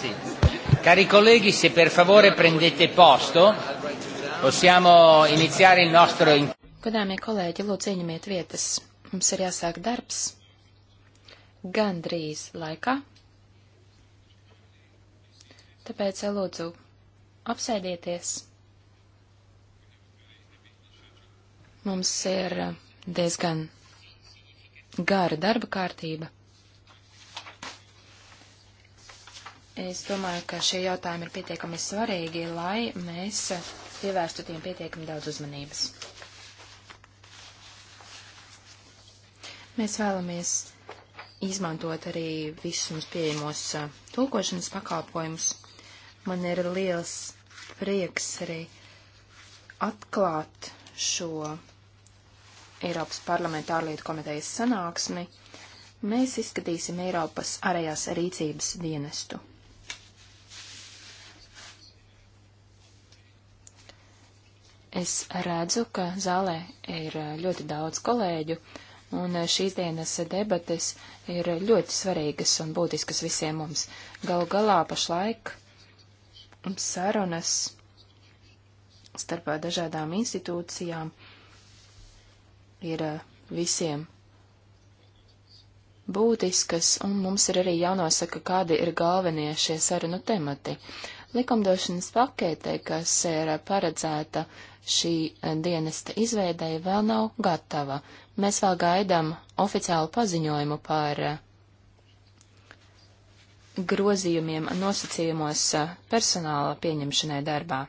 Grazie. Cari colleghi, se per favore prendete posto, possiamo iniziare il nostro. Godāmie kolēģi, lūdzu, ieņemiet vietas. Mums ir jāsāk darbs gandrīz laikā. Tāpēc, lūdzu, apsēdieties. Mums ir diezgan gara darba kārtība. Es domāju, ka šie jautājumi ir pietiekami svarīgi, lai mēs pievērstu tiem pietiekami daudz uzmanības. Mēs vēlamies izmantot arī visus mums pieejamos tulkošanas pakalpojumus. Man ir liels prieks arī atklāt šo Eiropas parlamenta ārlietu komitejas sanāksmi. Mēs izskatīsim Eiropas arējās rīcības dienestu. Es redzu, ka zālē ir eh, ļoti daudz kolēģu, un eh, šīs dienas debates ir ļoti svarīgas un būtiskas visiem mums. Galu galā pašlaik sarunas starp dažādām institūcijām ir eh, visiem būtiskas, un mums ir arī jānosaka, kādi ir galvenie šie sarunu temati. Uh, Likumdošanas pakete, kas ir paredzēta šī eh, dienesta izveidēja, vēl nav gatava. Mēs vēl gaidām oficiālu paziņojumu par eh, grozījumiem nosacījumos eh, personāla pieņemšanai darbā.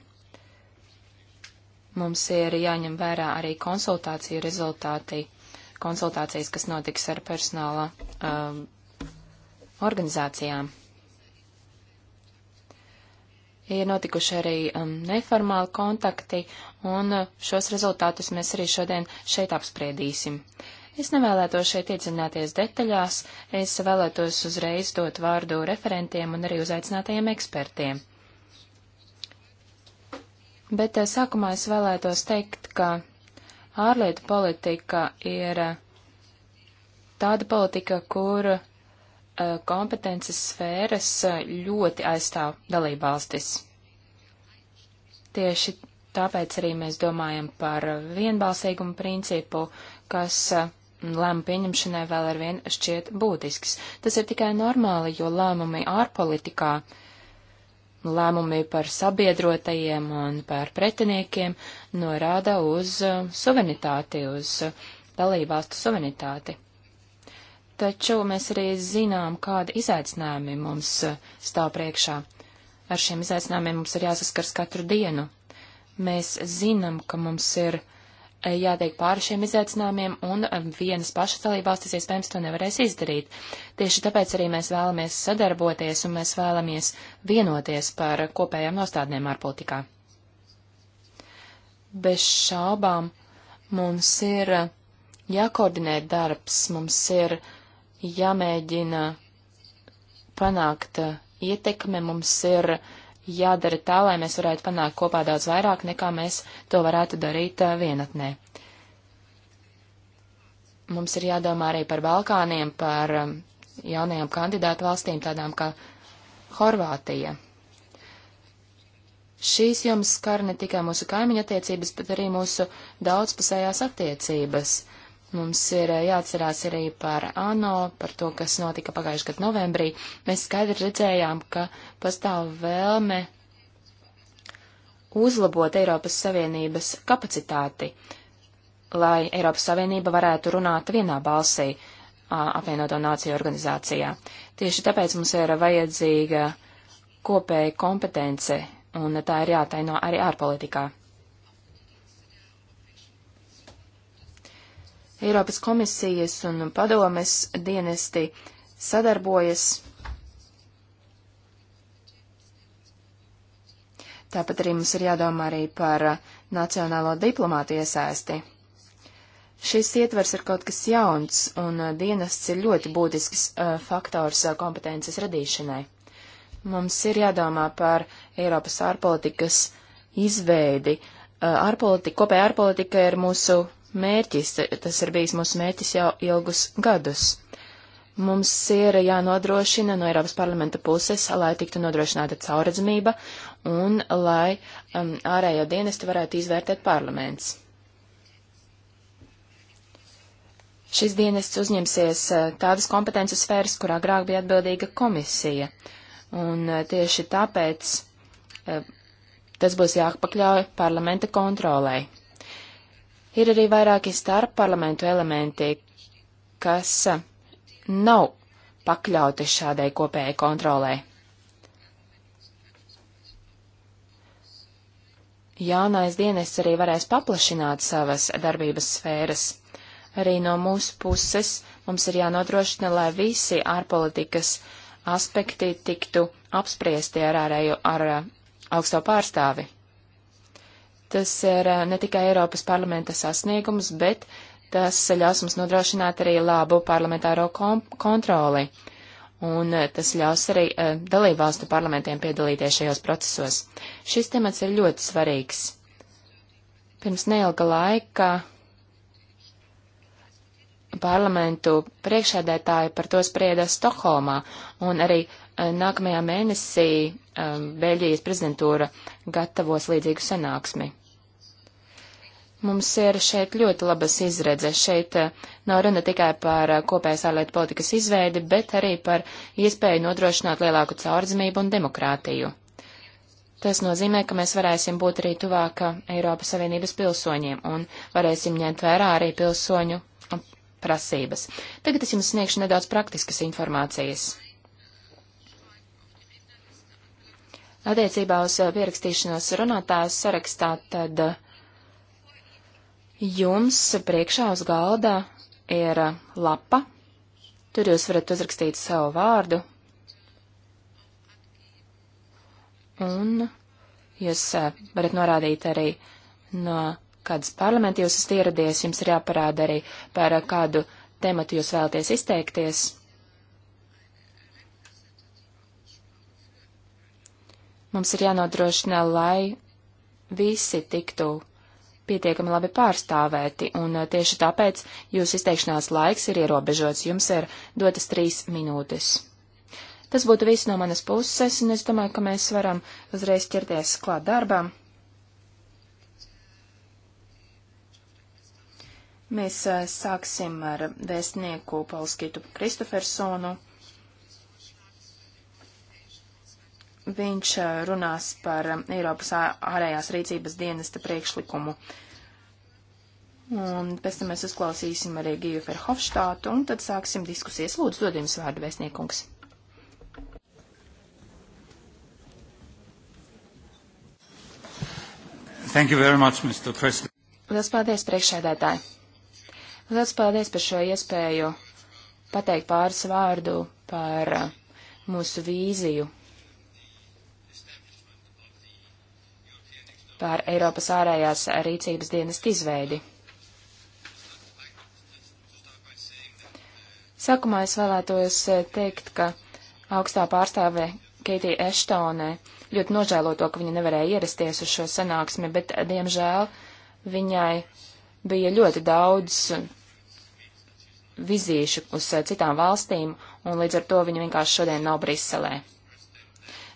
Mums ir jāņem vērā arī konsultāciju rezultāti, konsultācijas, kas notiks ar personāla um, organizācijām ir notikuši arī um, neformāli kontakti, un uh, šos rezultātus mēs arī šodien šeit apspriedīsim. Es nevēlētos šeit iedzināties detaļās, es vēlētos uzreiz dot vārdu referentiem un arī uzaicinātajiem ekspertiem. Bet uh, sākumā es vēlētos teikt, ka ārlietu politika ir uh, tāda politika, kur Uh, kompetences sfēras uh, ļoti aizstāv dalībvalstis. Tieši tāpēc arī mēs domājam par vienbalsīgumu principu, kas uh, lēmu pieņemšanai vēl ar vien šķiet būtisks. Tas ir tikai normāli, jo lēmumi ārpolitikā, lēmumi par sabiedrotajiem un par pretiniekiem norāda uz suverenitāti, uz dalībvalstu suverenitāti taču mēs arī zinām, kādi izaicinājumi mums eh, stāv priekšā. Ar šiem izaicinājumiem mums ir jāsaskars katru dienu. Mēs zinām, ka mums ir eh, jātiek pāri šiem izaicinājumiem, un eh, vienas pašas dalībvalstis iespējams to nevarēs izdarīt. Tieši tāpēc arī mēs vēlamies sadarboties un mēs vēlamies vienoties par kopējām nostādnēm ārpolitikā. Bez šaubām mums ir jākoordinē darbs, mums ir jāmēģina panākt uh, ietekme, mums ir jādara tā, lai mēs varētu panākt kopā daudz vairāk, nekā mēs to varētu darīt uh, vienatnē. Mums ir jādomā arī par Balkāniem, par um, jaunajām kandidātu valstīm, tādām kā Horvātija. Šīs jomas skar ne tikai mūsu kaimiņa attiecības, bet arī mūsu daudzpusējās attiecības. Uh, Mums ir eh, jāatcerās arī par ANO, par to, kas notika pagājušajā gadā novembrī. Mēs skaidri redzējām, ka pastāv vēlme uzlabot Eiropas Savienības kapacitāti, lai Eiropas Savienība varētu runāt vienā balsī apvienoto nāciju organizācijā. Tieši tāpēc mums ir vajadzīga kopēja kompetence, un tā ir jātaino arī ārpolitikā. Eiropas komisijas un padomes dienesti sadarbojas. Tāpat arī mums ir jādomā arī par nacionālo diplomātu iesaisti. Šis ietvers ir kaut kas jauns, un dienests ir ļoti būtisks uh, faktors uh, kompetences radīšanai. Mums ir jādomā par Eiropas ārpolitikas izveidi. Uh, ārpolitika, kopēja ārpolitika ir mūsu mērķis, tas ir bijis mūsu mērķis jau ilgus gadus. Mums ir jānodrošina no Eiropas parlamenta puses, lai tiktu nodrošināta caurredzamība un lai um, ārējo dienestu varētu izvērtēt parlaments. Šis dienests uzņemsies uh, tādas kompetences sfēras, kur agrāk bija atbildīga komisija. Un uh, tieši tāpēc uh, tas būs jāpakļauj parlamenta kontrolai. Ir arī vairāki starpparlamentu elementi, kas nav pakļauti šādai kopējai kontrolē. Jaunais dienests arī varēs paplašināt savas darbības sfēras. Arī no mūsu puses mums ir jānodrošina, lai visi ārpolitikas aspekti tiktu apspriesti ar ārēju ar uh, augsto pārstāvi. Tas ir eh, ne tikai Eiropas parlamenta sasniegums, bet tas ļaus mums nodrošināt arī labu parlamentāro kontroli. Un eh, tas ļaus arī eh, dalībvalstu parlamentiem piedalīties šajos procesos. Šis temats ir ļoti svarīgs. Pirms neilga laika parlamentu priekšēdētāji par to sprieda Stokholmā, un arī nākamajā mēnesī Beļģijas prezidentūra gatavos līdzīgu sanāksmi. Mums ir šeit ļoti labas izredzes. Šeit eh, nav runa tikai par eh, kopējas ārlietu politikas izveidi, bet arī par iespēju nodrošināt lielāku caurdzamību un demokrātiju. Tas nozīmē, ka mēs varēsim būt arī tuvāk eh, Eiropas Savienības pilsoņiem un varēsim ņemt vērā arī pilsoņu um, prasības. Tagad es jums sniegšu nedaudz praktiskas informācijas. Attiecībā uz pierakstīšanos runātājas sarakstā tad uh, Jums priekšā uz galda ir lapa. Tur jūs varat uzrakstīt savu vārdu. Un jūs eh, varat norādīt arī no kādas parlamenta jūs esat ieradies, jums ir jāparāda arī par kādu tematu jūs vēlaties izteikties. Mums ir jānodrošina, lai visi tiktu pietiekami labi pārstāvēti, un eh, tieši tāpēc jūsu izteikšanās laiks ir ierobežots, jums ir dotas trīs minūtes. Tas būtu viss no manas puses, un es domāju, ka mēs varam uzreiz ķerties klāt darbām. Mēs eh, sāksim ar vēstnieku Pauskītu Kristofersonu. viņš runās par Eiropas ārējās rīcības dienesta priekšlikumu. Un pēc tam mēs uzklausīsim arī Gīju Ferhofštātu, un tad sāksim diskusijas. Lūdzu, dod jums vārdu, vēstniekungs. Thank you very much, Mr. President. Liels paldies, priekšēdētāji. Liels paldies par šo iespēju pateikt pāris vārdu par mūsu vīziju par Eiropas ārējās rīcības dienas izveidi. Sākumā es vēlētos eh, teikt, ka augstā pārstāve Keitija Eštone ļoti nožēlo to, ka viņa nevarēja ierasties uz šo sanāksmi, bet, diemžēl, viņai bija ļoti daudz vizīšu uz eh, citām valstīm, un līdz ar to viņa vienkārši šodien nav Briselē.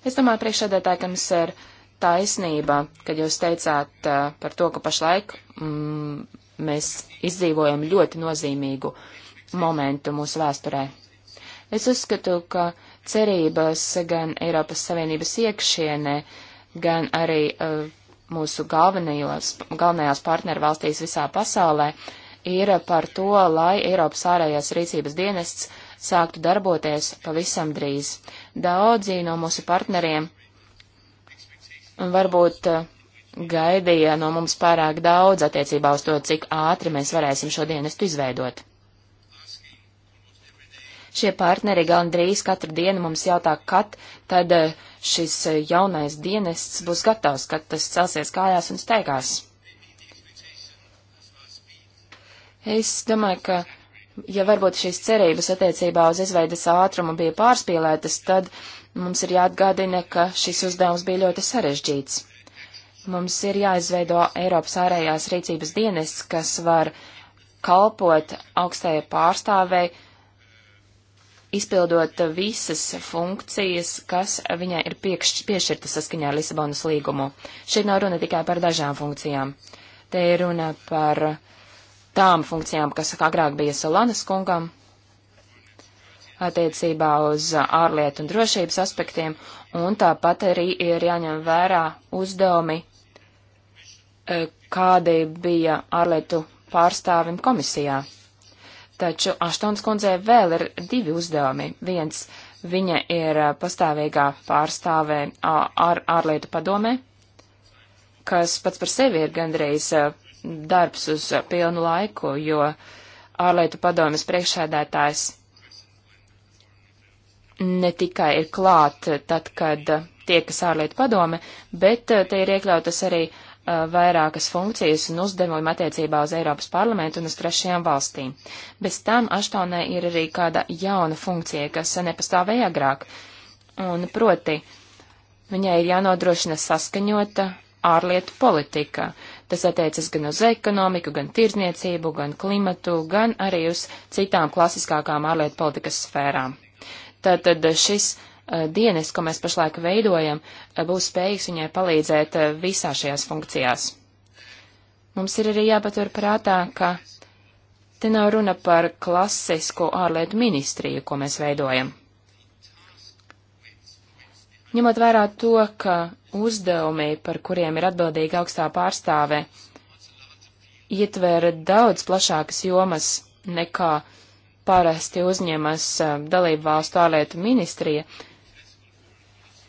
Es domāju, priekšsēdētāji, ka mums ir. Er taisnība, kad jūs teicāt par to, ka pašlaik mm, mēs izdzīvojam ļoti nozīmīgu momentu mūsu vēsturē. Es uzskatu, ka cerības gan Eiropas Savienības iekšienē, gan arī uh, mūsu galvenajos, galvenajās partnervalstīs visā pasaulē ir par to, lai Eiropas ārējās rīcības dienests sāktu darboties pavisam drīz. Daudzi no mūsu partneriem varbūt eh, gaidīja no mums pārāk daudz attiecībā uz to, cik ātri mēs varēsim šo dienestu izveidot. Šie partneri gandrīz katru dienu mums jautā, kad tad eh, šis eh, jaunais dienests būs gatavs, kad tas celsies kājās un steigās. Es domāju, ka ja varbūt šīs cerības attiecībā uz izveidas ātrumu bija pārspīlētas, tad Mums ir jāatgādina, ka šis uzdevums bija ļoti sarežģīts. Mums ir jāizveido Eiropas ārējās rīcības dienests, kas var kalpot augstajai pārstāvei, izpildot visas funkcijas, kas viņai ir piešķirta saskaņā ar Lisabonas līgumu. Šeit nav runa tikai par dažām funkcijām. Te ir runa par tām funkcijām, kas agrāk bija Solanas kungam, attiecībā uz ārlietu un drošības aspektiem, un tāpat arī ir jāņem vērā uzdevumi, e, kādi bija ārlietu pārstāvim komisijā. Taču Aštons kundzē vēl ir divi uzdevumi. Viens, viņa ir pastāvīgā pārstāvē ār, ārlietu padomē, kas pats par sevi ir gandrīz e, darbs uz pilnu laiku, jo ārlietu padomes priekšsēdētājs ne tikai ir klāt tad, kad tiekas ārlietu padome, bet eh, te ir iekļautas arī eh, vairākas funkcijas un uzdevumi attiecībā uz Eiropas parlamentu un uz trešajām valstīm. Bez tam Aštonē ir arī kāda jauna funkcija, kas nepastāvēja agrāk. Un proti, viņai ir jānodrošina saskaņota ārlietu politika. Tas attiecas gan uz ekonomiku, gan tirzniecību, gan klimatu, gan arī uz citām klasiskākām ārlietu politikas sfērām. Tātad šis eh, dienas, ko mēs pašlaik veidojam, eh, būs spējīgs viņai palīdzēt eh, visā šajās funkcijās. Mums ir arī jāpatur prātā, ka te nav runa par klasisko ārlietu ministriju, ko mēs veidojam. Ņemot vērā to, ka uzdevumi, par kuriem ir atbildīga augstā pārstāve, ietver daudz plašākas jomas nekā uh, parasti uzņemas eh, dalību valstu ārlietu ministrija.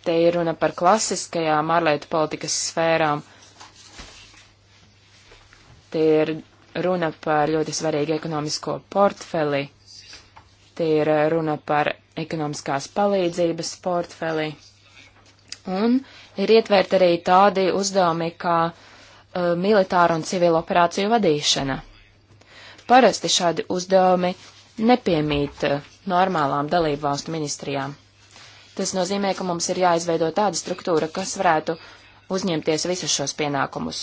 Te ir runa par klasiskajām ārlietu politikas sfērām. Te ir runa par ļoti svarīgu ekonomisko portfeli. Te ir runa par ekonomiskās palīdzības portfeli. Un ir ietverti arī tādi uzdevumi kā uh, eh, militāra un civila operāciju vadīšana. Parasti šādi uzdevumi nepiemīt eh, normālām dalībvalstu ministrijām. Tas nozīmē, ka mums ir jāizveido tāda struktūra, kas varētu uzņemties visus šos pienākumus.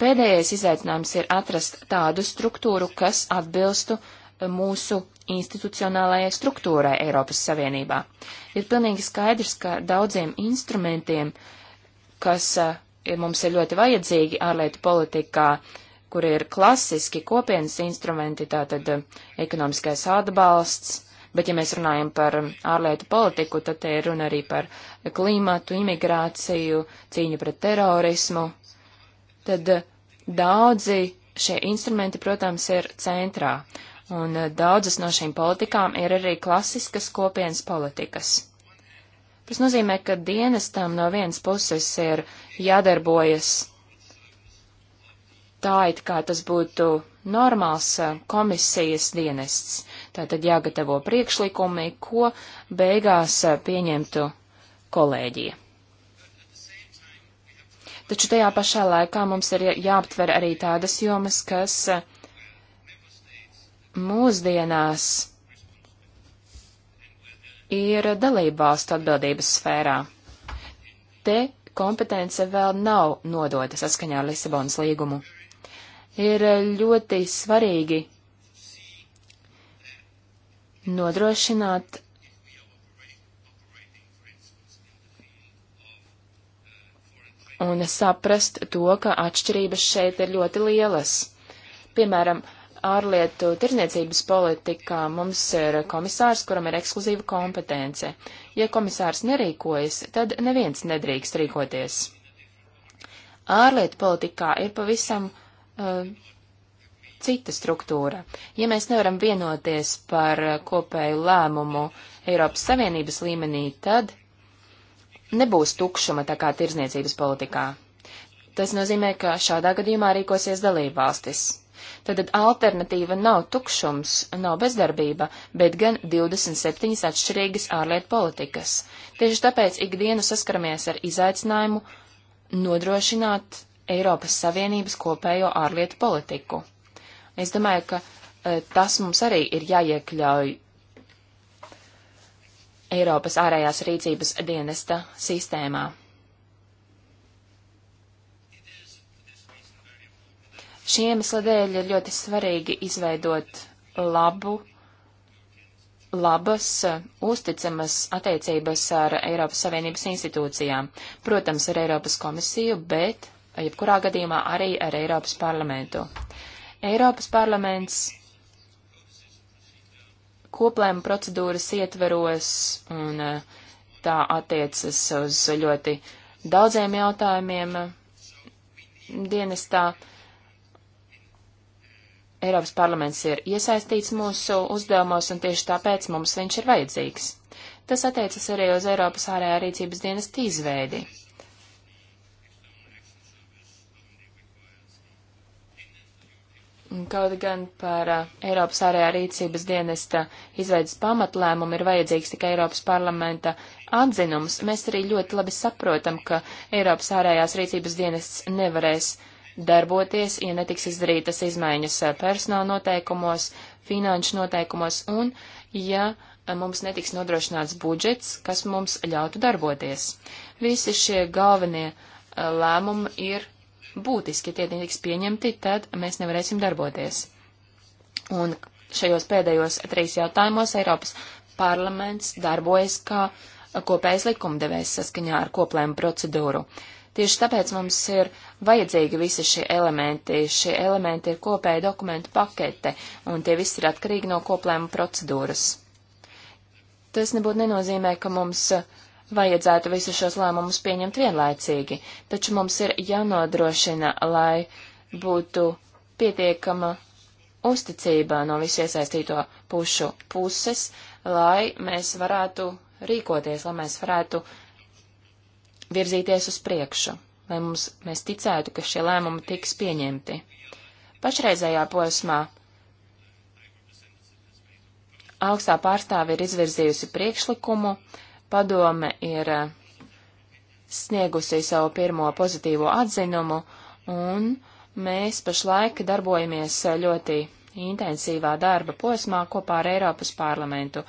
Pēdējais izaicinājums ir atrast tādu struktūru, kas atbilstu eh, mūsu institucionālajai struktūrai Eiropas Savienībā. Ir pilnīgi skaidrs, ka daudziem instrumentiem, kas eh, mums ir ļoti vajadzīgi ārlietu politikā, uh, kur ir klasiski kopienas instrumenti, tātad eh, ekonomiskais atbalsts, bet ja mēs runājam par um, ārlietu politiku, tad te ir runa arī par klimatu, imigrāciju, cīņu pret terorismu, tad eh, daudzi šie instrumenti, protams, ir centrā, un eh, daudzas no šīm politikām ir arī klasiskas kopienas politikas. Tas nozīmē, ka dienestam no vienas puses ir jādarbojas tā it kā tas būtu normāls komisijas dienests. Tātad jāgatavo priekšlikumi, ko beigās pieņemtu kolēģija. Taču tajā pašā laikā mums ir jāaptver arī tādas jomas, kas mūsdienās ir dalībvalstu atbildības sfērā. Te kompetence vēl nav nodota saskaņā ar Lisabonas līgumu ir eh, ļoti svarīgi nodrošināt un saprast to, ka atšķirības šeit ir ļoti lielas. Piemēram, ārlietu tirniecības politikā mums ir komisārs, kuram ir ekskluzīva kompetence. Ja komisārs nerīkojas, tad neviens nedrīkst rīkoties. Ārlietu politikā ir pavisam uh, cita struktūra. Ja mēs nevaram vienoties par kopēju lēmumu Eiropas Savienības līmenī, tad nebūs tukšuma tā kā tirzniecības politikā. Tas nozīmē, ka šādā gadījumā rīkosies dalībvalstis. Tad alternatīva nav tukšums, nav bezdarbība, bet gan 27 atšķirīgas ārlietu politikas. Tieši tāpēc ikdienu saskaramies ar izaicinājumu nodrošināt Eiropas Savienības kopējo ārlietu politiku. Es domāju, ka e, tas mums arī ir jāiekļauj Eiropas ārējās rīcības dienesta sistēmā. Šī iemesla dēļ ir ļoti svarīgi izveidot labu, labas, uzticamas attiecības ar Eiropas Savienības institūcijām, protams, ar Eiropas komisiju, bet jebkurā gadījumā arī ar Eiropas parlamentu. Eiropas parlaments koplēma procedūras ietveros un eh, tā attiecas uz ļoti daudziem jautājumiem mm, dienestā. Eiropas parlaments ir iesaistīts mūsu uzdevumos, un tieši tāpēc mums viņš ir vajadzīgs. Tas attiecas arī uz Eiropas ārējā rīcības dienesta izveidi. Kaut gan par Eiropas ārējā rīcības dienesta izveidas pamatlēmumu ir vajadzīgs tikai Eiropas parlamenta atzinums, mēs arī ļoti labi saprotam, ka Eiropas ārējās rīcības dienests nevarēs darboties, ja netiks izdarītas izmaiņas personāla noteikumos, finanšu noteikumos un ja mums netiks nodrošināts budžets, kas mums ļautu darboties. Visi šie galvenie lēmumi ir būtiski. Tie netiks pieņemti, tad mēs nevarēsim darboties. Un šajos pēdējos trīs jautājumos Eiropas parlaments darbojas kā kopējs likumdevējs saskaņā ar koplēmu procedūru. Tieši tāpēc mums ir vajadzīgi visi šie elementi. Šie elementi ir kopēja dokumentu pakete, un tie visi ir atkarīgi no koplēmu procedūras. Tas nebūtu nenozīmē, ka mums uh, Vajadzētu visus šos lēmumus pieņemt vienlaicīgi, taču mums ir jānodrošina, lai būtu pietiekama uzticība no visu iesaistīto pušu puses, lai mēs varētu rīkoties, lai mēs varētu virzīties uz priekšu, lai mums, mēs ticētu, ka šie lēmumi tiks pieņemti. Pašreizējā posmā augstā pārstāve ir izvirzījusi priekšlikumu, uh, Padome ir eh, sniegusi savu pirmo pozitīvo atzinumu, un mēs pašlaik darbojamies eh, ļoti intensīvā darba posmā kopā ar Eiropas parlamentu.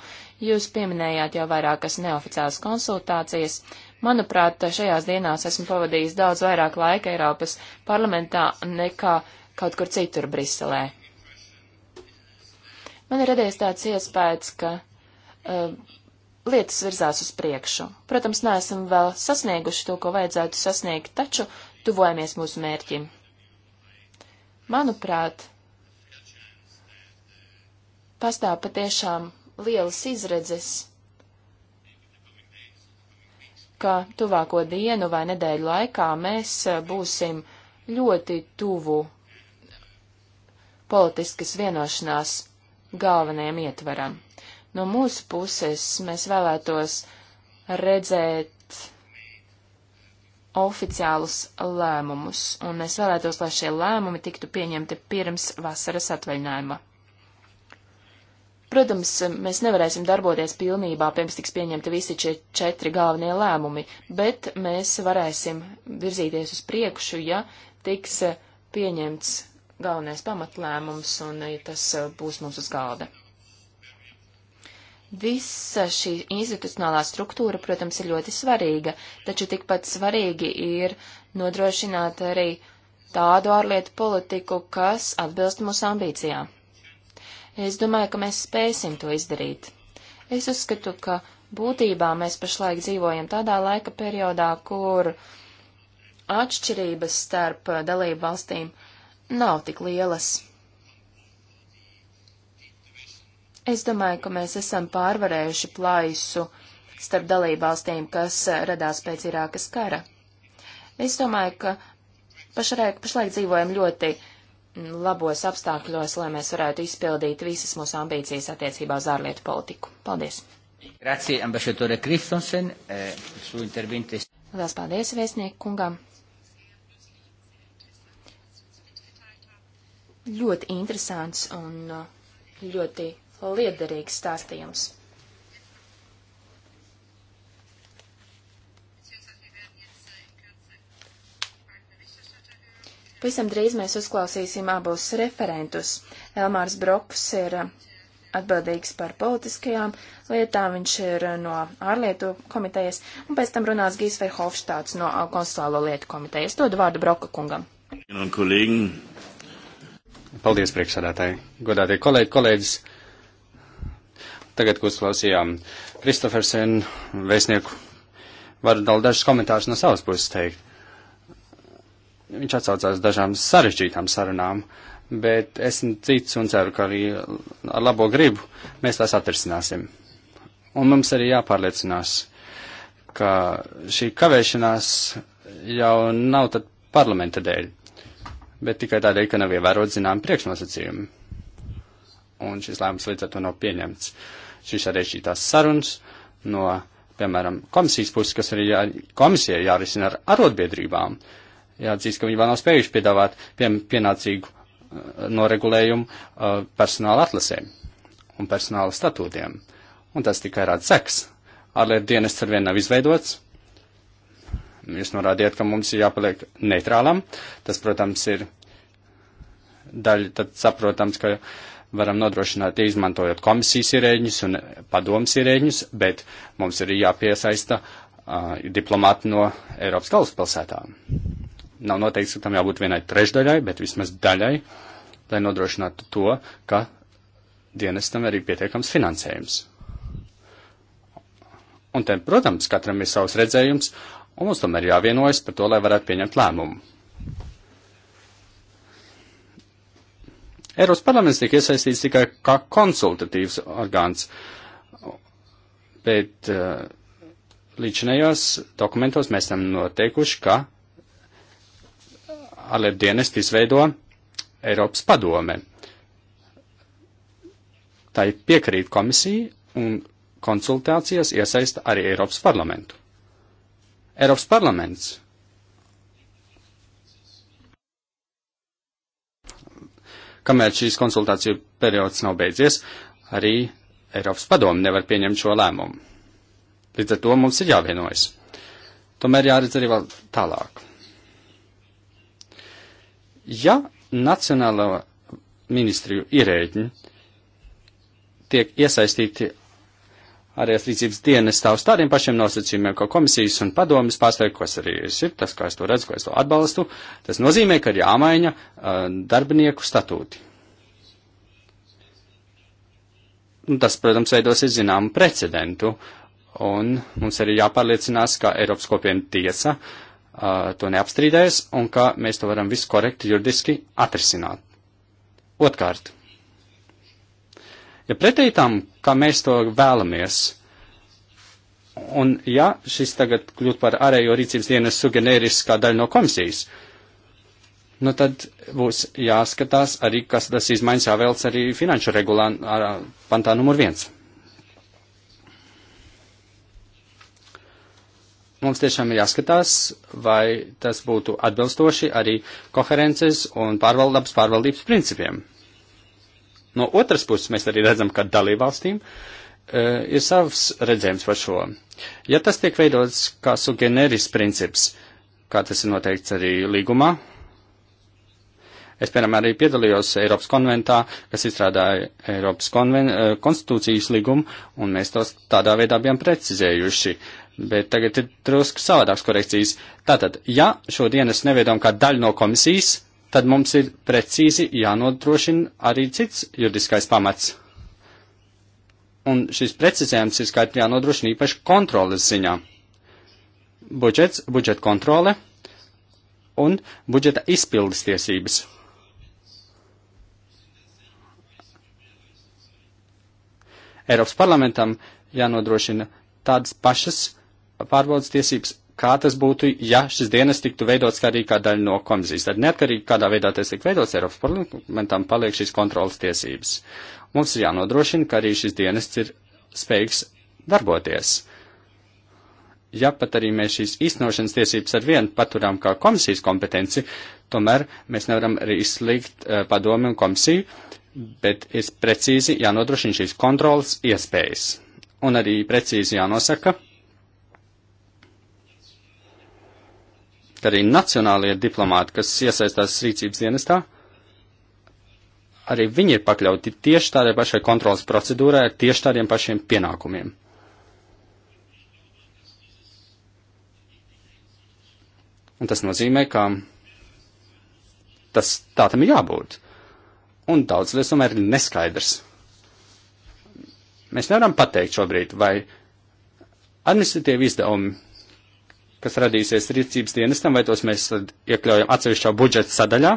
Jūs pieminējāt jau vairākas neoficiālas konsultācijas. Manuprāt, šajās dienās esmu pavadījis daudz vairāk laika Eiropas parlamentā nekā kaut kur citur Briselē. Man ir radies tāds iespējas, ka uh, lietas virzās uz priekšu. Protams, neesam vēl sasnieguši to, ko vajadzētu sasniegt, taču tuvojamies mūsu mērķim. Manuprāt, pastāv patiešām lielas izredzes, ka tuvāko dienu vai nedēļu laikā mēs eh, būsim ļoti tuvu politiskas vienošanās galvenajam ietveram. No mūsu puses mēs vēlētos redzēt oficiālus lēmumus, un mēs vēlētos, lai šie lēmumi tiktu pieņemti pirms vasaras atvaļinājuma. Protams, mēs nevarēsim darboties pilnībā, pirms tiks pieņemti visi šie četri galvenie lēmumi, bet mēs varēsim virzīties uz priekšu, ja tiks pieņemts galvenais pamatlēmums un ja tas būs mums uz galda. Visa šī institucionālā struktūra, protams, ir ļoti svarīga, taču tikpat svarīgi ir nodrošināt arī tādu ārlietu politiku, kas atbilst mūsu ambīcijām. Es domāju, ka mēs spēsim to izdarīt. Es uzskatu, ka būtībā mēs pašlaik dzīvojam tādā laika periodā, kur atšķirības starp dalību valstīm nav tik lielas. Es domāju, ka mēs esam pārvarējuši plaisu starp dalībvalstīm, kas eh, radās pēc Irākas kara. Es domāju, ka pašlaik, pašlaik dzīvojam ļoti mm, labos apstākļos, lai mēs varētu izpildīt visas mūsu ambīcijas attiecībā uz ārlietu politiku. Paldies! Grazie, ambasadore Kristonsen, eh, su intervinte. Lielas paldies, vēstnieku kungam! Ļoti interesants un eh, ļoti liederīgs stāstījums. Pavisam drīz mēs uzklausīsim abus referentus. Elmārs Broks ir atbildīgs par politiskajām lietām, viņš ir no ārlietu komitejas, un pēc tam runās Gīs vai Hofštāts no konsulālo lietu komitejas. Dodu vārdu Broka kungam. Paldies, priekšsādātāji. Godātie kolēģi, kolēģis, Tagad, ko klausījām Kristofersen vēstnieku, varu dažus komentārus no savas puses teikt. Viņš atsaucās dažām sarežģītām sarunām, bet es citu un ceru, ka arī ar labo gribu mēs tās atrisināsim. Un mums arī jāpārliecinās, ka šī kavēšanās jau nav tad parlamenta dēļ, bet tikai tādēļ, ka nav ievērot zinām priekšnosacījumi un šis lēmums līdz ar to nav pieņemts. Šis arī šī tās sarunas no, piemēram, komisijas puses, kas arī jā, komisija jārisina ar arotbiedrībām. Jāatzīst, ka viņi vēl nav spējuši piedāvāt pie, pienācīgu uh, noregulējumu uh, personāla atlasēm un personāla statūtiem. Un tas tikai rāda seks. Ārlietu dienests ar vienu nav izveidots. Jūs norādījāt, ka mums ir jāpaliek neitrālam. Tas, protams, ir daļa, tad saprotams, ka uh, varam nodrošināt, izmantojot komisijas ierēģus un padomas ierēģus, bet mums ir jāpiesaista uh, diplomāti no Eiropas galvaspilsētām. Nav noteikts, ka tam jābūt vienai trešdaļai, bet vismaz daļai, lai nodrošinātu to, ka dienestam ir pietiekams finansējums. Un te, protams, katram ir savs redzējums, un mums tomēr jāvienojas par to, lai varētu pieņemt lēmumu. Eiropas parlaments tiek iesaistīts tikai kā konsultatīvs orgāns, bet uh, eh, līdzinējos dokumentos mēs tam noteikuši, ka Alep dienest izveido Eiropas padome. Tai piekrīt komisija un konsultācijas iesaista arī Eiropas parlamentu. Eiropas parlaments kamēr šīs konsultāciju periods nav beidzies, arī Eiropas padomu nevar pieņemt šo lēmumu. Līdz ar to mums ir jāvienojas. Tomēr jāredz arī vēl tālāk. Ja nacionālo ministriju ierēģi tiek iesaistīti ārējās rīcības dienestā uz tādiem pašiem nosacījumiem, ko komisijas un padomjas pārstāvji, kas arī ir tas, kā es to redzu, ko es to atbalstu, tas nozīmē, ka ir jāmaina uh, darbinieku statūti. Un tas, protams, veidosies zināmu precedentu, un mums arī jāpārliecinās, ka Eiropas kopiena tiesa uh, to neapstrīdēs, un ka mēs to varam visu korekti juridiski atrisināt. Otkārt. Ja pretēji tam, kā mēs to vēlamies, un ja šis tagad kļūt par ārējo rīcības dienas sugeneriskā daļa no komisijas, nu tad būs jāskatās arī, kas tas izmaiņas jāvēlc arī finanšu regulā ar, pantā numur viens. Mums tiešām ir jāskatās, vai tas būtu atbilstoši arī koherences un pārvaldības pārvaldības principiem. No otras puses, mēs arī redzam, ka dalībvalstīm uh, ir savs redzējums par šo. Ja tas tiek veidots kā sugeneris princips, kā tas ir noteikts arī līgumā, es, piemēram, arī piedalījos Eiropas konventā, kas izstrādāja Eiropas konven, uh, konstitūcijas līgumu, un mēs tos tādā veidā bijām precizējuši. Bet tagad ir drusku savādāks korekcijas. Tātad, ja šodien es neviedām kā daļu no komisijas, tad mums ir precīzi jānodrošina arī cits juridiskais pamats. Un šis precizējums ir skaidri jānodrošina īpaši kontroles ziņā. Budžets, budžeta kontrole un budžeta izpildes tiesības. Eiropas parlamentam jānodrošina tādas pašas pārbaudas tiesības kā tas būtu, ja šis dienas tiktu veidots kā arī kā daļa no komisijas. Tad neatkarīgi, kādā veidā tas tiek veidots, Eiropas parlamentam paliek šīs kontrolas tiesības. Mums ir jānodrošina, ka arī šis dienas ir spējīgs darboties. Ja pat arī mēs šīs īstenošanas tiesības ar vienu paturām kā komisijas kompetenci, tomēr mēs nevaram arī izslīgt uh, padomi un komisiju, bet ir precīzi jānodrošina šīs kontrolas iespējas. Un arī precīzi jānosaka, ka arī nacionālie diplomāti, kas iesaistās rīcības dienestā, arī viņi ir pakļauti tieši tādai pašai kontrolas procedūrai, tieši tādiem pašiem pienākumiem. Un tas nozīmē, ka tas tā tam ir jābūt. Un daudz lietas tomēr ir neskaidrs. Mēs nevaram pateikt šobrīd, vai administratīvi izdevumi kas radīsies rīcības dienestam, vai tos mēs iekļaujam atsevišķā budžeta sadaļā.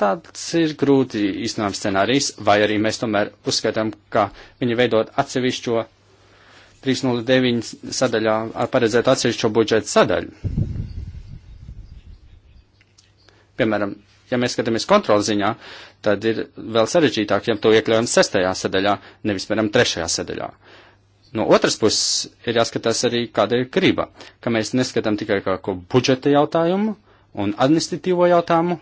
Tāds ir grūti īstenojams scenārijs, vai arī mēs tomēr uzskatām, ka viņi veidot atsevišķo 309 sadaļā ar paredzētu atsevišķo budžeta sadaļu. Piemēram, ja mēs skatāmies kontrola ziņā, tad ir vēl sarežģītāk, ja to iekļaujam sestajā sadaļā, nevis, piemēram, trešajā sadaļā. Uh, No otras puses, ir jāskatās arī, kāda ir griba, ka mēs neskatām tikai kā ko budžeta jautājumu un administratīvo jautājumu,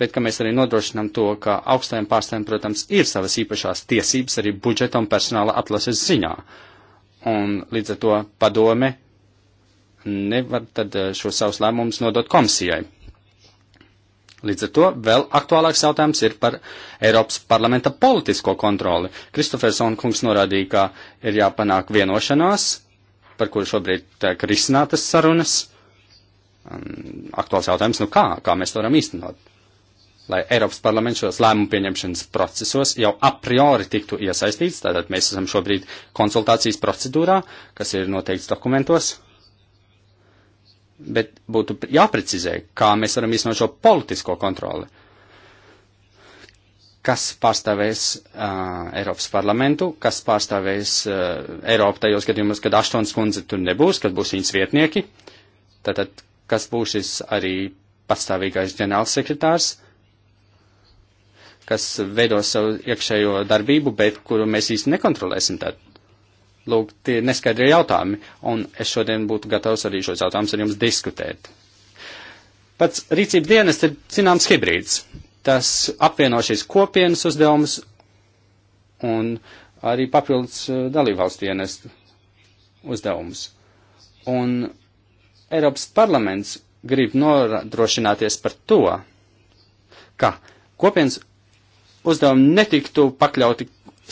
bet ka mēs arī nodrošinām to, ka augstajiem pārstāvjiem, protams, ir savas īpašās tiesības arī budžeta un personāla atlases ziņā. Un līdz ar to padome nevar tad eh, šo savus lēmumus nodot komisijai. Līdz ar to vēl aktuālāks jautājums ir par Eiropas parlamenta politisko kontroli. Kristofersona kungs norādīja, ka ir jāpanāk vienošanās, par kuru šobrīd tiek risinātas sarunas. Aktuāls jautājums, nu kā, kā mēs to varam īstenot? Lai Eiropas parlaments šos lēmumu pieņemšanas procesos jau a priori tiktu iesaistīts, tātad mēs esam šobrīd konsultācijas procedūrā, kas ir noteikts dokumentos, bet būtu jāprecizē, kā mēs varam īstenot šo politisko kontroli, kas pārstāvēs uh, Eiropas parlamentu, kas pārstāvēs uh, Eiropu tajos gadījumos, kad Aštons kundze tur nebūs, kad būs viņas vietnieki, tātad kas būs šis arī pastāvīgais ģenerālsekretārs, kas veidos savu iekšējo darbību, bet kuru mēs īsti nekontrolēsim tad. Lūk, tie ir neskaidri jautājumi, un es šodien būtu gatavs arī šos jautājumus ar jums diskutēt. Pats rīcība dienas ir zināms hibrīds. Tas apvieno šīs kopienas uzdevumus un arī papildus eh, dalībvalstu dienestu uzdevumus. Un Eiropas parlaments grib nodrošināties par to, ka kopienas uzdevumi netiktu pakļauti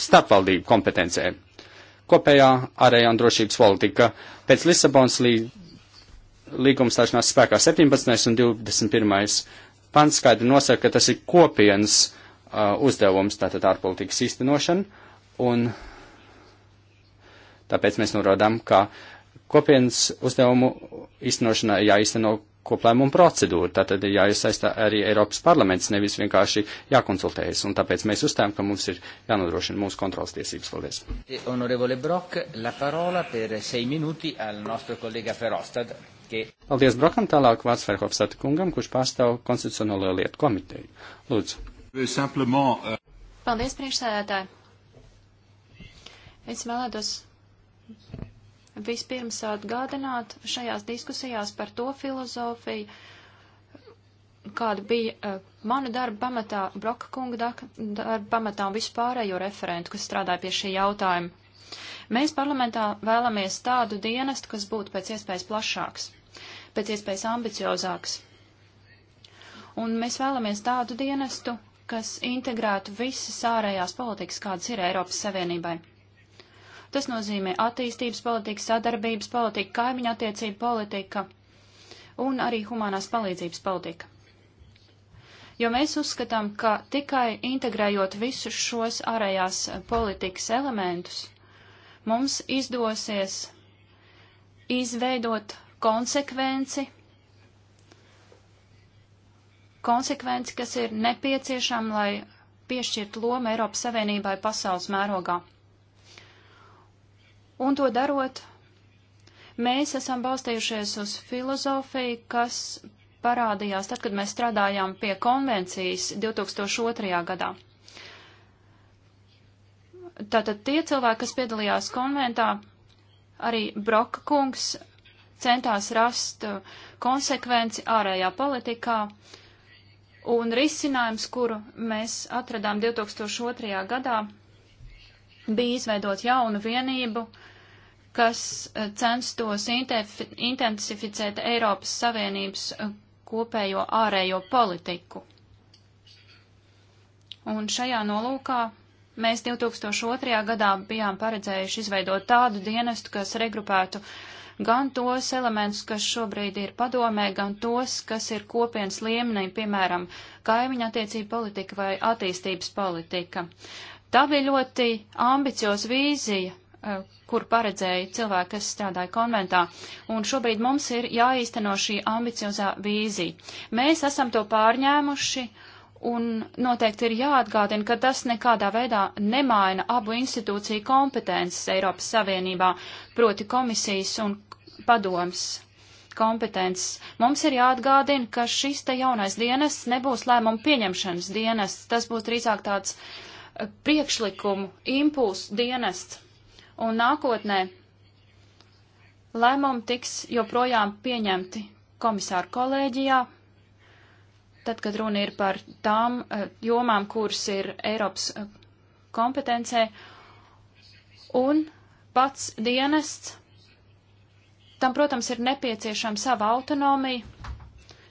starpvaldību kompetencēm kopējā ārējā un drošības politika. Pēc Lisabonas lī, līguma stāšanās spēkā 17. un 21. pants skaidri nosaka, ka tas ir kopienas uh, uzdevums, tātad ārpolitikas īstenošana, un tāpēc mēs norādām, ka kopienas uzdevumu īstenošana jāīsteno koplēmuma procedūru. Tātad ir jāiesaista arī Eiropas parlaments, nevis vienkārši jākonsultējas. Un tāpēc mēs uzstājam, ka mums ir jānodrošina mūsu kontrolas tiesības. Paldies. Honorevole eh, Brok, la parola per sei minuti al nostro collega Ferostad. Ke... Paldies Brokam, tālāk vārds Ferhofsata kungam, kurš pārstāv konstitucionālo lietu komiteju. Lūdzu. Eh, eh, Paldies, priekšsēdētāji. Es vēlētos vispirms atgādināt šajās diskusijās par to filozofiju, kāda bija uh, eh, mana darba pamatā, Broka kunga darba pamatā un vispārējo referentu, kas strādāja pie šī jautājuma. Mēs parlamentā vēlamies tādu dienestu, kas būtu pēc iespējas plašāks, pēc iespējas ambiciozāks. Un mēs vēlamies tādu dienestu, kas integrētu visas ārējās politikas, kādas ir Eiropas Savienībai. Tas nozīmē attīstības politika, sadarbības politika, kaimiņa attiecība politika un arī humanās palīdzības politika. Jo mēs uzskatām, ka tikai integrējot visus šos ārējās politikas elementus, mums izdosies izveidot konsekvenci konsekvenci, kas ir nepieciešama, lai piešķirtu lomu Eiropas Savienībai pasaules mērogā. Un to darot, mēs esam balstījušies uz filozofiju, kas parādījās tad, kad mēs strādājām pie konvencijas 2002. gadā. Tātad tie cilvēki, kas piedalījās konventā, arī Broka kungs centās rast uh, konsekvenci ārējā politikā, un risinājums, kuru mēs atradām 2002. gadā, bija izveidot jaunu vienību, kas eh, censtos intensificēt Eiropas Savienības eh, kopējo ārējo politiku. Un šajā nolūkā mēs 2002. gadā bijām paredzējuši izveidot tādu dienestu, kas regrupētu gan tos elementus, kas šobrīd ir padomē, gan tos, kas ir kopienas līmenī, piemēram, kaimiņa attiecība politika vai attīstības politika. Tā bija ļoti ambicioza vīzija, eh, kur paredzēja cilvēki, kas strādāja konventā, un šobrīd mums ir jāīsteno šī ambiciozā vīzija. Mēs esam to pārņēmuši, un noteikti ir jāatgādina, ka tas nekādā veidā nemaina abu institūciju kompetences Eiropas Savienībā, proti komisijas un padomas kompetences. Mums ir jāatgādina, ka šis te jaunais dienests nebūs lēmumu pieņemšanas dienests, tas būs drīzāk tāds uh, priekšlikumu impulsu dienests. Un nākotnē lēmumi tiks joprojām pieņemti komisāru kolēģijā, tad, kad runa ir par tām eh, jomām, kuras ir Eiropas eh, kompetencē, un pats dienests, tam, protams, ir nepieciešama sava autonomija.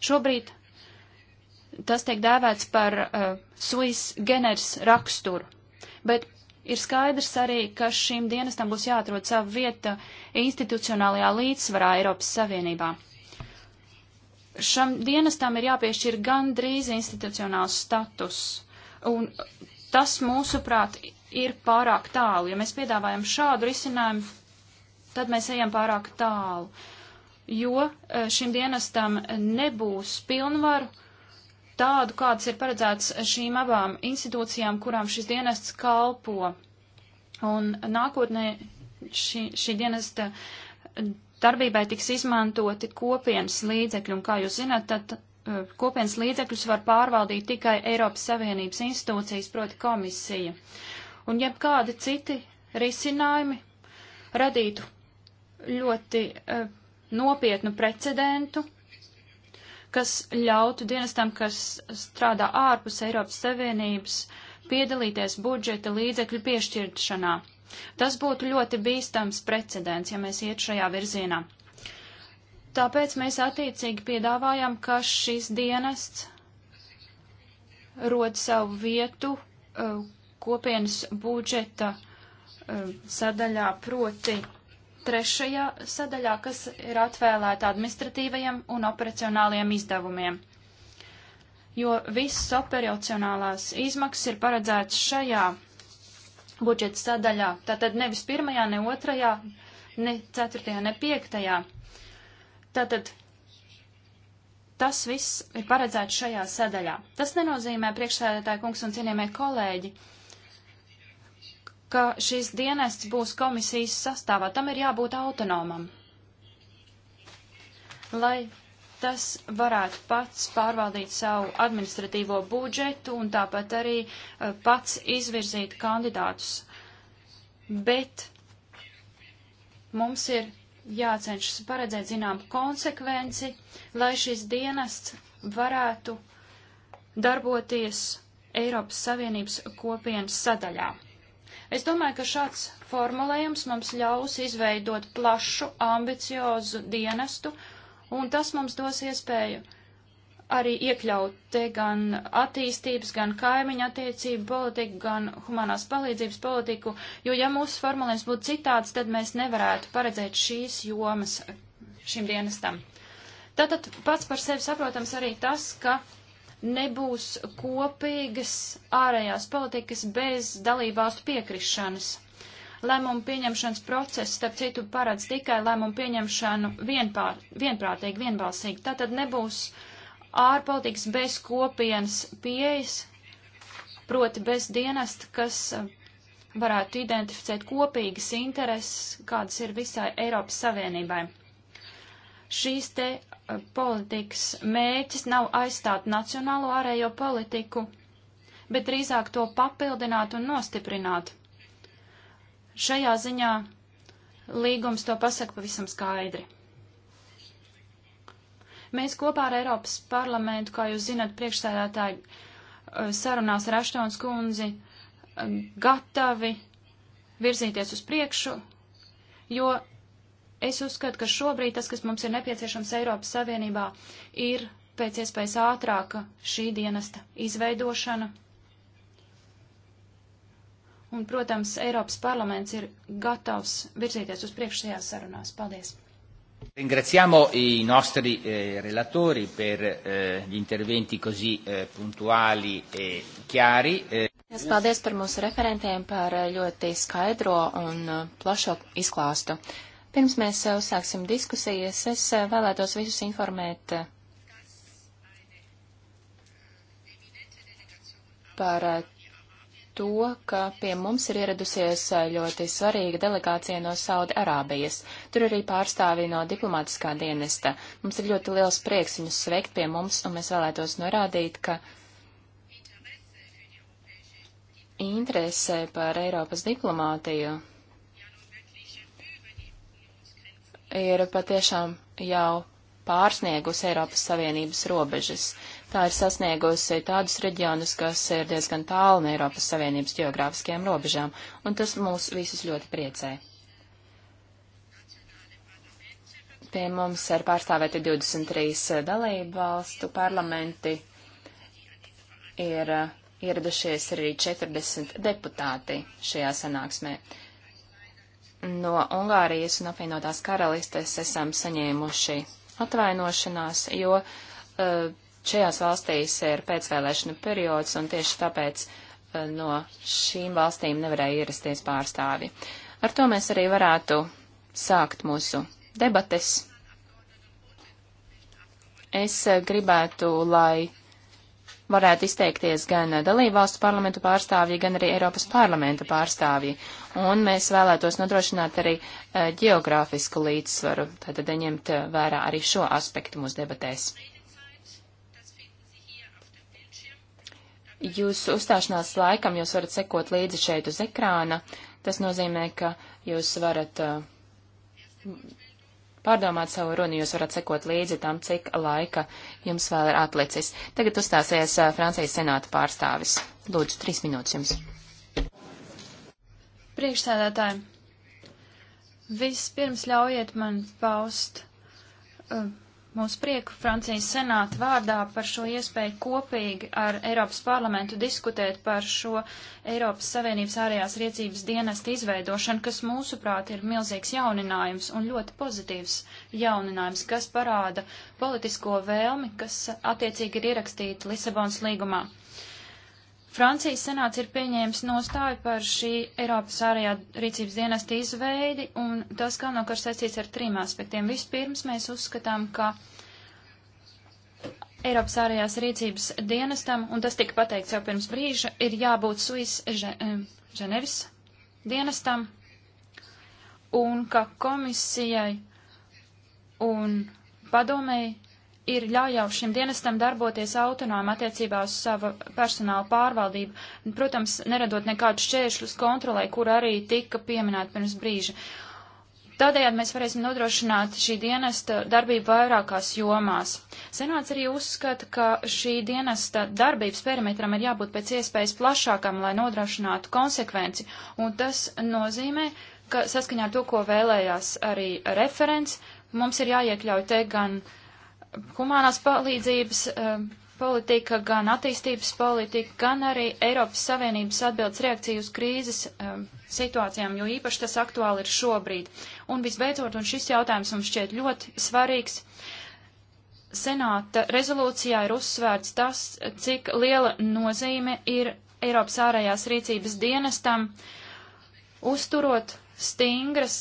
Šobrīd tas tiek dēvēts par uh, eh, suis geners raksturu. Bet ir skaidrs arī, ka šīm dienestam būs jāatrod sava vieta institucionālajā līdzsvarā Eiropas Savienībā. Šam dienestam ir jāpiešķir gandrīz institucionāls status, un tas, mūsuprāt, ir pārāk tālu. Ja mēs piedāvājam šādu risinājumu, tad mēs ejam pārāk tālu, jo eh, šim dienestam nebūs pilnvaru tādu, kāds ir paredzēts šīm abām institūcijām, kurām šis dienests kalpo. Un nākotnē šī, šī dienesta darbībai tiks izmantoti kopienas līdzekļi, un kā jūs zināt, tad eh, kopienas līdzekļus var pārvaldīt tikai Eiropas Savienības institūcijas, proti komisija. Un ja kādi citi risinājumi radītu ļoti uh, nopietnu precedentu, kas ļautu dienestam, kas strādā ārpus Eiropas Savienības, piedalīties budžeta līdzekļu piešķiršanā. Tas būtu ļoti bīstams precedents, ja mēs iet šajā virzienā. Tāpēc mēs attiecīgi piedāvājam, ka šis dienests rod savu vietu uh, kopienas budžeta uh, sadaļā proti trešajā sadaļā, kas ir atvēlēta administratīvajiem un operacionāliem izdevumiem. Jo visas operacionālās izmaksas ir paredzētas šajā budžeta sadaļā, tātad nevis pirmajā, ne otrajā, ne ceturtajā, ne piektajā. Tātad tas viss ir paredzēts šajā sadaļā. Tas nenozīmē priekšsēdētāji kungs un cienījamie kolēģi, uh, ka šis dienests būs komisijas sastāvā. Tam ir jābūt autonomam, lai tas varētu pats pārvaldīt savu administratīvo budžetu un tāpat arī eh, pats izvirzīt kandidātus. Bet mums ir jācenšas paredzēt zinām konsekvenci, lai šis dienests varētu darboties Eiropas Savienības kopienas sadaļā. Es domāju, ka šāds formulējums mums ļaus izveidot plašu, ambiciozu dienestu, un tas mums dos iespēju arī iekļaut te gan attīstības, gan kaimiņa attiecību politiku, gan humanās palīdzības politiku, jo ja mūsu formulējums būtu citāds, tad mēs nevarētu paredzēt šīs jomas šim dienestam. Tātad pats par sevi saprotams arī tas, ka nebūs kopīgas ārējās politikas bez dalībvalstu piekrišanas. Lēmumu pieņemšanas process, starp citu, paredz tikai lēmumu pieņemšanu vienpār, vienprātīgi, vienbalsīgi. Tātad nebūs ārpolitikas bez kopienas pieejas, proti bez dienesta, kas varētu identificēt kopīgas intereses, kādas ir visai Eiropas Savienībai šīs te eh, politikas mēķis nav aizstāt nacionālo ārējo politiku, bet drīzāk to papildināt un nostiprināt. Šajā ziņā līgums to pasaka pavisam skaidri. Mēs kopā ar Eiropas parlamentu, kā jūs zinat, priekšsēdētāji eh, sarunās ar Aštons kundzi, eh, gatavi virzīties uz priekšu, jo Es uzskatu, ka šobrīd tas, kas mums ir nepieciešams Eiropas Savienībā, ir pēc iespējas ātrāka šī dienesta izveidošana. Un, protams, Eiropas parlaments ir gatavs virzīties uz priekšu šajās sarunās. Paldies! Ringraziamo i nostri eh, relatori per eh, gli interventi così eh, puntuali e chiari. Eh. Paldies par mūsu referentiem par eh, ļoti skaidro un eh, plašo izklāstu. Pirms mēs eh, uzsāksim diskusijas, es eh, vēlētos visus informēt eh, par to, ka pie mums ir ieradusies ļoti svarīga delegācija no Saudi Arābijas. Tur arī pārstāvī no diplomātiskā dienesta. Mums ir ļoti liels prieks viņus sveikt pie mums, un mēs vēlētos norādīt, ka interese par Eiropas diplomātiju ir patiešām jau pārsniegusi Eiropas Savienības robežas. Tā ir sasniegusi tādus reģionus, kas ir diezgan tālu no Eiropas Savienības geogrāfiskajām robežām, un tas mūs visus ļoti priecē. Pie mums ir pārstāvēti 23 eh, dalību valstu parlamenti, ir eh, ieradušies arī 40 deputāti šajā sanāksmē. Uh, no Ungārijas un apvienotās karalistes esam saņēmuši atvainošanās, jo uh, šajās valstīs ir pēcvēlēšana periods, un tieši tāpēc uh, no šīm valstīm nevarēja ierasties pārstāvi. Ar to mēs arī varētu sākt mūsu debates. Es uh, gribētu, lai varētu izteikties gan dalībvalstu parlamentu pārstāvji, gan arī Eiropas parlamenta pārstāvji. Un mēs vēlētos nodrošināt arī eh, geogrāfisku līdzsvaru, tātad ņemt eh, vērā arī šo aspektu mūsu debatēs. Jūsu uzstāšanās laikam jūs varat sekot līdzi šeit uz ekrāna. Tas nozīmē, ka jūs varat uh, pārdomāt savu runu, jūs varat sekot līdzi tam, cik laika jums vēl ir atlicis. Tagad uzstāsies Francijas senāta pārstāvis. Lūdzu, trīs minūtes jums. Priekšsēdētāji, vispirms ļaujiet man paust. Uh, Mums prieku Francijas senāta vārdā par šo iespēju kopīgi ar Eiropas parlamentu diskutēt par šo Eiropas Savienības ārējās rīcības dienestu izveidošanu, kas mūsuprāt ir milzīgs jauninājums un ļoti pozitīvs jauninājums, kas parāda politisko vēlmi, kas attiecīgi ir ierakstīta Lisabonas līgumā. Francijas senāts ir pieņēmis nostāju par šī Eiropas ārējā rīcības dienesta izveidi, un tas galvenokārt saistīts ar trim aspektiem. Vispirms mēs uzskatām, ka Eiropas ārējās rīcības dienestam, un tas tika pateikts jau pirms brīža, ir jābūt Suis Ženevis eh, dienestam, un ka komisijai un padomēji ir ļauj šim dienestam darboties autonomi attiecībā uz savu personālu pārvaldību, protams, neradot nekādus šķēršļus kontrolē, kur arī tika pieminēta pirms brīža. Tādējādi mēs varēsim nodrošināt šī dienesta darbību vairākās jomās. Senāts arī uzskata, ka šī dienesta darbības perimetram ir jābūt pēc iespējas plašākam, lai nodrošinātu konsekvenci, un tas nozīmē, ka saskaņā ar to, ko vēlējās arī referents, mums ir jāiekļauj te gan uh, humānās palīdzības um, politika, gan attīstības politika, gan arī Eiropas Savienības atbildes reakcija uz krīzes um, situācijām, jo īpaši tas aktuāli ir šobrīd. Un visbeidzot, un šis jautājums mums šķiet ļoti svarīgs, senāta rezolūcijā ir uzsvērts tas, cik liela nozīme ir Eiropas ārējās rīcības dienestam uzturot stingras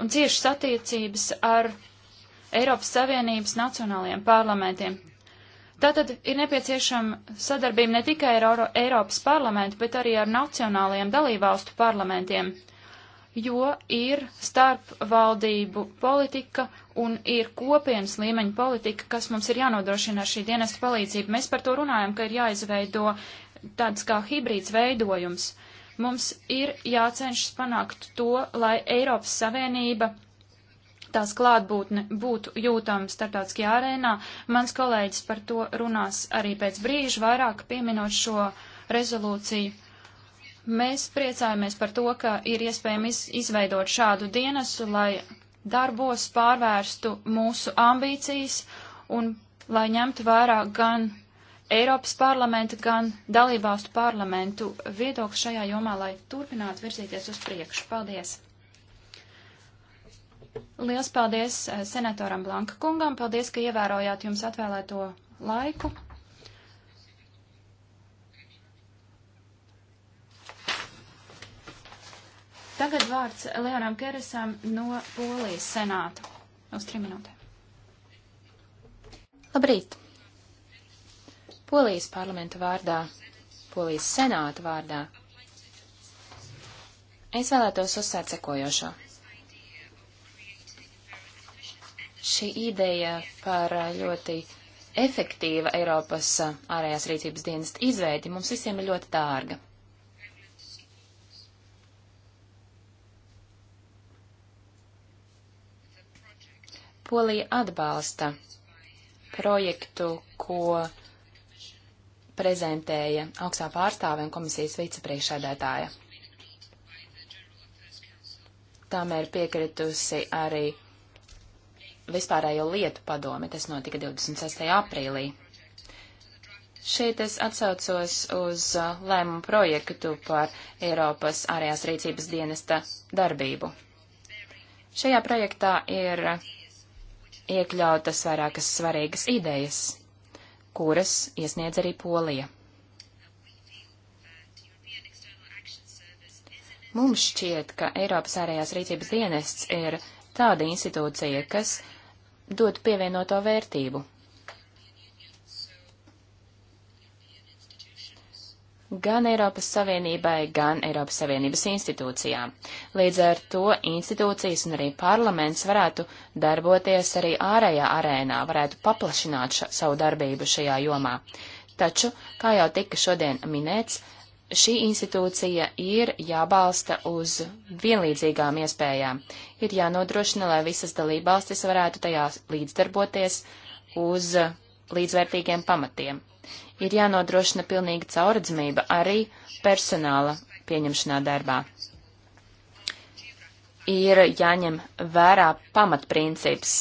un ciešas attiecības ar Eiropas Savienības nacionālajiem parlamentiem. Tātad ir nepieciešama sadarbība ne tikai ar Euro Eiropas parlamentu, bet arī ar nacionālajiem dalībvalstu parlamentiem, jo ir starpvaldību politika un ir kopienas līmeņa politika, kas mums ir jānodrošina ar šī dienesta palīdzību. Mēs par to runājam, ka ir jāizveido tāds kā hibrīds veidojums. Mums ir jācenšas panākt to, lai Eiropas Savienība tās klātbūtne būtu jūtama starptautiskajā arēnā. Mans kolēģis par to runās arī pēc brīža, vairāk pieminot šo rezolūciju. Mēs priecājamies par to, ka ir iespējams iz izveidot šādu dienestu, lai darbos pārvērstu mūsu ambīcijas un lai ņemtu vērā gan Eiropas parlamenta, gan dalībvalstu parlamentu viedokli šajā jomā, lai turpinātu virzīties uz priekšu. Paldies! Liels paldies eh, senatoram Blanka kungam. Paldies, ka ievērojāt jums atvēlēto laiku. Tagad vārds Leonam Keresam no Polijas senāta. Uz trim minūtēm. Labrīt! Polijas parlamenta vārdā, Polijas senāta vārdā. Es vēlētos uzsākt sekojošo. Šī ideja par ļoti efektīva Eiropas ārējās rīcības dienesta izveidi mums visiem ir ļoti dārga. Polija atbalsta projektu, ko prezentēja augstā pārstāve un komisijas vicepriekšēdētāja. Tam ir piekritusi arī vispārējo lietu padomi, tas notika 26. aprīlī. Šeit es atsaucos uz uh, lēmumu projektu par Eiropas ārējās rīcības dienesta darbību. Šajā projektā ir iekļautas vairākas svarīgas idejas, kuras iesniedz arī Polija. Mums šķiet, ka Eiropas ārējās rīcības dienests ir tāda institūcija, kas dod pievienoto vērtību. gan Eiropas Savienībai, gan Eiropas Savienības institūcijām. Līdz ar to institūcijas un arī parlaments varētu darboties arī ārējā arēnā, varētu paplašināt ša, savu darbību šajā jomā. Taču, kā jau tika šodien minēts, šī institūcija ir jābalsta uz vienlīdzīgām iespējām. Ir jānodrošina, lai visas dalībvalstis varētu tajās līdzdarboties uz līdzvērtīgiem pamatiem. Ir jānodrošina pilnīga caurredzamība arī personāla pieņemšanā darbā. Ir jāņem vērā pamatprincips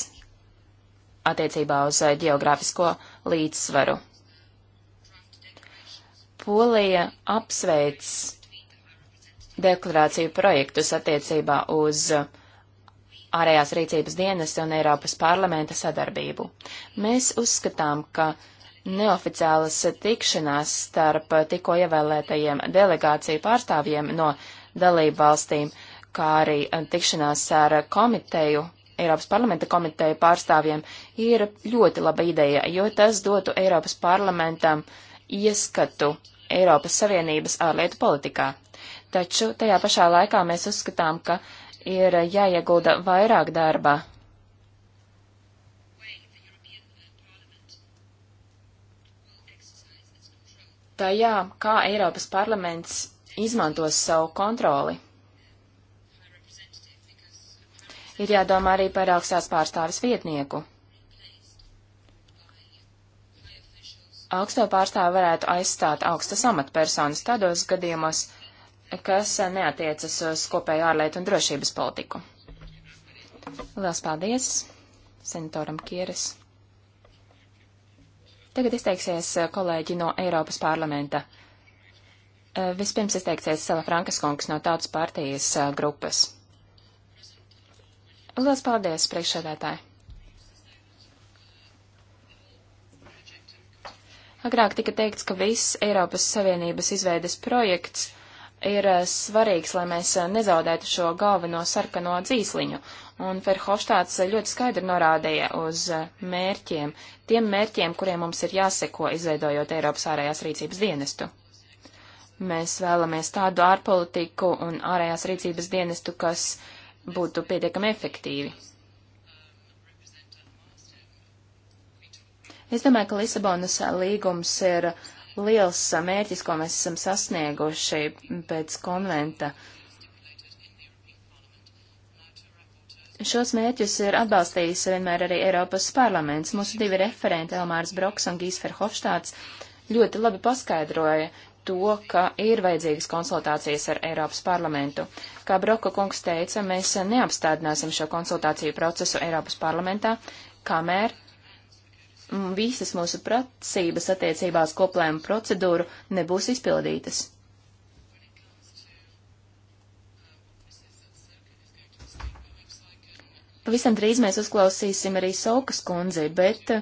attiecībā uz eh, geogrāfisko līdzsvaru. Polija apsveic deklarāciju projektus attiecībā uz ārējās rīcības dienas un Eiropas parlamenta sadarbību. Mēs uzskatām, ka neoficiālas tikšanās starp tikko ievēlētajiem delegāciju pārstāvjiem no dalību valstīm, kā arī tikšanās ar komiteju, Eiropas parlamenta komiteju pārstāvjiem, ir ļoti laba ideja, jo tas dotu Eiropas parlamentam ieskatu Eiropas Savienības ārlietu politikā. Taču tajā pašā laikā mēs uzskatām, ka ir jāiegulda vairāk darba. Tajā, kā Eiropas parlaments izmantos savu kontroli. Ir jādomā arī par augstās pārstāvis vietnieku. augsto pārstāvu varētu aizstāt augstas amatpersonas tādos gadījumos, kas neatiecas uz kopēju ārlietu un drošības politiku. Lielas paldies senatoram Kieres. Tagad izteiksies kolēģi no Eiropas parlamenta. Vispirms izteiksies Sava Frankas kungs no Tautas partijas grupas. Lielas paldies, priekšsēdētāji! Agrāk tika teikts, ka viss Eiropas Savienības izveides projekts ir eh, svarīgs, lai mēs eh, nezaudētu šo galveno sarkano dzīsliņu, un Ferhofstāts eh, ļoti skaidri norādīja uz mērķiem, tiem mērķiem, kuriem mums ir jāseko, izveidojot Eiropas ārējās rīcības dienestu. Mēs vēlamies tādu ārpolitiku un ārējās rīcības dienestu, kas būtu pietiekami efektīvi. Es domāju, ka Lisabonas līgums ir liels mērķis, ko mēs esam sasnieguši pēc konventa. Šos mērķus ir atbalstījis vienmēr arī Eiropas parlaments. Mūsu divi referenti, Elmārs Broks un Gīsfer Hofštāts, ļoti labi paskaidroja to, ka ir vajadzīgas konsultācijas ar Eiropas parlamentu. Kā Broka kungs teica, mēs neapstādināsim šo konsultāciju procesu Eiropas parlamentā, kamēr Mm, visas mūsu prasības attiecībās koplēmu procedūru nebūs izpildītas. Pavisam drīz mēs uzklausīsim arī Saukas kundzi, bet eh,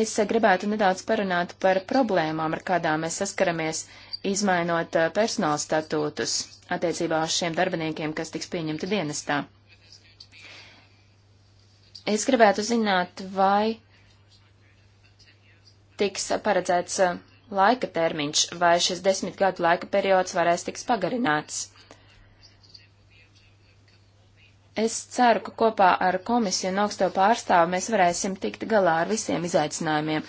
es gribētu nedaudz parunāt par problēmām, ar kādām mēs saskaramies, izmainot eh, personāla statūtus attiecībā uz šiem darbiniekiem, kas tiks pieņemti dienestā. Es gribētu zināt, vai tiks paredzēts eh, laika termiņš, vai šis desmit gadu laika periods varēs tiks pagarināts. Es ceru, ka kopā ar komisiju un augsto pārstāvu mēs varēsim tikt galā ar visiem izaicinājumiem,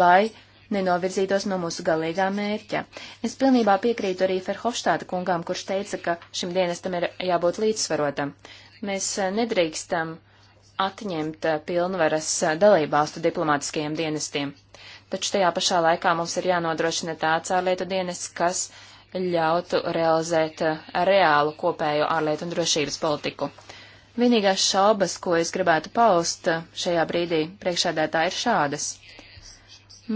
lai nenovirzītos no mūsu galīgā mērķa. Es pilnībā piekrītu arī Ferhofštāta kungām, kurš teica, ka šim dienestam ir jābūt līdzsvarotam. Mēs eh, nedrīkstam atņemt eh, pilnvaras dalībvalstu diplomātiskajiem dienestiem taču tajā pašā laikā mums ir jānodrošina tāds ārlietu dienas, kas ļautu realizēt eh, reālu kopējo ārlietu un drošības politiku. Vienīgās šaubas, ko es gribētu paust eh, šajā brīdī priekšēdētā, ir šādas.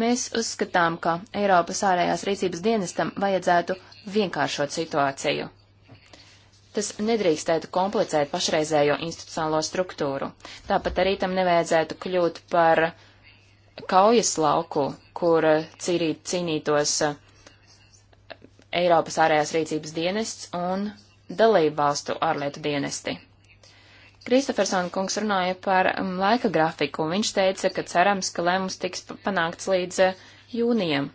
Mēs uzskatām, ka Eiropas ārējās rīcības dienestam vajadzētu vienkāršot situāciju. Tas nedrīkstētu komplicēt pašreizējo institucionālo struktūru. Tāpat arī tam nevajadzētu kļūt par kaujas lauku, kur eh, cīrīt, cīnītos eh, Eiropas ārējās rīcības dienests un dalību valstu ārlietu dienesti. Kristofersona kungs runāja par mm, laika grafiku, un viņš teica, ka cerams, ka lēmums tiks panākts līdz eh, jūnijam.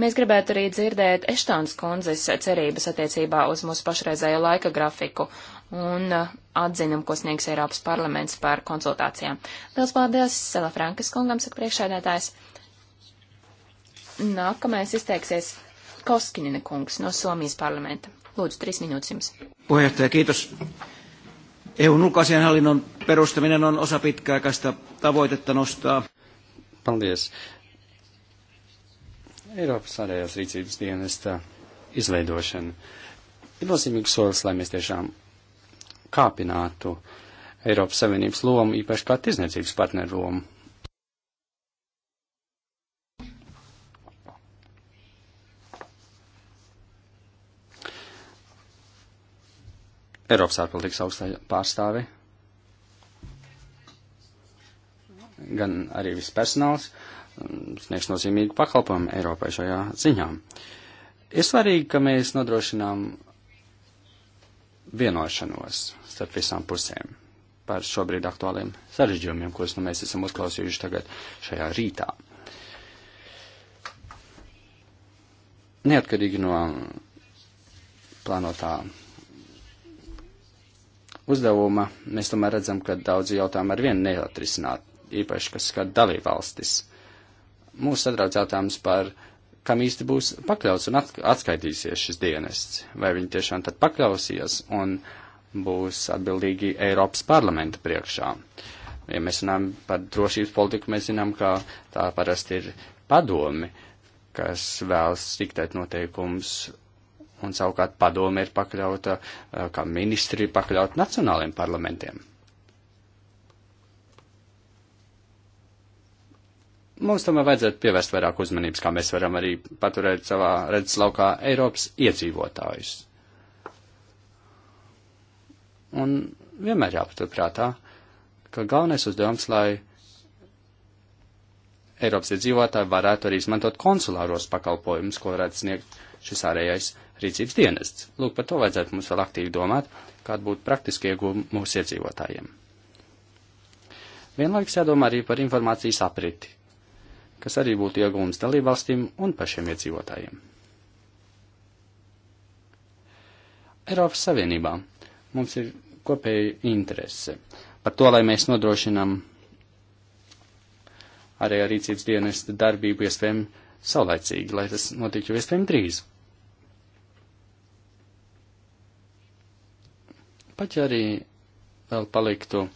Mēs gribētu arī dzirdēt Eštāns kundzes cerības attiecībā uz mūsu pašreizējo laika grafiku, un uh, atzinumu, ko sniegs Eiropas parlaments par konsultācijām. Liels paldies Sela Frankas kungam, saka priekšēdētājs. Nākamais izteiksies Koskinina kungs no Somijas parlamenta. Lūdzu, trīs minūtes jums. Puheenjohtaja, kiitos. EUn ulkoasianhallinnon perustaminen on osa pitkäaikaista tavoitetta nostaa. Paldies. Eiropas ārējās rīcības dienesta izveidošana ir nozīmīgs solis, lai mēs tiešām kāpinātu Eiropas Savienības lomu, īpaši kā tirzniecības partneru lomu. Eiropas ārpolitikas augstā pārstāve, gan arī viss personāls um, sniegs nozīmīgu pakalpojumu Eiropai šajā ziņā. Ir svarīgi, ka mēs nodrošinām vienošanos starp visām pusēm par šobrīd aktuāliem sarežģījumiem, kurus nu, mēs esam uzklausījuši tagad šajā rītā. Neatkarīgi no plānotā uzdevuma, mēs tomēr redzam, ka daudzi jautājumi ar vienu neatrisināt, īpaši, kas skar dalībvalstis. Mūsu satrauc jautājums par uh, kam īsti būs pakļauts un atskaitīsies šis dienests, vai viņi tiešām tad pakļausies un būs atbildīgi Eiropas parlamenta priekšā. Ja mēs runājam par drošības politiku, mēs zinām, ka tā parasti ir padomi, kas vēlas diktēt noteikumus, un savukārt padome ir pakļauta, eh, kā ministri pakļaut nacionāliem parlamentiem. mums tomēr vajadzētu pievērst vairāk uzmanības, kā mēs varam arī paturēt savā redzes laukā Eiropas iedzīvotājus. Un vienmēr jāpaturprātā, ka galvenais uzdevums, lai Eiropas iedzīvotāji varētu arī izmantot konsulāros pakalpojumus, ko varētu sniegt šis ārējais rīcības dienests. Lūk, par to vajadzētu mums vēl aktīvi domāt, kāda būtu praktiski iegūma mūsu iedzīvotājiem. Vienlaiks jādomā arī par informācijas apriti kas arī būtu iegūms dalībvalstīm un pašiem iedzīvotājiem. Eiropas Savienībā mums ir kopēja interese par to, lai mēs nodrošinām arī rīcības dienesta darbību iespējami saulaicīgi, lai tas notiktu iespējami drīz. Pat ja arī vēl paliktu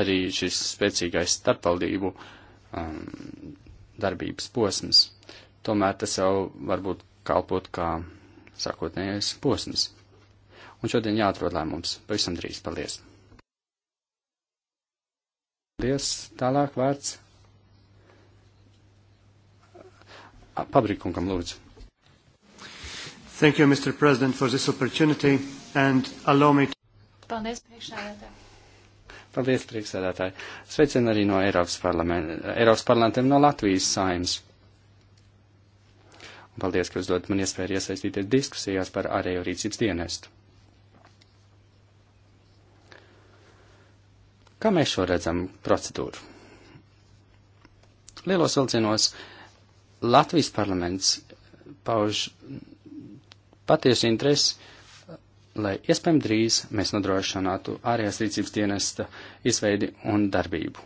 arī šis spēcīgais starpvaldību uh, um, darbības posms. Tomēr tas jau varbūt kalpot kā sākotnējais posms. Un šodien jāatrod lēmums. Pavisam drīz. Paldies! Paldies! Tālāk vārds. Pabrikunkam lūdzu. Thank you, Mr. President, for this opportunity and allow me to... Paldies, priekšsēdētāji. Paldies, priekšsēdētāji. Sveicien arī no Eiropas parlamenta, Eiropas parlamentiem no Latvijas saimas. Un paldies, ka uzdod man iespēju iesaistīties diskusijās par ārējo rīcības dienestu. Kā mēs šo redzam procedūru? Lielos vilcienos Latvijas parlaments pauž patiesu interesi lai iespējami drīz mēs nodrošinātu ārējās rīcības dienesta izveidi un darbību.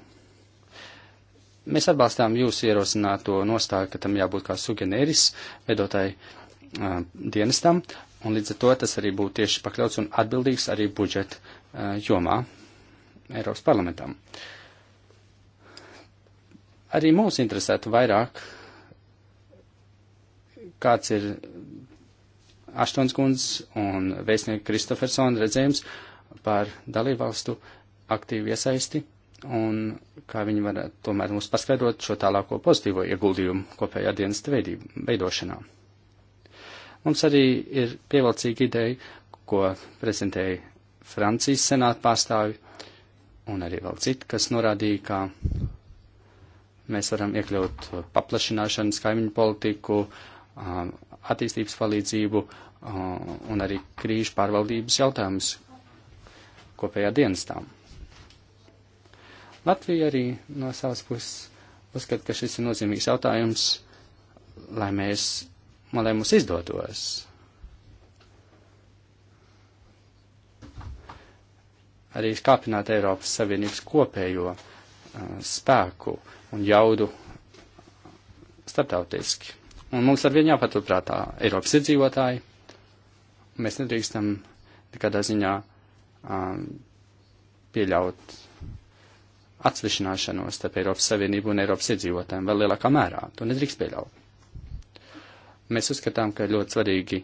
Mēs atbalstām jūsu ierosināto nostāju, ka tam jābūt kā sugeneris vedotai uh, dienestam, un līdz ar to tas arī būtu tieši pakļauts un atbildīgs arī budžeta uh, jomā Eiropas parlamentam. Arī mūs interesētu vairāk, kāds ir Aštons kundz un vēstnieka Kristofersona redzējums par dalībvalstu aktīvu iesaisti un kā viņi var tomēr mums paskaidrot šo tālāko pozitīvo ieguldījumu kopējā dienas veidošanā. Mums arī ir pievilcīga ideja, ko prezentēja Francijas senāta pārstāvi un arī vēl citi, kas norādīja, ka mēs varam iekļaut paplašināšanas kaimiņu politiku, um, attīstības palīdzību uh, un arī krīžu pārvaldības jautājumus kopējā dienestām. Latvija arī no savas puses uzskata, ka šis ir nozīmīgs jautājums, lai mēs, man lai mums izdotos. Arī skāpināt Eiropas Savienības kopējo uh, spēku un jaudu starptautiski. Un mums ar viņu jāpaturprātā Eiropas iedzīvotāji. Mēs nedrīkstam nekādā ziņā um, pieļaut atsevišķināšanos starp Eiropas Savienību un Eiropas iedzīvotājiem vēl lielākā mērā. To nedrīkst pieļaut. Mēs uzskatām, ka ir ļoti svarīgi,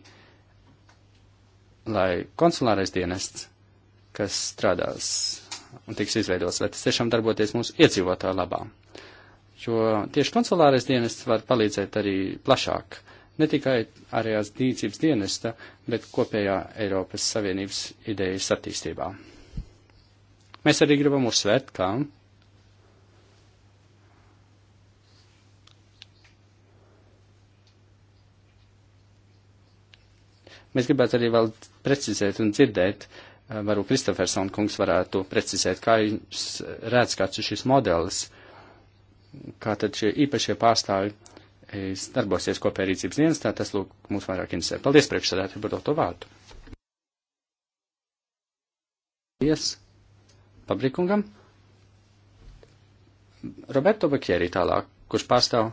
lai konsulārais dienests, kas strādās un tiks izveidots, lai tas tiešām darboties mūsu iedzīvotāju labām jo tieši konsulārais dienests var palīdzēt arī plašāk, ne tikai ārējās dīcības dienesta, bet kopējā Eiropas Savienības idejas attīstībā. Mēs arī gribam uzsvērt, ka Mēs gribētu arī vēl precizēt un dzirdēt, eh, varbūt Kristofersona kungs varētu precizēt, kā jūs redz, kāds ir šis modelis, uh, kā tad šie īpašie pārstāvi darbosies kopējrīcības dienestā, tas lūk mūs vairāk interesē. Paldies priekšsēdētāji par doto vārdu. Paldies Pabrikungam. Roberto Bakieri tālāk, kurš pārstāv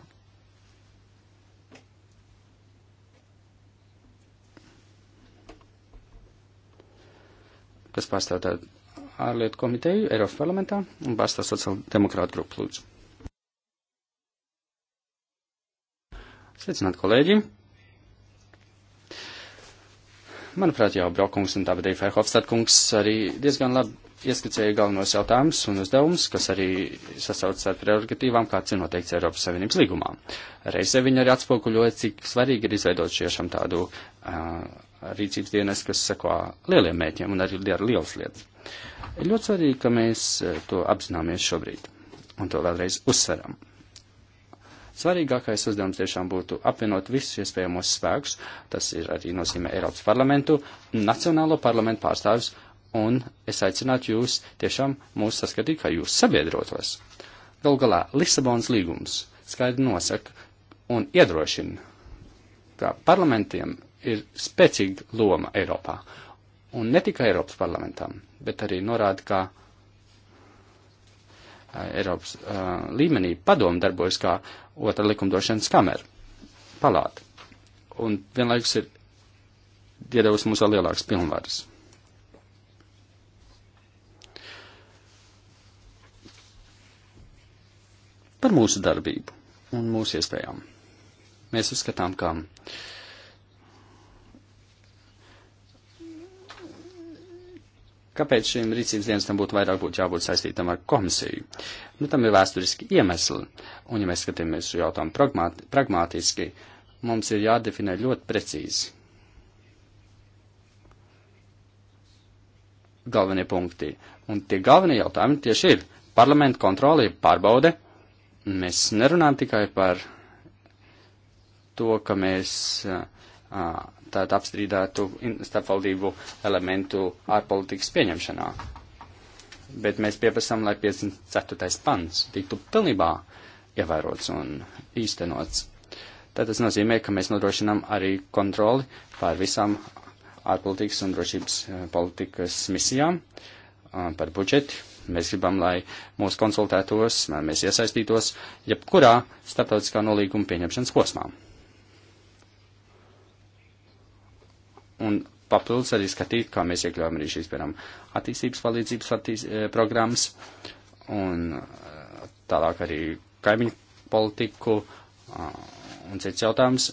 kas pārstāv tādu ārlietu komiteju Eiropas parlamentā un pārstāv sociāldemokrātu grupu lūdzu. Sveicināt kolēģi! Manuprāt, jau Brokungs un tāpat arī Ferhofstad kungs arī diezgan labi ieskicēja galvenos jautājumus un uzdevumus, kas arī sasaucas ar prerogatīvām, kāds ir noteikts Eiropas Savienības līgumā. Reizē viņi arī atspoguļoja, cik svarīgi ir izveidot šiešam tādu uh, rīcības dienas, kas seko lieliem mēķiem un arī dara lielas lietas. Ir ļoti svarīgi, ka mēs to apzināmies šobrīd un to vēlreiz uzsveram. Svarīgākais uzdevums tiešām būtu apvienot visus iespējamos spēkus, tas ir arī nozīmē Eiropas parlamentu, nacionālo parlamentu pārstāvis, un es aicinātu jūs tiešām mūs saskatīt, kā jūs sabiedrotos. Gal galā Lisabonas līgums skaidri nosaka un iedrošina, ka parlamentiem ir spēcīga loma Eiropā. Un ne tikai Eiropas parlamentam, bet arī norāda, ka eh, Eiropas uh, līmenī padomu darbojas kā otra likumdošanas kamera, palāta. Un vienlaikus ir iedevusi mums vēl lielākas pilnvaras. Par mūsu darbību un mūsu iespējām. Mēs uzskatām, ka Kāpēc šim rīcības dienestam būtu vairāk būtu jābūt saistītam ar komisiju? Nu, tam ir vēsturiski iemesli, un ja mēs skatāmies uz jautājumu pragmāti, pragmātiski, mums ir jādefinē ļoti precīzi galvenie punkti. Un tie galvenie jautājumi tieši ir parlamenta kontrole, pārbaude. Mēs nerunājam tikai par to, ka mēs. Uh, tādu apstrīdētu starpvaldību elementu ārpolitikas pieņemšanā. Bet mēs pieprasām, lai 54. pants tiktu pilnībā ievērots un īstenots. Tad tas nozīmē, ka mēs nodrošinām arī kontroli pār visām ārpolitikas un drošības e, politikas misijām e, par budžeti. Mēs gribam, lai mūs konsultētos, lai mēs iesaistītos jebkurā starptautiskā nolīguma pieņemšanas posmām. un papildus arī skatīt, kā mēs iekļaujam arī šīs, piemēram, attīstības palīdzības attīst, eh, programmas un eh, tālāk arī kaimiņu politiku eh, un cits jautājums,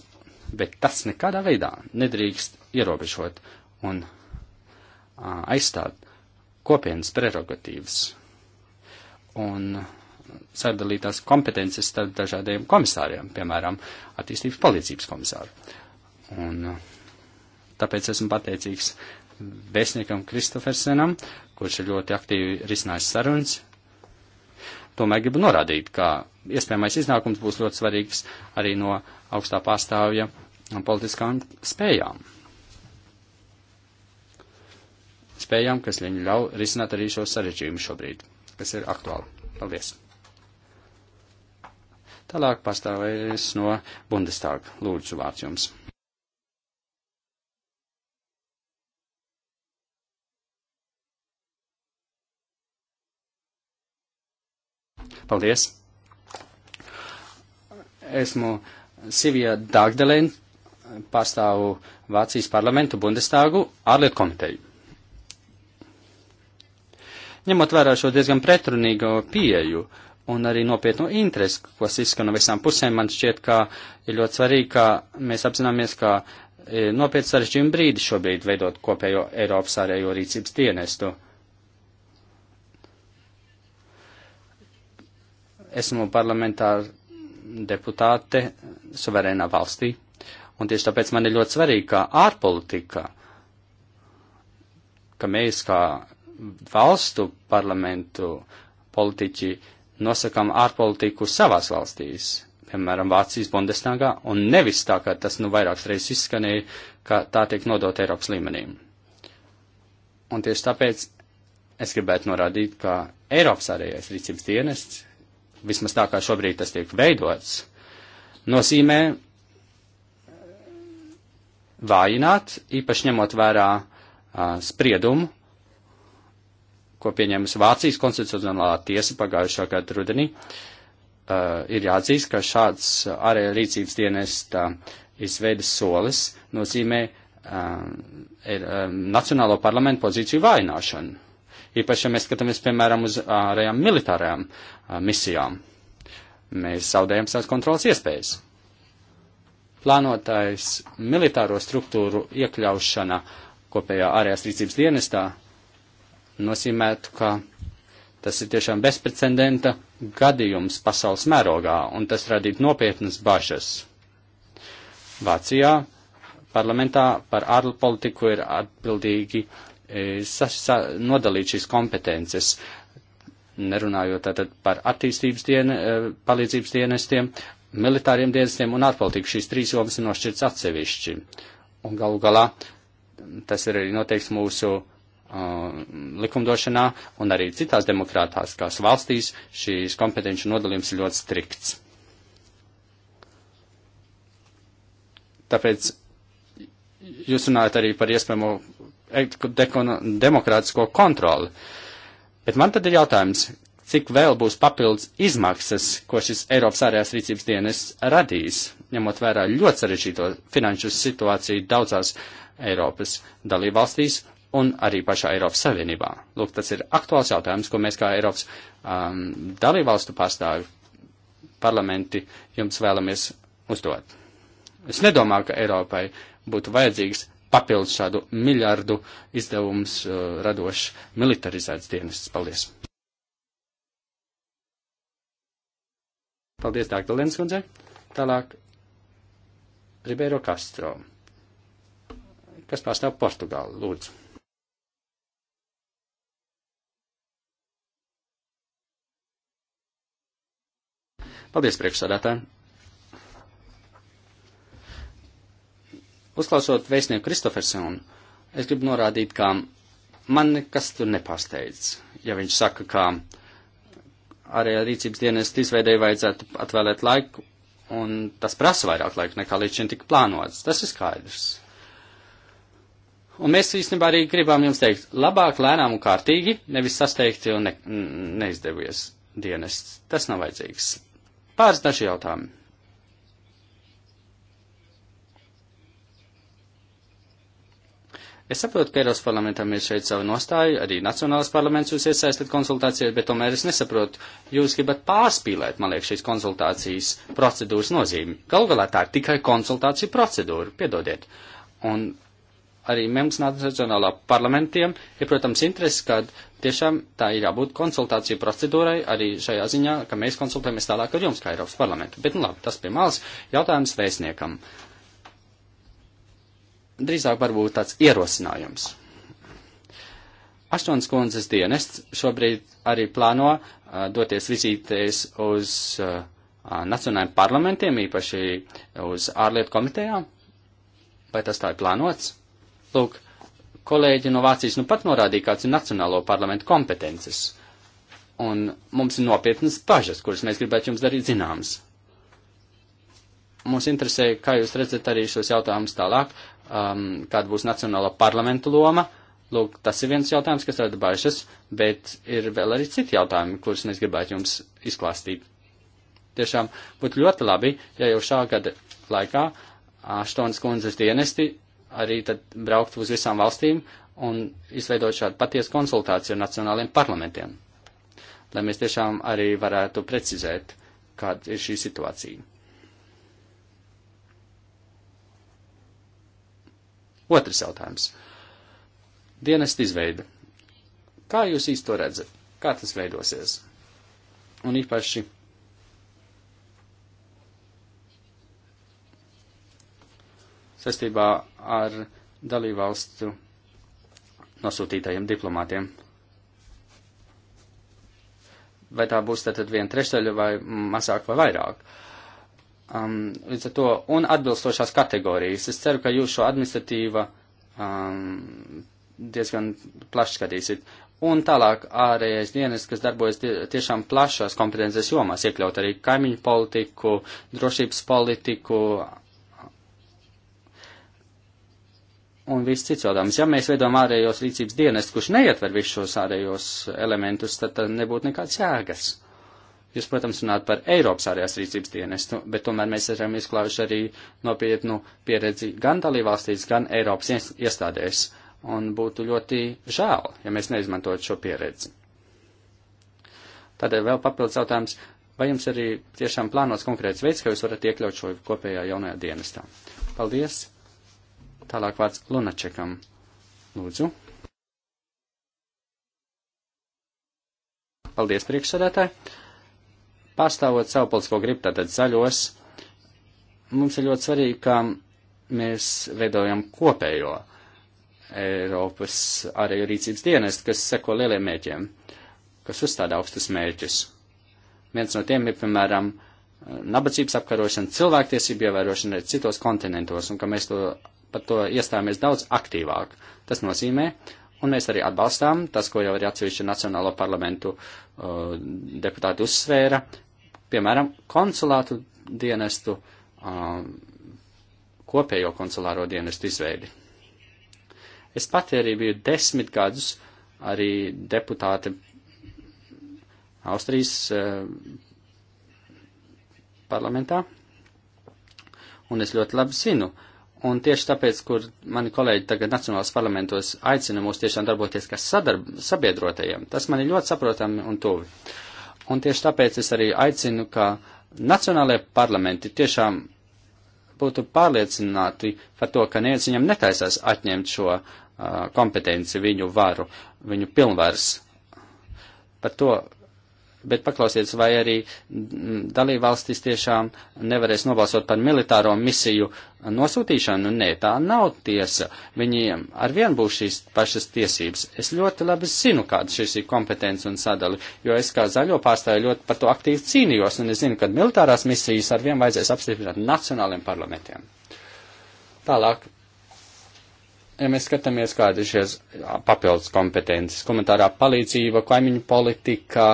bet tas nekādā veidā nedrīkst ierobežot un aizstāt kopienas prerogatīvas un sadalītās kompetences starp dažādiem komisāriem, piemēram, attīstības palīdzības komisāru. Un, uh, Tāpēc esmu pateicīgs vēstniekam Kristofersenam, kurš ir ļoti aktīvi risinājis sarunas. Tomēr gribu norādīt, ka iespējamais iznākums būs ļoti svarīgs arī no augstā pārstāvja politiskām spējām. Spējām, kas viņu ļauj risināt arī šo sarežģījumu šobrīd, kas ir aktuāli. Paldies! Tālāk pastāvēs no Bundestāga. Lūdzu, vārds jums! Paldies! Esmu Sivija Dagdelēn, pārstāvu Vācijas parlamentu Bundestāgu ārlietu komiteju. Ņemot vērā šo diezgan pretrunīgo pieju un arī nopietnu interesi, kas izskan no visām pusēm, man šķiet, ka ir ļoti svarīgi, ka mēs apzināmies, ka e, nopietni sarežģījumi brīdi šobrīd veidot kopējo Eiropas ārējo rīcības dienestu. esmu parlamentāra deputāte suverēnā valstī, un tieši tāpēc man ir ļoti svarīgi, ka ārpolitika, ka mēs kā valstu parlamentu politiķi nosakām ārpolitiku savās valstīs, piemēram, Vācijas Bundestagā, un nevis tā, ka tas nu vairākas reizes izskanēja, ka tā tiek nodota Eiropas līmenī. Un tieši tāpēc es gribētu norādīt, ka Eiropas ārējais rīcības dienests vismaz tā kā šobrīd tas tiek veidots, nozīmē vājināt, īpaši ņemot vērā uh, spriedumu, ko pieņēmusi Vācijas konstitucionālā tiesa pagājušā gada rudenī. Uh, ir jāatzīst, ka šāds ārējā rīcības dienesta izveidas solis nozīmē uh, ir, uh, Nacionālo parlamentu pozīciju vājināšanu īpaši, ja mēs skatāmies, piemēram, uz ārējām militārajām misijām. Mēs zaudējam savas kontrolas iespējas. Plānotais militāro struktūru iekļaušana kopējā ārējās rīcības dienestā nozīmētu, ka tas ir tiešām bezprecedenta gadījums pasaules mērogā, un tas radītu nopietnas bažas. Vācijā parlamentā par ārpolitiku ir atbildīgi E, nodalīt šīs kompetences, nerunājot tātad par attīstības dien, e, palīdzības dienestiem, militāriem dienestiem un ārpolitiku. Šīs trīs jomas ir nošķirts atsevišķi. Un galu galā tas ir arī noteikts mūsu uh, likumdošanā un arī citās demokrātāskās valstīs šīs kompetenci nodalījums ir ļoti strikts. Tāpēc jūs runājat arī par iespējamo E, demokrātisko kontroli. Bet man tad ir jautājums, cik vēl būs papildus izmaksas, ko šis Eiropas ārējās rīcības dienas radīs, ņemot vērā ļoti sarežģīto finanšu situāciju daudzās Eiropas dalībvalstīs un arī pašā Eiropas Savienībā. Lūk, tas ir aktuāls jautājums, ko mēs kā Eiropas um, dalībvalstu pārstāvi parlamenti jums vēlamies uzdot. Es nedomāju, ka Eiropai būtu vajadzīgs papildus šādu miljardu izdevumus uh, radošs militarizēts dienests. Paldies! Paldies, Dārgta Lenskundze. Tālāk Ribeiro Castro, kas pārstāv Portugālu, lūdzu. Paldies, priekšsādātāji! Uzklausot vēstnieku Kristofersonu, es gribu norādīt, ka man nekas tur nepārsteidz. Ja viņš saka, ka arī rīcības dienestu izveidēji vajadzētu atvēlēt laiku, un tas prasa vairāk laika nekā līdz šim tika plānots, tas ir skaidrs. Un mēs īstenībā arī gribam jums teikt, labāk lēnām un kārtīgi, nevis sasteigti un ne, neizdevies dienests. Tas nav vajadzīgs. Pāris daži jautājumi. Es saprotu, ka Eiropas parlamentam ir šeit sava nostāja, arī Nacionālais parlaments jūs iesaistat konsultācijās, bet tomēr es nesaprotu, jūs gribat pārspīlēt, man liekas, šīs konsultācijas procedūras nozīmi. Galu galā tā ir tikai konsultācija procedūra, piedodiet. Un arī mums Nacionālā parlamentiem ir, protams, interesi, ka tiešām tā ir jābūt konsultāciju procedūrai arī šajā ziņā, ka mēs konsultējamies tālāk ar jums, kā Eiropas parlamentu. Bet, nu labi, tas pie malas jautājums vēstniekam. Uh, drīzāk varbūt tāds ierosinājums. Aštuns kundzes dienests šobrīd arī plāno uh, doties vizītēs uz uh, nacionālajiem parlamentiem, īpaši uz ārlietu komitejām. Vai tas tā ir plānots? Lūk, kolēģi no Vācijas nu pat norādīja, kāds ir nacionālo parlamentu kompetences. Un mums ir nopietnas pažas, kuras mēs gribētu jums darīt zināmas. Mums interesē, kā jūs redzat arī šos jautājumus tālāk, um, kāda būs nacionāla parlamenta loma. Lūk, tas ir viens jautājums, kas rada bažas, bet ir vēl arī citi jautājumi, kurus mēs gribētu jums izklāstīt. Tiešām būtu ļoti labi, ja jau šā gada laikā Aštonas kundzes dienesti arī tad braukt uz visām valstīm un izveidot šādu patiesu konsultāciju ar nacionāliem parlamentiem, lai mēs tiešām arī varētu precizēt, kāda ir šī situācija. Otrs jautājums. Dienesta izveida. Kā jūs īsti to redzat? Kā tas veidosies? Un īpaši. Sastībā ar dalībvalstu nosūtītajiem diplomātiem. Vai tā būs tad viena trešdaļa vai mazāk vai vairāk? Uh, Um, līdz ar to un atbilstošās kategorijas. Es ceru, ka jūs šo administratīva um, diezgan plaši skatīsiet. Un tālāk ārējais dienas, kas darbojas tie, tiešām plašās kompetences jomās, iekļaut arī kaimiņu politiku, drošības politiku un viss cits jautājums. Ja mēs veidojam ārējos rīcības dienestu, kurš neietver visus šos ārējos elementus, tad, tad nebūtu nekāds jēgas. Jūs, protams, runājat par Eiropas ārējās rīcības dienestu, bet tomēr mēs esam izklājuši arī nopietnu pieredzi gan dalībvalstīs, gan Eiropas iestādēs, un būtu ļoti žēl, ja mēs neizmantotu šo pieredzi. Tādēļ vēl papildus jautājums, vai jums arī tiešām plānots konkrēts veids, kā jūs varat iekļaut šo kopējā jaunajā dienestā? Paldies! Tālāk vārds Lunačekam. Lūdzu. Paldies, priekšsēdētāji! Pārstāvot savu politisko gribu, tātad zaļos, mums ir ļoti svarīgi, ka mēs veidojam kopējo Eiropas arī rīcības dienestu, kas seko lieliem mēķiem, kas uzstāda augstus mēķus. Viens no tiem ir, piemēram, nabadzības apkarošana, cilvēktiesību ievērošana citos kontinentos, un ka mēs to, par to iestājāmies daudz aktīvāk. Tas nozīmē, un mēs arī atbalstām, tas, ko jau arī atsevišķi Nacionālo parlamentu uh, deputāti uzsvēra, piemēram, konsulātu dienestu, um, kopējo konsulāro dienestu izveidi. Es pati arī biju desmit gadus arī deputāte Austrijas uh, parlamentā, un es ļoti labi zinu, uh, Un tieši tāpēc, kur mani kolēģi tagad Nacionālās parlamentos aicina mūs tiešām darboties kā sadarb, sabiedrotajiem, tas man ir ļoti saprotami un tuvi. Un tieši tāpēc es arī aicinu, ka nacionālajie parlamenti tiešām būtu pārliecināti par to, ka neviens viņam netaisās atņemt šo uh, kompetenci, viņu varu, viņu pilnvars. Par to bet paklausieties, vai arī dalībvalstis tiešām nevarēs nobalsot par militāro misiju nosūtīšanu. Nē, tā nav tiesa. Viņiem ar vien būs šīs pašas tiesības. Es ļoti labi zinu, kāda šis ir kompetence un sadali, jo es kā zaļo pārstāju ļoti par to aktīvi cīnījos, un es zinu, ka militārās misijas ar vien vajadzēs apstiprināt nacionāliem parlamentiem. Tālāk ja mēs skatāmies, kāda ir šies papildus kompetences, komentārā palīdzība, kaimiņu politika,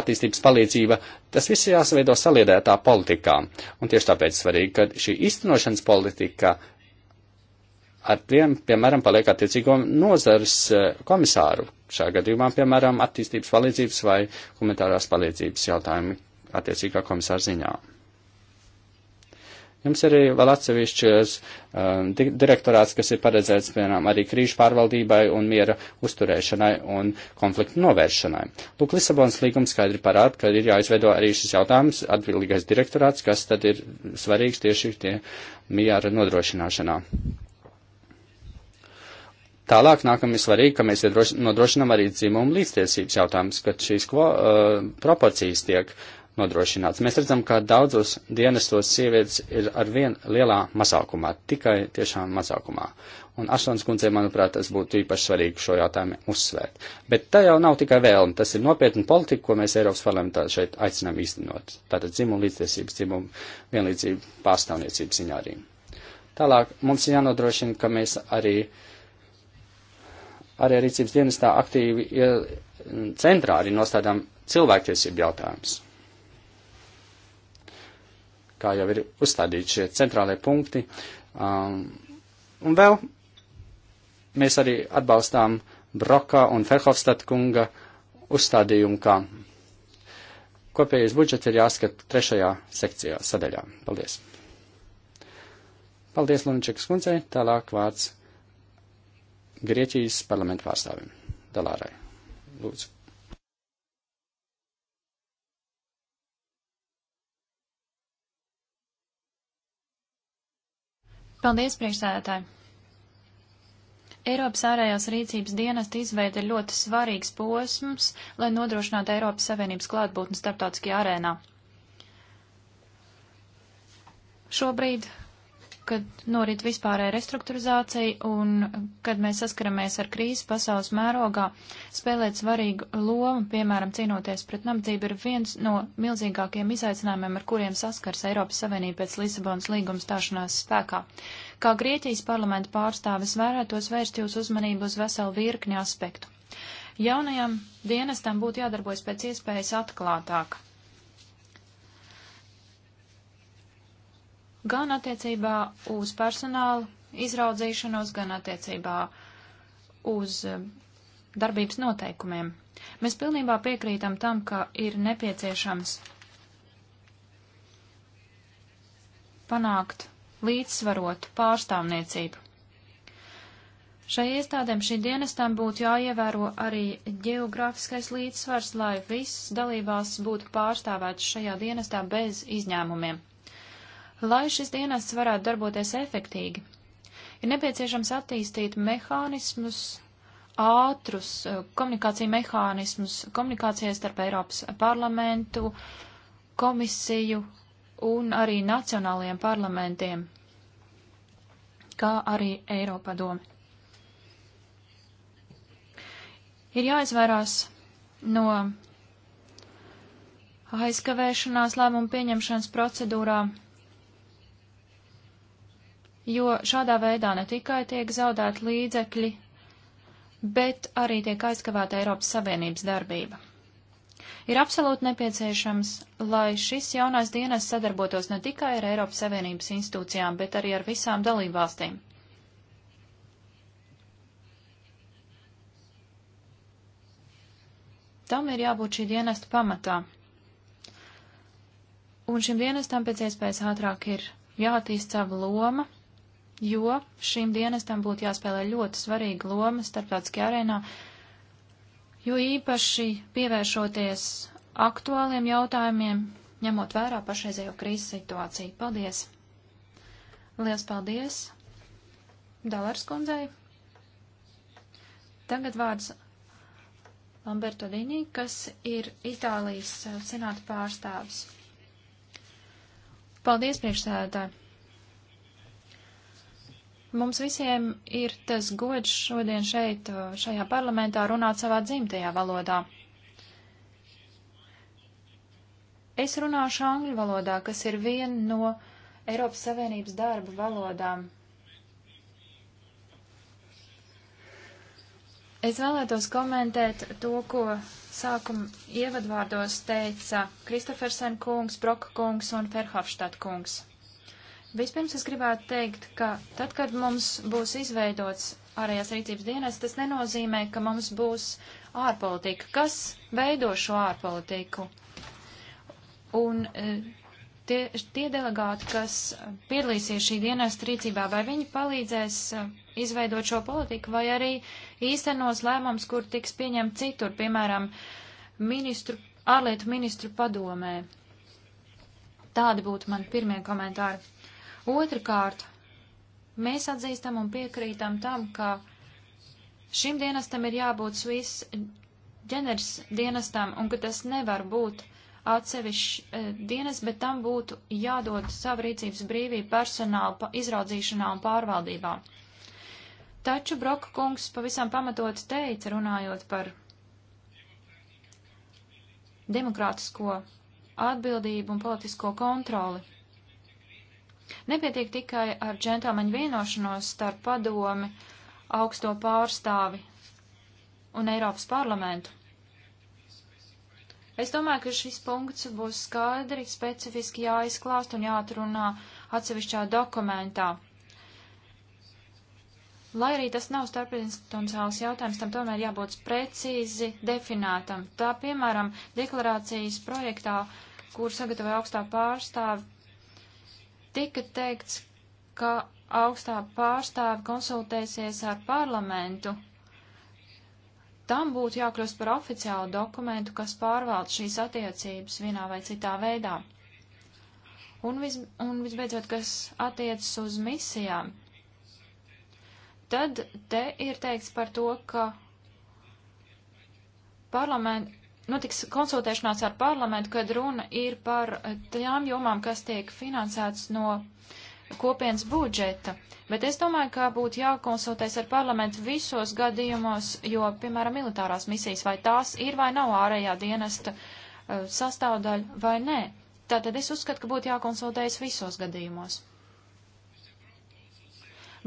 attīstības palīdzība, tas viss jāsaveido saliedētā politikā. Un tieši tāpēc svarīgi, ka šī īstenošanas politika ar tiem, piemēram, paliek attiecīgo nozars eh, komisāru. Šajā gadījumā, piemēram, attīstības palīdzības vai komentārās palīdzības jautājumi attiecīgā komisāra ziņā. Jums ir arī vēl atsevišķas eh, um, eh, direktorāts, kas ir paredzēts, piemēram, arī krīžu pārvaldībai un miera uzturēšanai un konfliktu novēršanai. Lūk, Lisabonas līgums skaidri parāda, ka ir jāizveido arī šis jautājums atbildīgais direktorāts, kas tad ir svarīgs tieši tie miera nodrošināšanā. Tālāk nākamais svarīgi, ka mēs nodrošinām arī dzimumu līdztiesības jautājums, ka šīs ko, uh, eh, proporcijas tiek uh, nodrošināts. Mēs redzam, ka daudzos dienestos sievietes ir ar vien lielā mazākumā, tikai tiešām mazākumā. Un Ašons kundzei, manuprāt, tas būtu īpaši svarīgi šo jautājumu uzsvērt. Bet tā jau nav tikai vēlme, tas ir nopietna politika, ko mēs Eiropas parlamentā šeit aicinām īstenot. Tātad dzimumu līdztiesības, dzimumu vienlīdzību pārstāvniecības ziņā arī. Tālāk mums jānodrošina, ka mēs arī, arī rīcības dienestā aktīvi centrā arī nostādām cilvēktiesību jautājumus kā jau ir uzstādīti šie centrālie punkti. Um, un vēl mēs arī atbalstām Broka un Ferhofstad kunga uzstādījumu, ka kopējais budžets ir jāskat trešajā sekcijā sadaļā. Paldies! Paldies, Lunčekas kundzei. Tālāk vārds Grieķijas parlamentu pārstāvim Dalārai. Lūdzu. Paldies, priekšsēdētāji! Eiropas ārējās rīcības dienesta izveida ir ļoti svarīgs posms, lai nodrošinātu Eiropas Savienības klātbūtni starptautiskajā arēnā. Šobrīd kad norit vispārēja restruktūrizācija un kad mēs saskaramies ar krīzi pasaules mērogā, spēlēt svarīgu lomu, piemēram, cīnoties pret nabadzību, ir viens no milzīgākiem izaicinājumiem, ar kuriem saskars Eiropas Savienība pēc Lisabonas līguma stāšanās spēkā. Kā Grieķijas parlamenta pārstāvis vērētos vērst jūs uzmanību uz veselu virkni aspektu. Jaunajam dienestam būtu jādarbojas pēc iespējas atklātāk gan attiecībā uz personālu izraudzīšanos, gan attiecībā uz eh, darbības noteikumiem. Mēs pilnībā piekrītam tam, ka ir nepieciešams panākt līdzsvarotu pārstāvniecību. Šai iestādēm šī dienestām būtu jāievēro arī geogrāfiskais līdzsvars, lai viss dalībās būtu pārstāvēts šajā dienestā bez izņēmumiem. Lai šis dienests varētu darboties efektīgi, ir nepieciešams attīstīt mehānismus, ātrus eh, komunikāciju mehānismus, komunikācijas starp Eiropas parlamentu, komisiju un arī nacionālajiem parlamentiem, kā arī Eiropadomi. Ir jāizvairās no aizkavēšanās lēmumu pieņemšanas procedūrā jo šādā veidā ne tikai tiek zaudēt līdzekļi, bet arī tiek aizkavēta Eiropas Savienības darbība. Ir absolūti nepieciešams, lai šis jaunais dienas sadarbotos ne tikai ar Eiropas Savienības institūcijām, bet arī ar visām dalībvalstīm. Tam ir jābūt šī dienesta pamatā. Un šim dienestam pēc iespējas ātrāk ir jātīst sava loma jo šīm dienestam būtu jāspēlē ļoti svarīga loma starptautiskajā arēnā, jo īpaši pievēršoties aktuāliem jautājumiem, ņemot vērā pašreizējo krīzes situāciju. Paldies! Liels paldies! Dalars kundzei! Tagad vārds Lamberto Dini, kas ir Itālijas senāta pārstāvis. Paldies, priekšsēdētāji! Mums visiem ir tas gods šodien šeit, uh, šajā parlamentā, runāt savā dzimtajā valodā. Es runāšu angļu valodā, kas ir viena no Eiropas Savienības darba valodām. Es vēlētos komentēt to, ko sākuma ievadvārdos teica Kristofersen kungs, Broka kungs un Ferhofštad kungs. Vispirms es gribētu teikt, ka tad, kad mums būs izveidots ārējās rīcības dienas, tas nenozīmē, ka mums būs ārpolitika. Kas veido šo ārpolitiku? Un e, tie, tie delegāti, kas piedalīsies šī dienas rīcībā, vai viņi palīdzēs e, izveidot šo politiku, vai arī īstenos lēmums, kur tiks pieņemt citur, piemēram, ministru, ārlietu ministru padomē. Tādi būtu mani pirmie komentāri. Otrakārt, mēs atzīstam un piekrītam tam, ka šim dienestam ir jābūt Svis ģeneris dienestam un ka tas nevar būt atsevišķi eh, dienas, bet tam būtu jādod savu rīcības brīvību personāla izraudzīšanā un pārvaldībā. Taču Broka kungs pavisam pamatot teica, runājot par demokrātisko atbildību un politisko kontroli. Nepietiek tikai ar džentlmeņu vienošanos starp padomi, augsto pārstāvi un Eiropas parlamentu. Es domāju, ka šis punkts būs skaidri, specifiski jāizklāst un jāatrunā atsevišķā dokumentā. Lai arī tas nav starpinstitucionāls jautājums, tam tomēr jābūt precīzi definētam. Tā, piemēram, deklarācijas projektā, kur sagatavoja augstā pārstāve, Tika teikts, ka augstā pārstāve konsultēsies ar parlamentu. Tam būtu jākļūst par oficiālu dokumentu, kas pārvalda šīs attiecības vienā vai citā veidā. Un, vis, un visbeidzot, kas attiecas uz misijām, tad te ir teikts par to, ka parlament, notiks nu, konsultēšanās ar parlamentu, kad runa ir par tajām jomām, kas tiek finansēts no kopienas budžeta. Bet es domāju, ka būtu jākonsultēs ar parlamentu visos gadījumos, jo, piemēram, militārās misijas vai tās ir vai nav ārējā dienesta uh, sastāvdaļa vai nē. Tātad es uzskatu, ka būtu jākonsultējas visos gadījumos.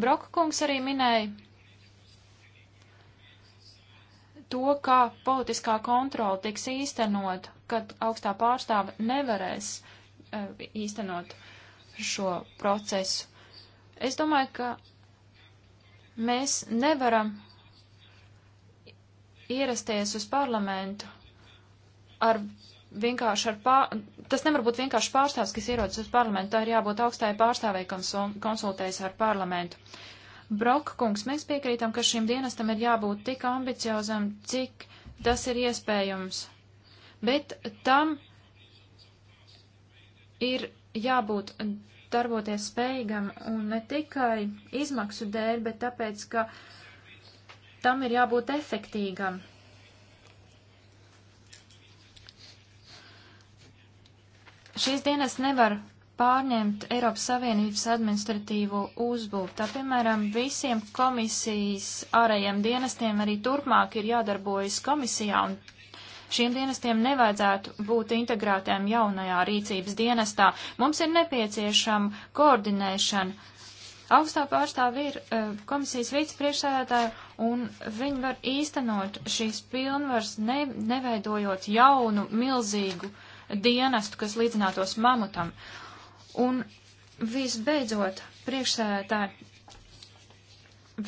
Broka kungs arī minēja to, kā politiskā kontrola tiks īstenot, kad augstā pārstāve nevarēs eh, īstenot šo procesu. Es domāju, ka mēs nevaram ierasties uz parlamentu ar vienkārši ar pār... Tas nevar būt vienkārši pārstāvs, kas ierodas uz parlamentu, tā ir jābūt augstāja pārstāvei, kas konsultējas ar parlamentu. Broka kungs, mēs piekrītam, ka šim dienestam ir jābūt tik ambiciozam, cik tas ir iespējams, bet tam ir jābūt darboties spējīgam un ne tikai izmaksu dēļ, bet tāpēc, ka tam ir jābūt efektīgam. Šīs dienas nevar pārņemt Eiropas Savienības administratīvo uzbūvu. Tā, piemēram, visiem komisijas ārējiem dienestiem arī turpmāk ir jādarbojas komisijā, un šiem dienestiem nevajadzētu būt integrētiem jaunajā rīcības dienestā. Mums ir nepieciešama koordinēšana. Augstā pārstāve ir eh, komisijas vicepriekšsēdētāja, un viņi var īstenot šīs pilnvars, ne, neveidojot jaunu, milzīgu dienestu, kas līdzinātos mamutam. Uh, Un visbeidzot, priekšsēdētāji,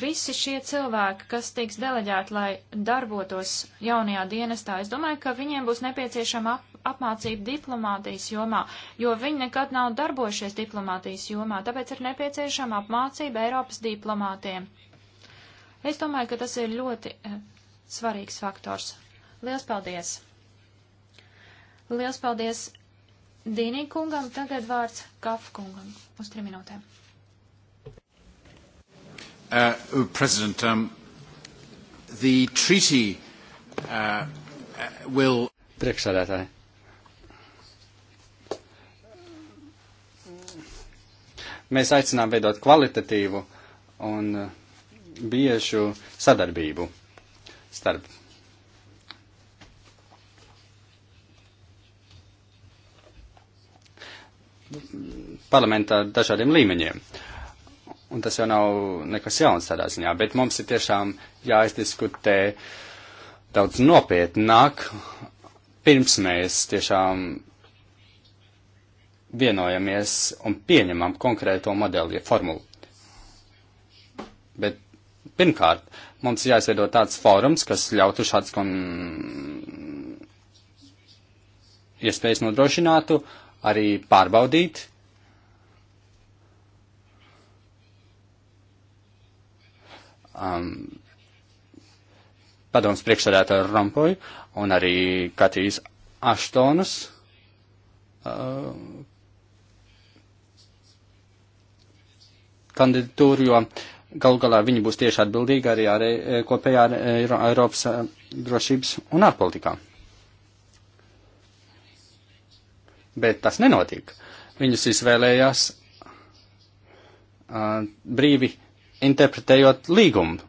visi šie cilvēki, kas tiks deleģēti, lai darbotos jaunajā dienestā, es domāju, ka viņiem būs nepieciešama ap apmācība diplomātijas jomā, jo viņi nekad nav darbojušies diplomātijas jomā, tāpēc ir nepieciešama apmācība Eiropas diplomātiem. Es domāju, ka tas ir ļoti eh, svarīgs faktors. Lielas paldies! Lielas paldies Dīnī kungam, tagad vārds Kaf kungam uz trim minūtēm. Uh, oh, President, um, the treaty uh, uh will... Priekšsādātāji. Mēs aicinām veidot kvalitatīvu un biežu sadarbību starp parlamentā dažādiem līmeņiem. Un tas jau nav nekas jauns tādā ziņā, bet mums ir tiešām jāizdiskutē daudz nopietnāk, pirms mēs tiešām vienojamies un pieņemam konkrēto modeli ja formulu. Bet pirmkārt, mums jāizveido tāds fórums, kas ļautu šāds kon... iespējas nodrošinātu uh, arī pārbaudīt. Um, padoms priekšsēdētāju Rampoju un arī Katijas Aštonas uh, kandidatūru, jo galu galā viņi būs tieši atbildīgi arī, arī kopējā Eiropas drošības un ārpolitikā. Ar bet tas nenotiek. Viņus izvēlējās uh, brīvi interpretējot līgumu.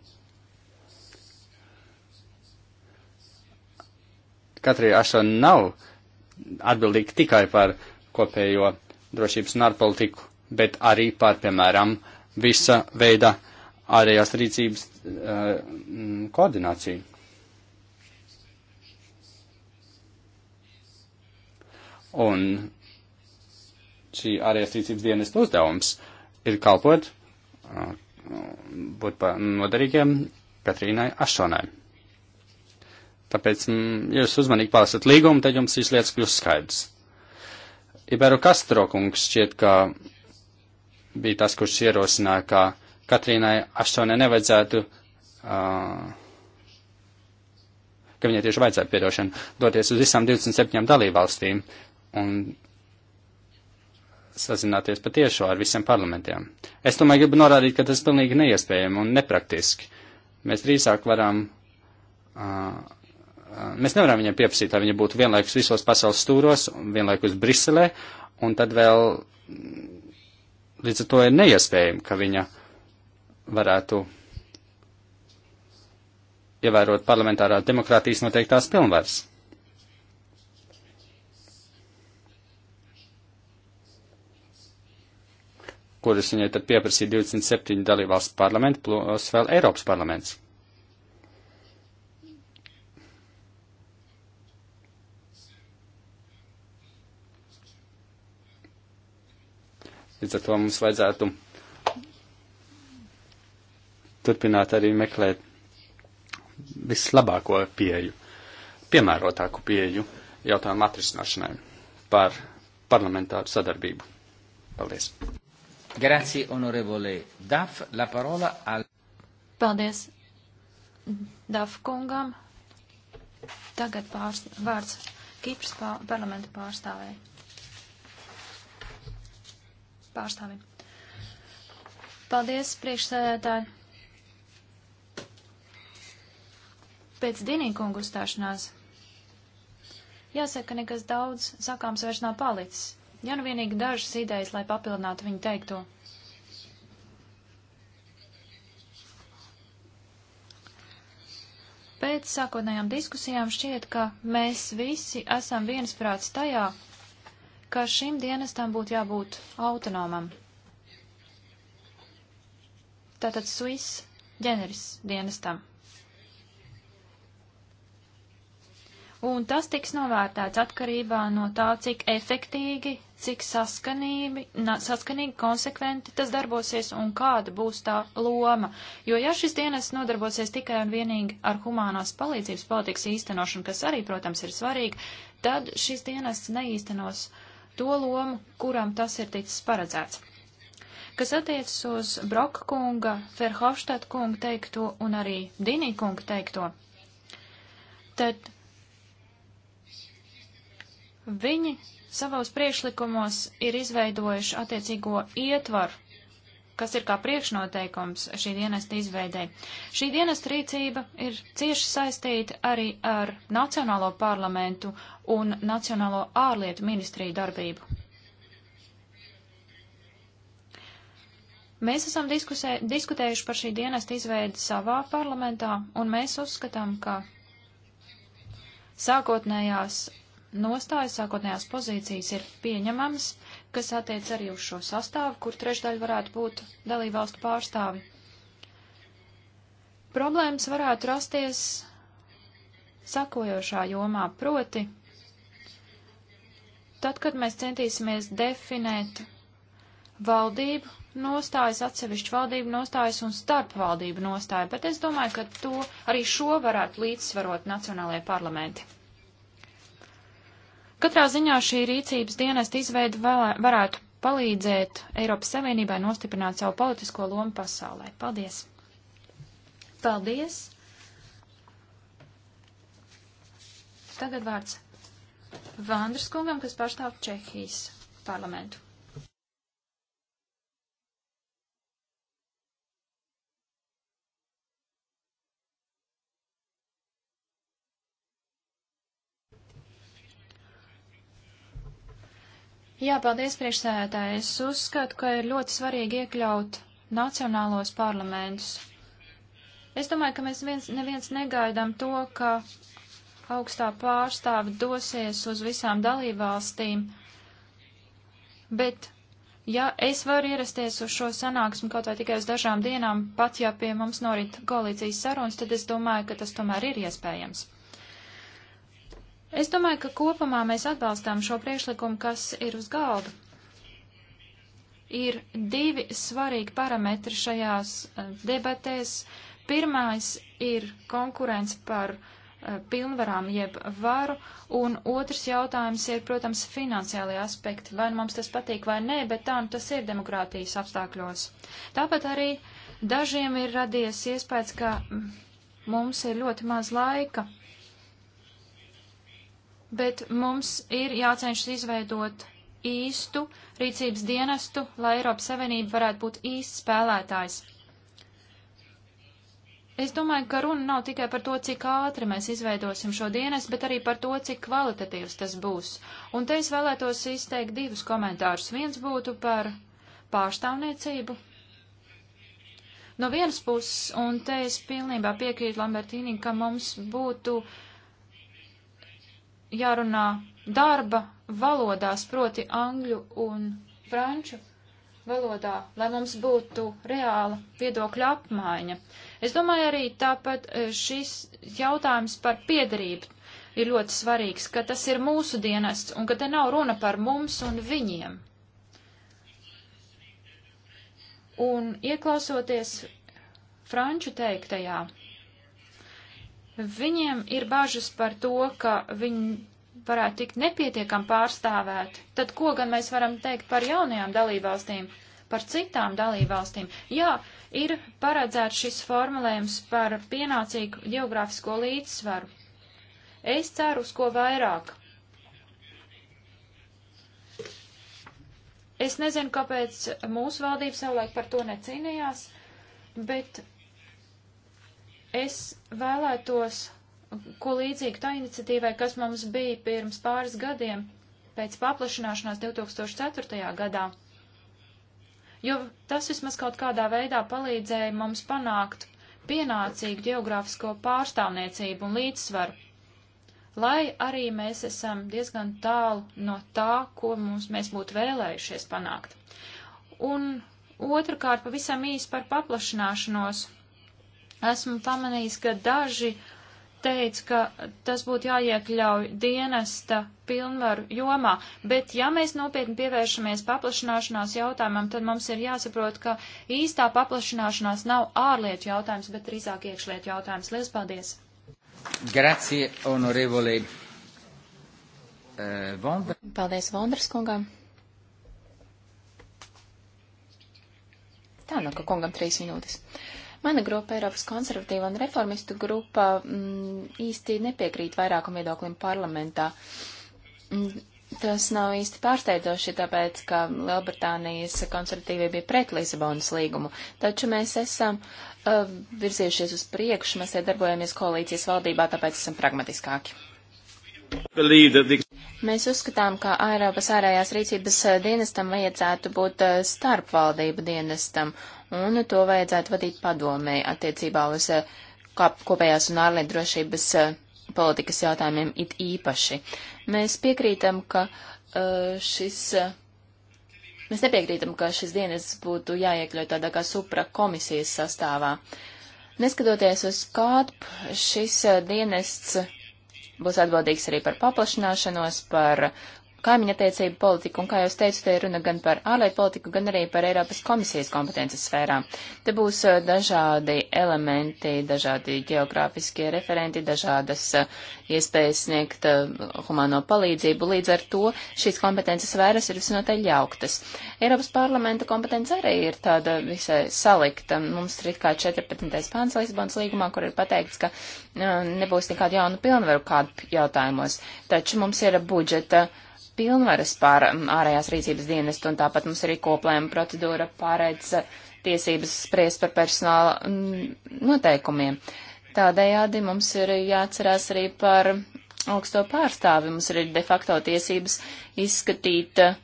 Katrai ašana nav atbildīga tikai par kopējo drošības un ārpolitiku, bet arī par, piemēram, visa veida ārējās rīcības uh, koordināciju. Un šī ārējās rīcības dienesta uzdevums ir kalpot, uh, būt noderīgiem Katrīnai Ašonai. Tāpēc, mm, ja jūs uzmanīgi palasat līgumu, tad jums šīs lietas kļūst skaidrs. Ibero Castro kungs šķiet, ka bija tas, kurš ierosināja, ka Katrīnai Ašonai nevajadzētu, uh, ka viņai tieši vajadzētu piedošanu doties uz visām 27 dalībvalstīm, uh, un sazināties patiešo ar visiem parlamentiem. Es tomēr gribu norādīt, ka tas pilnīgi neiespējami un nepraktiski. Mēs drīzāk varam, uh, mēs nevaram viņam pieprasīt, lai viņa būtu vienlaikus visos pasaules stūros un vienlaikus Briselē, un tad vēl līdz ar to ir neiespējami, ka viņa varētu ievērot parlamentārā demokrātijas noteiktās pilnvaras. kuras viņai tad pieprasīja 27 dalībvalsts parlamenti plus vēl Eiropas parlaments. Līdz ar to mums vajadzētu turpināt arī meklēt vislabāko pieeju, piemērotāku pieeju jautājumu atrisināšanai par parlamentāru sadarbību. Paldies! Grazie, onorevole Daf. La parola al. Paldies Daf kungam. Tagad pārs, vārds Kipras pār, parlamenta pārstāvēja. Pārstāvim. Paldies, priekšsēdētāji. Pēc Dinīkunga uzstāšanās jāsaka, nekas daudz sakāms vairs nav palicis. Ja nu vienīgi dažas idejas, lai papildinātu viņu teikto. Pēc sākotnējām diskusijām šķiet, ka mēs visi esam viensprāts tajā, ka šim dienestam būtu jābūt autonomam. Tātad Swiss ģeneris dienestam. Un tas tiks novērtēts atkarībā no tā, cik efektīgi, cik saskanīgi, saskanīgi, konsekventi tas darbosies un kāda būs tā loma. Jo ja šis dienas nodarbosies tikai un vienīgi ar humānās palīdzības politikas īstenošanu, kas arī, protams, ir svarīgi, tad šis dienas neīstenos to lomu, kuram tas ir ticis paredzēts. Kas attiecas uz Broka kunga, Ferhofštad kunga teikto un arī Dinī kunga teikto, tad Viņi savos priekšlikumos ir izveidojuši attiecīgo ietvaru, kas ir kā priekšnoteikums šī dienesta izveidē. Šī dienesta rīcība ir cieši saistīta arī ar Nacionālo parlamentu un Nacionālo ārlietu ministriju darbību. Mēs esam diskusē, diskutējuši par šī dienesta izveidi savā parlamentā, un mēs uzskatām, ka sākotnējās nostājas sākotnējās pozīcijas ir pieņemamas, kas attiec arī uz šo sastāvu, kur trešdaļa varētu būt dalībvalstu pārstāvi. Problēmas varētu rasties sakojošā jomā, proti, tad, kad mēs centīsimies definēt valdību nostājas, atsevišķu valdību nostājas un starpvaldību nostāju, bet es domāju, ka to arī šo varētu līdzsvarot nacionālajie parlamenti. Katrā ziņā šī rīcības dienesta izveida varētu palīdzēt Eiropas Savienībai nostiprināt savu politisko lomu pasaulē. Paldies! Paldies! Tagad vārds Vandras kungam, kas pārstāv Čehijas parlamentu. Jā, paldies priekšsēdētāji. Es uzskatu, ka ir ļoti svarīgi iekļaut nacionālos parlamentus. Es domāju, ka mēs viens, neviens negaidām to, ka augstā pārstāve dosies uz visām dalībvalstīm, bet ja es varu ierasties uz šo sanāksmi kaut vai tikai uz dažām dienām, pat ja pie mums norit koalīcijas sarunas, tad es domāju, ka tas tomēr ir iespējams. Es domāju, ka kopumā mēs atbalstām šo priekšlikumu, kas ir uz galda. Ir divi svarīgi parametri šajās eh, debatēs. Pirmais ir konkurence par uh, pilnvarām jeb varu, un otrs jautājums ir, protams, finansiālie aspekti. Vai nu mums tas patīk vai nē, bet tā nu tas ir demokrātijas apstākļos. Tāpat arī dažiem ir radies iespējas, ka mm, mums ir ļoti maz laika bet mums ir jācenšas izveidot īstu rīcības dienestu, lai Eiropas Savienība varētu būt īsts spēlētājs. Es domāju, ka runa nav tikai par to, cik ātri mēs izveidosim šo dienestu, bet arī par to, cik kvalitatīvs tas būs. Un te es vēlētos izteikt divus komentārus. Viens būtu par pārstāvniecību. No vienas puses, un te es pilnībā piekrītu Lambertīnī, ka mums būtu uh, jārunā darba valodās, proti angļu un franču valodā, lai mums būtu reāla viedokļa apmaiņa. Es domāju arī tāpat e, šis jautājums par piedarību ir ļoti svarīgs, ka tas ir mūsu dienests un ka te nav runa par mums un viņiem. Un ieklausoties franču teiktajā, Viņiem ir bažas par to, ka viņi varētu tikt nepietiekam pārstāvēti. Tad ko gan mēs varam teikt par jaunajām dalībvalstīm, par citām dalībvalstīm? Jā, ir paredzēts šis formulējums par pienācīgu geogrāfisko līdzsvaru. Es ceru uz ko vairāk. Es nezinu, kāpēc mūsu valdība savulaik par to necīnījās, bet Es vēlētos, ko līdzīgu tā iniciatīvai, kas mums bija pirms pāris gadiem, pēc paplašināšanās 2004. gadā, jo tas vismaz kaut kādā veidā palīdzēja mums panākt pienācīgu geogrāfisko pārstāvniecību un līdzsvaru, lai arī mēs esam diezgan tālu no tā, ko mums mēs būtu vēlējušies panākt. Un otrkārt, pavisam īsi par paplašināšanos Esmu pamanījis, ka daži teica, ka tas būtu jāiekļauj dienesta pilnvaru jomā, bet ja mēs nopietni pievēršamies paplašināšanās jautājumam, tad mums ir jāsaprot, ka īstā paplašināšanās nav ārlietu jautājums, bet drīzāk iekšlietu jautājums. Lies paldies! Grazie, honorevole uh, Vondra. Paldies Vondras kungam. Tā nu, ka kungam trīs minūtes. Uh, Mana grupa, Eiropas konservatīva un reformistu grupa, m, mm, īsti nepiekrīt vairākam viedoklim parlamentā. M, mm, tas nav īsti pārsteidzoši, tāpēc, ka Lielbritānijas konservatīvie bija pret Lisabonas līgumu, taču mēs esam uh, virzījušies uz priekšu, mēs darbojamies koalīcijas valdībā, tāpēc esam pragmatiskāki. The... Mēs uzskatām, ka Eiropas ārējās rīcības eh, dienestam vajadzētu būt eh, starpvaldību dienestam, un to vajadzētu vadīt padomē attiecībā uz eh, kopējās un ārlietu drošības politikas jautājumiem it īpaši. Mēs piekrītam, ka šis. Mēs nepiekrītam, ka šis dienests būtu jāiekļaut tādā kā supra komisijas sastāvā. Neskatoties uz kādu, šis dienests būs atbildīgs arī par paplašināšanos, par kaimiņa attiecību politiku, un, kā jau es teicu, te ir runa gan par ārlietu politiku, gan arī par Eiropas komisijas kompetences sfērām. Te būs eh, dažādi elementi, dažādi geogrāfiskie referenti, dažādas eh, iespējas sniegt eh, humāno palīdzību. Līdz ar to šīs kompetences sfēras ir visnotaļ jauktas. Eiropas parlamenta kompetence arī ir tāda visai salikta. Mums ir kā 14. pāns Lisbonas līgumā, kur ir pateikts, ka nebūs nekādu jaunu pilnvaru kādu jautājumos. Taču mums ir budžeta uh, pilnvaras pār um, ārējās rīcības dienestu, un tāpat mums arī koplēma procedūra pārēc uh, tiesības spriest par personāla mm, noteikumiem. Tādējādi mums ir jāatcerās arī par augsto pārstāvi. Mums ir de facto tiesības izskatīt uh,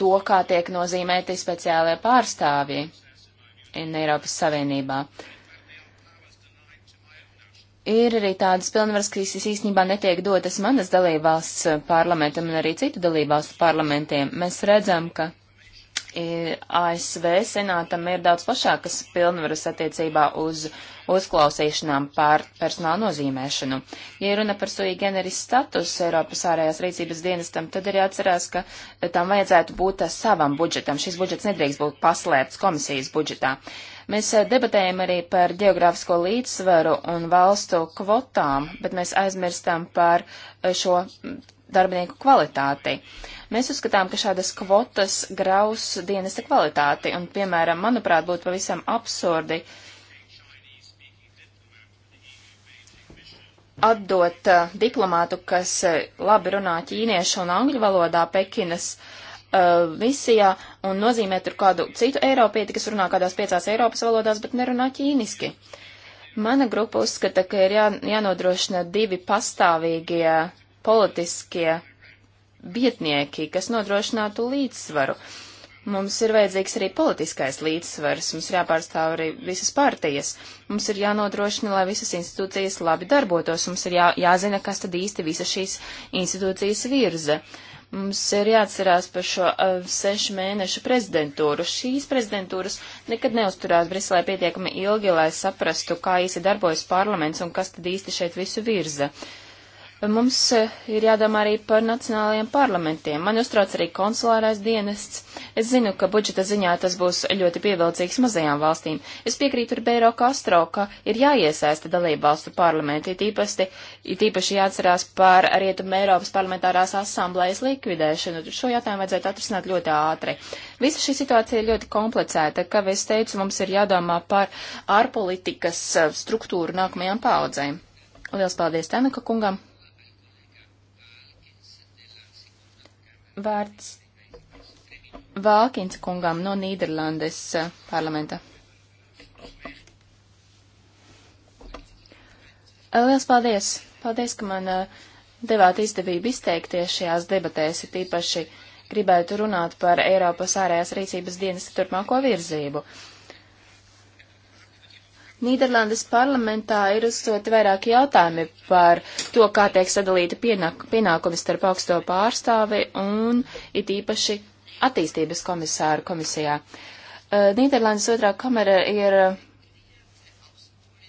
to, kā tiek nozīmēti speciālie pārstāvji Eiropas Savienībā. Uh, Ir arī tādas pilnvaras, kas īstenībā netiek dotas manas dalībvalsts eh, parlamentam un arī citu dalībvalstu parlamentiem. Mēs redzam, ka E, ASV senātam ir daudz plašākas pilnvaras attiecībā uz uzklausīšanām pār personāla nozīmēšanu. Ja runa par sui generis status Eiropas ārējās rīcības dienestam, tad ir jāatcerās, ka tam vajadzētu būt savam budžetam. Šis budžets nedrīkst būt paslēpts komisijas budžetā. Mēs e, debatējam arī par geogrāfisko līdzsvaru un valstu kvotām, bet mēs aizmirstam par e, šo darbinieku kvalitāti. Mēs uzskatām, ka šādas kvotas graus dienesta kvalitāti, un, piemēram, manuprāt, būtu pavisam absurdi atdot uh, diplomātu, kas uh, labi runā ķīniešu un angļu valodā Pekinas uh, visijā, un nozīmē tur kādu citu eiropieti, kas runā kādās piecās Eiropas valodās, bet nerunā ķīniski. Mana grupa uzskata, ka ir jā, jānodrošina divi pastāvīgie politiskie vietnieki, kas nodrošinātu līdzsvaru. Mums ir vajadzīgs arī politiskais līdzsvars, mums ir jāpārstāv arī visas partijas, mums ir jānodrošina, lai visas institūcijas labi darbotos, mums ir jā, jāzina, kas tad īsti visas šīs institūcijas virza. Mums ir jāatcerās par šo uh, sešu mēnešu prezidentūru. Šīs prezidentūras nekad neusturās Briselē pietiekami ilgi, lai saprastu, kā īsti darbojas parlaments un kas tad īsti šeit visu virza. Uh, Mums eh, ir jādomā arī par nacionālajiem parlamentiem. Man uztrauc arī konsulārais dienests. Es zinu, ka budžeta ziņā tas būs ļoti pievilcīgs mazajām valstīm. Es piekrītu Ribeiro Castro, ka ir jāiesaista dalību valstu parlamenti, tīpasti, tīpaši jāatcerās par Rietumē Eiropas parlamentārās asamblējas likvidēšanu. Šo jautājumu vajadzētu atrisināt ļoti ātri. Visa šī situācija ir ļoti komplicēta, kā es teicu, mums ir jādomā par ārpolitikas eh, struktūru nākamajām paudzēm. Liels paldies Tenaka kungam! vārds Vākins kungam no Nīderlandes eh, parlamenta. Eh, liels paldies! Paldies, ka man eh, devāt izdevību izteikties šajās debatēs, ir tīpaši gribētu runāt par Eiropas ārējās rīcības dienas turpmāko virzību. Uh, Nīderlandes parlamentā ir uzdoti vairāki jautājumi par to, kā tiek sadalīta pienāk, pienākumi starp augsto pārstāvi un it īpaši attīstības komisāru komisijā. Uh, Nīderlandes otrā kamera ir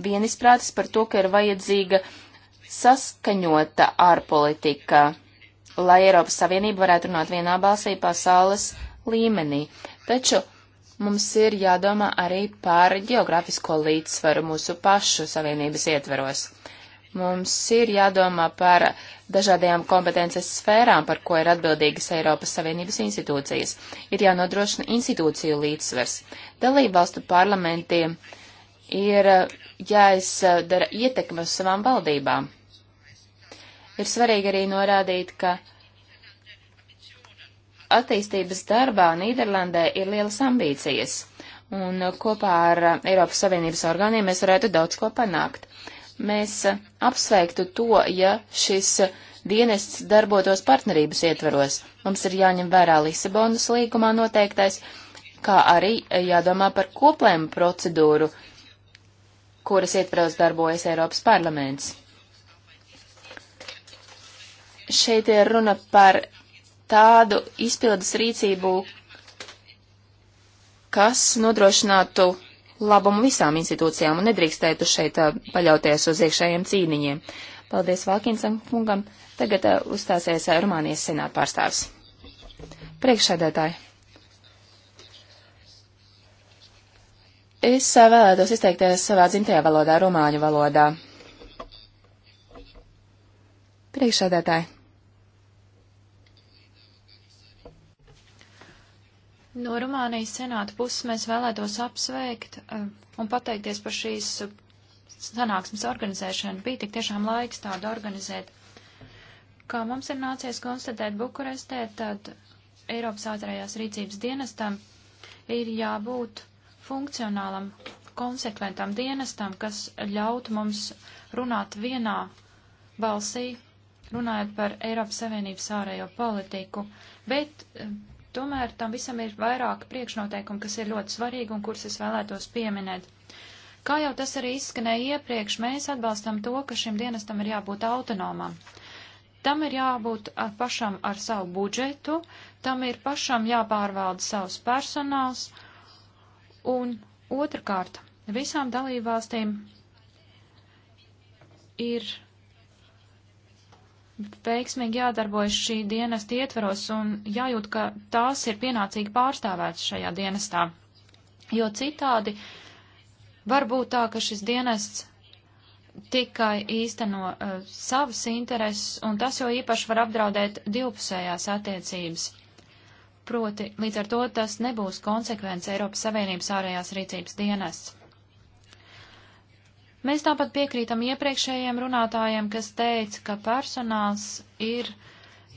vienisprātis par to, ka ir vajadzīga saskaņota ārpolitika, lai Eiropas Savienība varētu runāt vienā balsī pasaules līmenī. Taču mums ir jādomā arī par geogrāfisko līdzsvaru mūsu pašu savienības ietveros. Mums ir jādomā par dažādajām kompetences sfērām, par ko ir atbildīgas Eiropas Savienības institūcijas. Ir jānodrošina institūciju līdzsvars. Dalību valstu parlamentiem ir jāizdara ietekme uz savām valdībām. Ir svarīgi arī norādīt, ka attīstības darbā Nīderlandē ir lielas ambīcijas, un uh, kopā ar uh, Eiropas Savienības orgāniem mēs varētu daudz ko panākt. Mēs uh, apsveiktu to, ja šis dienests darbotos partnerības ietveros. Mums ir jāņem vērā Lisabonas līgumā noteiktais, kā arī jādomā par koplēmu procedūru, kuras ietveros darbojas Eiropas parlaments. Šeit ir runa par tādu izpildes rīcību, kas nodrošinātu labumu visām institūcijām un nedrīkstētu šeit uh, paļauties uz iekšējiem cīniņiem. Paldies Vākinsam kungam. Tagad uh, uzstāsies uh, Rumānijas senāta pārstāvs. Priekšsēdētāji. Es vēlētos izteikties savā dzimtajā valodā, rumāņu valodā. Priekšsēdētāji. No Rumānijas senāta puses mēs vēlētos apsveikt eh, un pateikties par šīs eh, sanāksmes organizēšanu. Bija tik tiešām laiks tādu organizēt. Kā mums ir nācies konstatēt Bukurestē, tad Eiropas ātrējās rīcības dienestam ir jābūt funkcionālam, konsekventam dienestam, kas ļautu mums runāt vienā balsī, runājot par Eiropas Savienības ārējo politiku, bet eh, Tomēr tam visam ir vairāk priekšnoteikumu, kas ir ļoti svarīgi un kurus es vēlētos pieminēt. Kā jau tas arī izskanēja iepriekš, mēs atbalstam to, ka šim dienestam ir jābūt autonomam. Tam ir jābūt pašam ar savu budžetu, tam ir pašam jāpārvalda savs personāls, un otrkārt, visām dalībvalstīm ir veiksmīgi jādarbojas šī dienesta ietveros un jājūt, ka tās ir pienācīgi pārstāvētas šajā dienestā. Jo citādi var būt tā, ka šis dienests tikai īsteno uh, savas intereses, un tas jau īpaši var apdraudēt divpusējās attiecības. Proti, līdz ar to tas nebūs konsekvence Eiropas Savienības ārējās rīcības dienests. Mēs tāpat piekrītam iepriekšējiem runātājiem, kas teica, ka personāls ir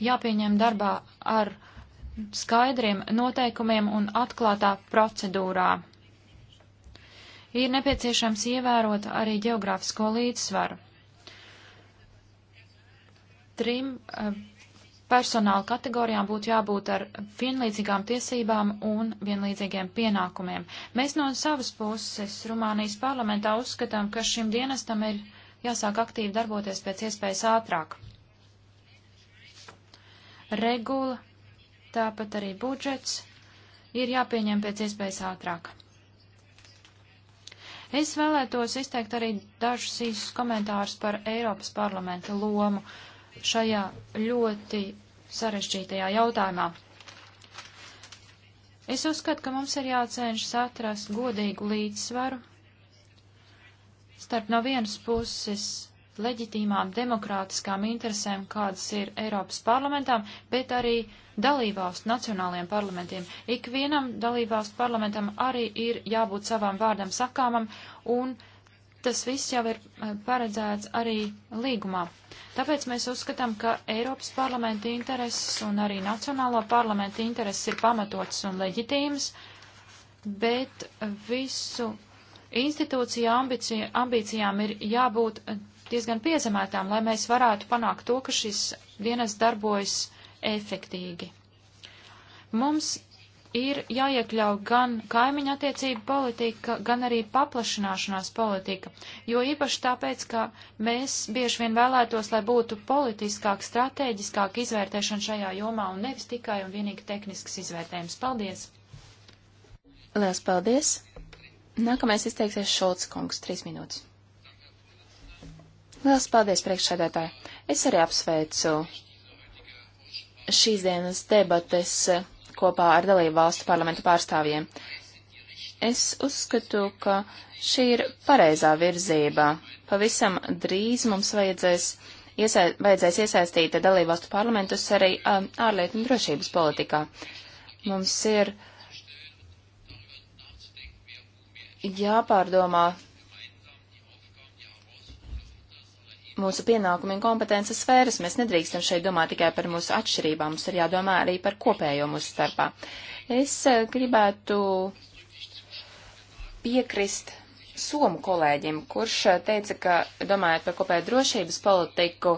jāpieņem darbā ar skaidriem noteikumiem un atklātā procedūrā. Ir nepieciešams ievērot arī geogrāfisko līdzsvaru. Trim uh, personāla kategorijām būtu jābūt ar vienlīdzīgām tiesībām un vienlīdzīgiem pienākumiem. Mēs no savas puses Rumānijas parlamentā uzskatām, ka šim dienestam ir jāsāk aktīvi darboties pēc iespējas ātrāk. Regula, tāpat arī budžets ir jāpieņem pēc iespējas ātrāk. Es vēlētos izteikt arī dažus īsus komentārus par Eiropas parlamenta lomu šajā ļoti sarežģītajā jautājumā. Es uzskatu, ka mums ir jācenšas atrast godīgu līdzsvaru starp no vienas puses leģitīmām demokrātiskām interesēm, kādas ir Eiropas parlamentām, bet arī dalībvalstu nacionālajiem parlamentiem. Ikvienam dalībvalstu parlamentam arī ir jābūt savam vārdam sakāmam, un tas viss jau ir eh, paredzēts arī līgumā. Tāpēc mēs uzskatām, ka Eiropas parlamenta intereses un arī Nacionālo parlamenta intereses ir pamatotas un leģitīmas, bet visu institūciju ambicija, ambīcijām ir jābūt diezgan piezemētām, lai mēs varētu panākt to, ka šis dienas darbojas efektīgi. Mums ir jāiekļauj gan kaimiņa attiecība politika, gan arī paplašināšanās politika, jo īpaši tāpēc, ka mēs bieži vien vēlētos, lai būtu politiskāk, strateģiskāk izvērtēšana šajā jomā un nevis tikai un vienīgi tehnisks izvērtējums. Paldies! Lielas paldies! Nākamais izteiksies Šolts kungs, trīs minūtes. Lielas paldies, priekšsēdētāji! Es arī apsveicu šīs dienas debates kopā ar dalību valstu parlamentu pārstāvjiem. Es uzskatu, ka šī ir pareizā virzība. Pavisam drīz mums vajadzēs, iesa vajadzēs iesaistīt dalību valstu parlamentus arī um, ārlietu un drošības politikā. Mums ir jāpārdomā mūsu pienākumu un kompetences sfēras. Mēs nedrīkstam šeit domāt tikai par mūsu atšķirībām, mums ir jādomā arī par kopējo mūsu starpā. Es eh, gribētu piekrist somu kolēģim, kurš eh, teica, ka domājot par kopēju drošības politiku,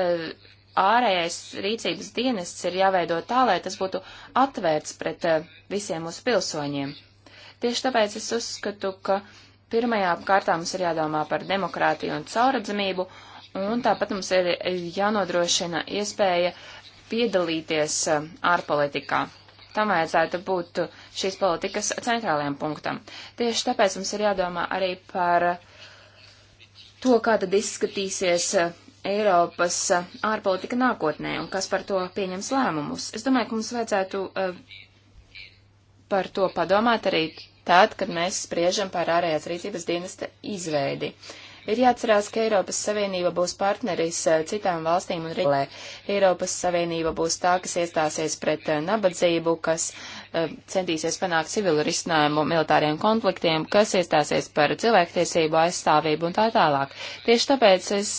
eh, ārējais rīcības dienests ir jāveido tā, lai tas būtu atvērts pret visiem mūsu pilsoņiem. Tieši tāpēc es uzskatu, ka pirmajā kārtā mums ir jādomā par demokrātiju un cauradzamību, Un tāpat mums ir jānodrošina iespēja piedalīties eh, ārpolitikā. Tam vajadzētu būt šīs politikas centrālajiem punktam. Tieši tāpēc mums ir jādomā arī par to, kā tad izskatīsies eh, Eiropas eh, ārpolitika nākotnē un kas par to pieņems lēmumus. Es domāju, ka mums vajadzētu par to padomāt arī tad, kad mēs spriežam par ārējās rīcības dienesta izveidi. Uh, Ir jāatcerās, ka Eiropas Savienība būs partneris eh, citām valstīm un regulē. Eiropas Savienība būs tā, kas iestāsies pret eh, nabadzību, kas eh, centīsies panākt civilu risinājumu militāriem konfliktiem, kas iestāsies par cilvēktiesību aizstāvību un tā tālāk. Tieši tāpēc es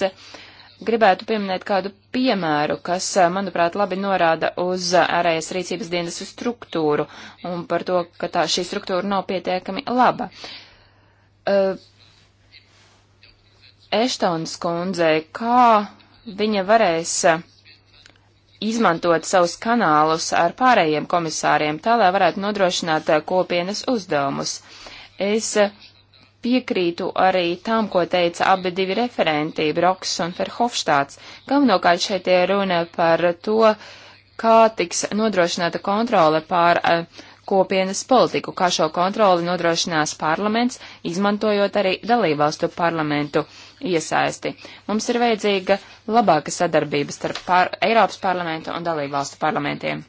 gribētu pieminēt kādu piemēru, kas, manuprāt, labi norāda uz ārējas rīcības dienas struktūru un par to, ka tā šī struktūra nav pietiekami laba. Uh, Eštons kundzei, kā viņa varēs izmantot savus kanālus ar pārējiem komisāriem, tā lai varētu nodrošināt eh, kopienas uzdevumus. Es eh, piekrītu arī tam, ko teica abi divi referenti, Broks un Ferhofštāts. Galvenokārt šeit ir runa par to, kā tiks nodrošināta kontrole pār eh, kopienas politiku, kā šo kontroli nodrošinās parlaments, izmantojot arī dalībvalstu parlamentu uh, iesaisti. Mums ir vajadzīga labāka sadarbība starp pār, Eiropas parlamentu un dalībvalstu parlamentiem.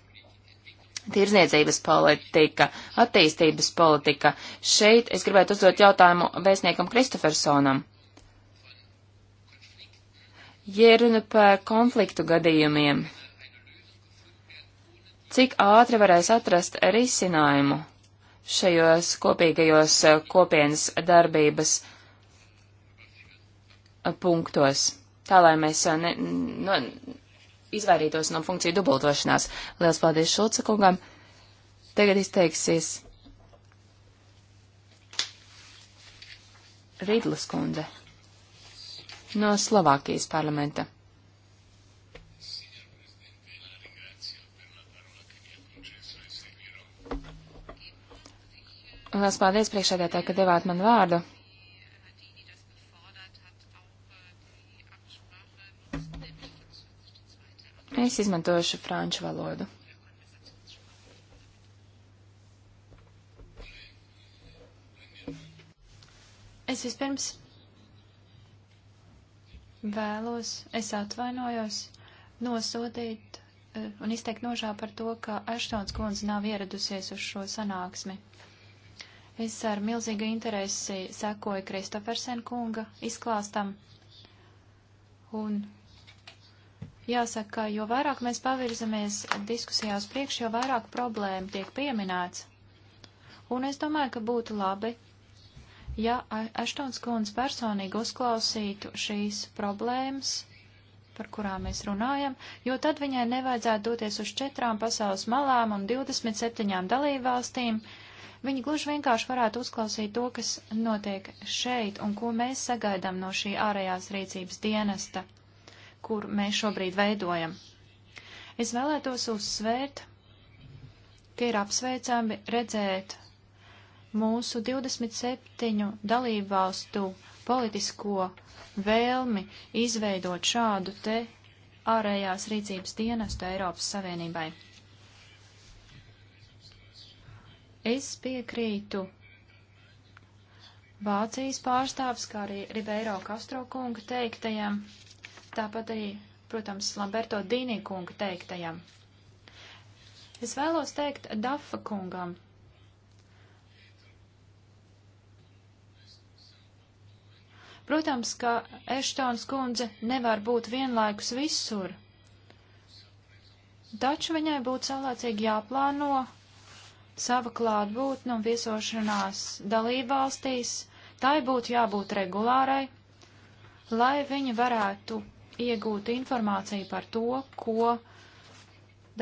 Tirzniecības politika, attīstības politika. Šeit es gribētu uzdot jautājumu vēstniekam Kristofersonam. Ja runa par konfliktu gadījumiem, cik ātri varēs atrast risinājumu šajos kopīgajos eh, kopienas darbības punktos, tā lai mēs uh, ne, no, izvairītos no funkciju dubultošanās. Lielas paldies Šulca kungam. Tagad izteiksies Rīdlas kundze no Slovākijas parlamenta. Lielas paldies priekšādētāji, ka devāt man vārdu. Es izmantošu franču valodu. Es vispirms vēlos, es atvainojos, nosodīt eh, un izteikt nožā par to, ka Aštons kundze nav ieradusies uz šo sanāksmi. Es ar milzīgu interesi sekoju Kristofersen kunga izklāstam un Jāsaka, jo vairāk mēs pavirzamies diskusijās priekš, jo vairāk problēma tiek pieminēts. Un es domāju, ka būtu labi, ja Aštons kundze personīgi uzklausītu šīs problēmas, par kurām mēs runājam, jo tad viņai nevajadzētu doties uz četrām pasaules malām un 27 dalībvalstīm. Viņi gluži vienkārši varētu uzklausīt to, kas notiek šeit un ko mēs sagaidām no šī ārējās rīcības dienesta kur mēs šobrīd veidojam. Es vēlētos uzsvērt, ka ir apsveicami redzēt mūsu 27 dalībvalstu politisko vēlmi izveidot šādu te ārējās rīcības dienestu Eiropas Savienībai. Es piekrītu Vācijas pārstāvs, kā arī Ribeiro Kastro kunga teiktajam, tāpat arī, protams, Lamberto Dīnī kunga teiktajam. Es vēlos teikt Dafa kungam. Protams, ka Eštons kundze nevar būt vienlaikus visur, taču viņai būtu saulēcīgi jāplāno sava klātbūtne un viesošanās dalībvalstīs, tai būtu jābūt regulārai, lai viņa varētu iegūt informāciju par to, ko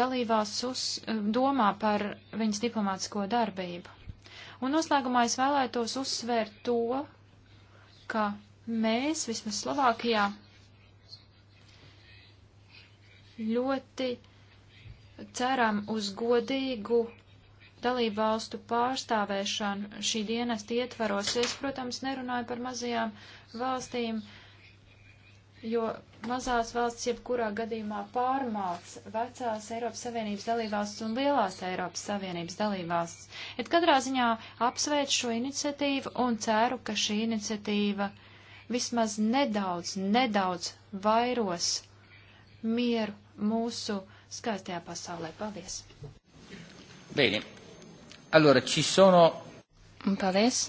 dalībās uz, domā par viņas diplomātisko darbību. Un noslēgumā es vēlētos uzsvērt to, ka mēs vismaz Slovākijā ļoti ceram uz godīgu dalību valstu pārstāvēšanu šī dienesta ietvaros. Es, protams, nerunāju par mazajām valstīm, uh, jo mazās valsts jebkurā gadījumā pārmāc vecās Eiropas Savienības dalībvalsts un lielās Eiropas Savienības dalībvalsts. Et katrā ziņā apsveic šo iniciatīvu un ceru, ka šī iniciatīva vismaz nedaudz, nedaudz vairos mieru mūsu skaistajā pasaulē. Paldies! Bene. Allora, ci sono... Paldies!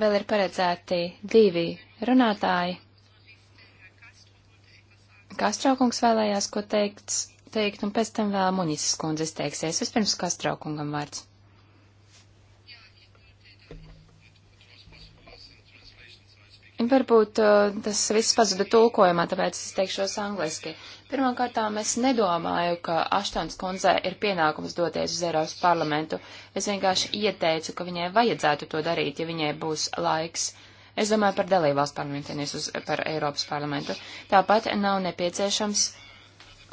vēl ir paredzēti divi runātāji. Kastraukungs vēlējās ko teikt, teikt un pēc tam vēl Muņisas kundzes teiksies. Vispirms Kastraukungam vārds. Varbūt uh, tas viss pazuda tulkojumā, tāpēc es teikšos angliski. Pirmkārt, es nedomāju, ka Aštons kundzei ir pienākums doties uz Eiropas parlamentu. Es vienkārši ieteicu, ka viņai vajadzētu to darīt, ja viņai būs laiks. Es domāju par dalībvalstu parlamentu, nevis par Eiropas parlamentu. Tāpat nav nepieciešams uh,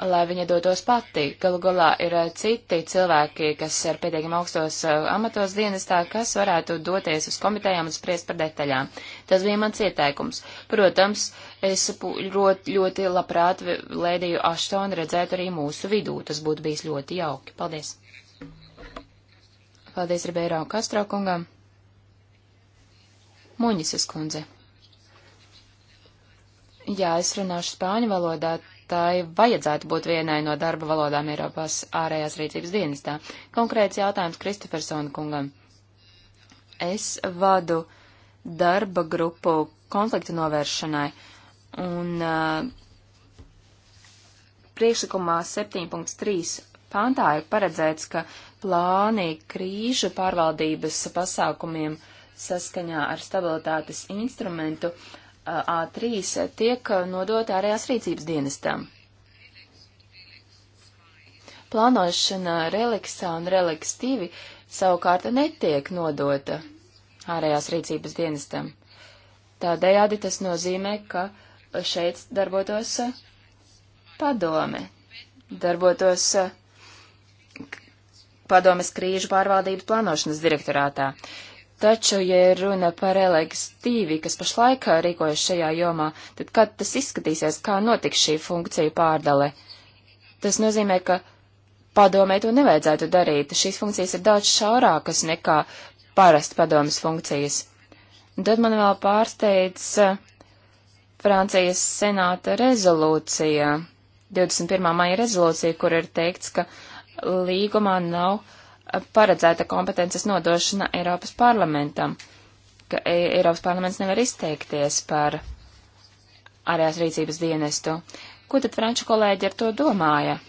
lai viņa dotos pati. Galu galā ir eh, citi cilvēki, kas ir pietiekami augstos eh, amatos dienestā, kas varētu doties uz komitejām un spriest par detaļām. Tas bija mans ieteikums. Protams, es ļoti, ļoti labprāt Lēdiju Aštonu redzētu arī mūsu vidū. Tas būtu bijis ļoti jauki. Paldies! Paldies Ribeiro Kastro kungam. Muņisas kundze. Jā, es runāšu spāņu valodā, tai vajadzētu būt vienai no darba valodām Eiropas ārējās rīcības dienestā. Konkrēts jautājums Kristofersona kungam. Es vadu darba grupu konfliktu novēršanai un uh, priekšlikumā 7.3 pāntā ir paredzēts, ka plāni krīžu pārvaldības pasākumiem saskaņā ar stabilitātes instrumentu uh, A3 tiek nodota ārējās rīcības dienestam. Plānošana reliksā un reliks 2 savukārt netiek nodota ārējās rīcības dienestam. Tādējādi tas nozīmē, ka šeit darbotos padome, darbotos padomes krīžu pārvaldības plānošanas direktorātā. Uh, Taču, ja runa par LX2, kas pašlaik rīkojas šajā jomā, tad kad tas izskatīsies, kā notiks šī funkcija pārdale? Tas nozīmē, ka padomē to nevajadzētu darīt. Šīs funkcijas ir daudz šaurākas nekā parasti padomas funkcijas. Un tad man vēl pārsteidz Francijas senāta rezolūcija, 21. maija rezolūcija, kur ir teikts, ka līgumā nav paredzēta kompetences nodošana Eiropas parlamentam, ka e- Eiropas parlaments nevar izteikties par ārējās rīcības dienestu. Ko tad franču kolēģi ar to domāja?